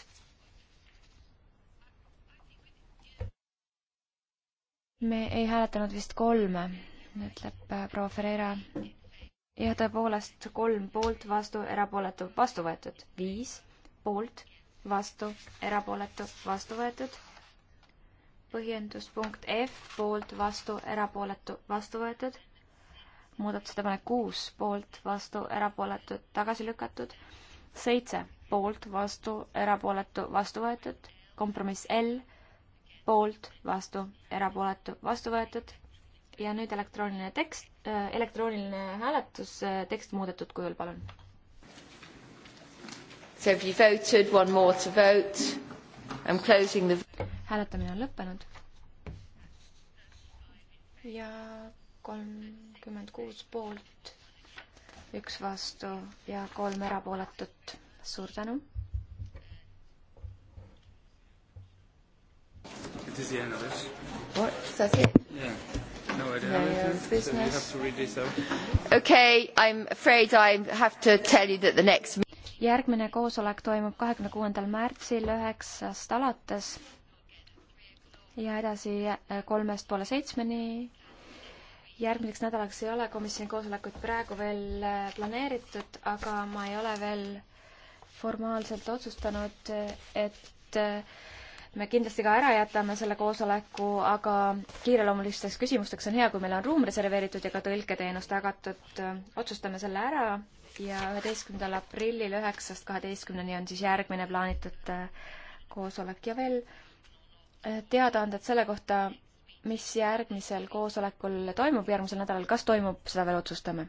me ei hääletanud vist kolme ütleb äh, proua Ferreira. jah, tõepoolest kolm poolt, vastu, erapooletu, vastu võetud. viis poolt, vastu, erapooletu, vastu võetud. põhjenduspunkt F poolt, vastu, erapooletu, vastu võetud. muudatusettepanek kuus poolt, vastu, erapooletu, tagasi lükatud. seitse poolt, vastu, erapooletu, vastu võetud. kompromiss L poolt, vastu, erapooletu, vastu võetud ja nüüd elektrooniline tekst, äh, elektrooniline hääletus, äh, tekst muudetud kujul, palun. So have you voted, one more to vote. I am closing the hääletamine on lõppenud. ja kolmkümmend kuus poolt, üks vastu ja kolm erapooletut. suur tänu. What? That's it? Yeah. No idea. No, yeah, business. So we have to read this out. Okay, I'm afraid I have to tell you that the next järgmine koosolek toimub kahekümne kuuendal märtsil üheksast alates ja edasi eh, kolmest poole seitsmeni. järgmiseks nädalaks ei ole komisjoni koosolekuid praegu veel eh, planeeritud, aga ma ei ole veel formaalselt otsustanud, eh, et me kindlasti ka ära jätame selle koosoleku, aga kiireloomulisteks küsimusteks on hea, kui meil on ruum reserveeritud ja ka tõlketeenus tagatud. otsustame selle ära ja üheteistkümnendal aprillil üheksast kaheteistkümneni on siis järgmine plaanitud äh, koosolek ja veel äh, teadaanded selle kohta, mis järgmisel koosolekul toimub, järgmisel nädalal, kas toimub, seda veel otsustame